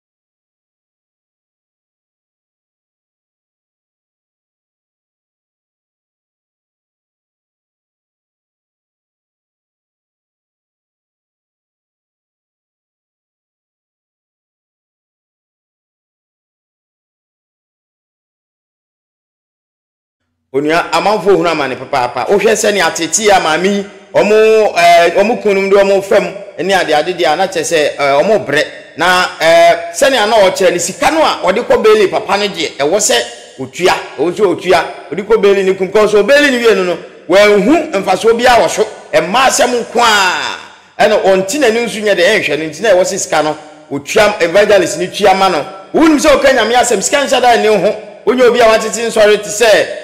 onua amanfo ohun amane papaapa wohwɛ sɛ ne atete a maame yi ɔmo ɛɛ eh, ɔmo kunum de ɔmo fam ɛne ade ade deɛ ana kyerɛ sɛ ɛɛ eh, ɔmo brɛ na ɛɛ eh, sɛnea na ɔkyerɛ ne sika no a ɔde kɔ beeli papa no deɛ ɛwɔ sɛ otua ɔwɔ sɛ otua ɔde kɔ beeli ne kum kɔsɔ beeli ne wie no no wɔnhu mfasoɔ bi a wɔso mmaa asɛm nko a ɛna ɔnti n'ani nso nyɛ deɛ ɛnhwɛ no nti na ɛwɔ sɛ sika no otua evangelist ne tua ma no wɔn nim sɛ ɔka nyame asɛm sika nhyɛ da ne ho onye obi a watete nsɔre te sɛ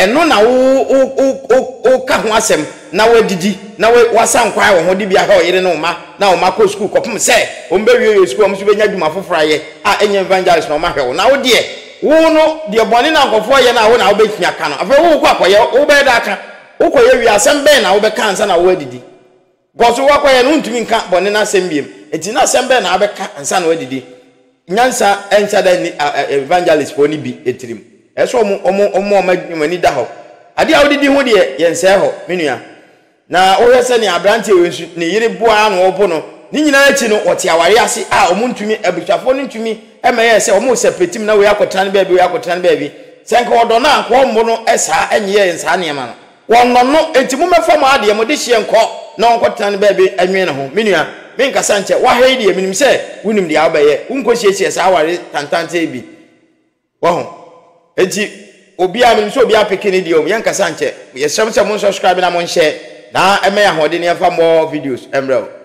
ɛno na ka ho asɛm na wadidi na wasa nkwaa wɔ ho de na ụma kɔ sukuu kɔpem sɛ ɔmbɛwie yɛ sukuu adwuma foforɔ ayɛ a ɛnyɛ evangelist na ɔma hwɛ wo na wodeɛ wo no deɛ bɔne na nkɔfoɔ yɛ no a wo na wobɛtumi aka no afei aka wie asɛm bɛn na wobɛka nsa na woadidi gɔso woakɔyɛ no na asɛm bɛn na na woadidi nyansa ɛnhyɛ da evangelist foɔ bi ɛsɛ ɔmo ɔmo ɔmo ɔmo ɔmo ani da hɔ adeɛ a wɔdedi ho deɛ yɛn nsɛɛ hɔ me nua na wɔyɛ sɛ ne aberanteɛ wɔ nsu ne yere boa na ɔbo no ne nyinaa akyi no wɔte awari ase a ɔmo ntumi abusuafoɔ no ntumi ɛma yɛ sɛ ɔmo petim na wɔyɛ no baabi wɔyɛ no baabi sɛ nka ɔdɔ no a nkɔɔ mbo no ɛsaa ɛnyɛ yɛn saa nneɛma no wɔnɔ no eti mu mɛfa mu adeɛ mo de na no baabi bi enti obi a menim sɛ obi apeke ne deɛ om yɛnkasa nkyɛ yɛsrɛm sɛ mo nsubscribe na monhyɛ na ɛmɛ yɛ ahoɔden ne yɛmfa mmɔ videos mmerɛ o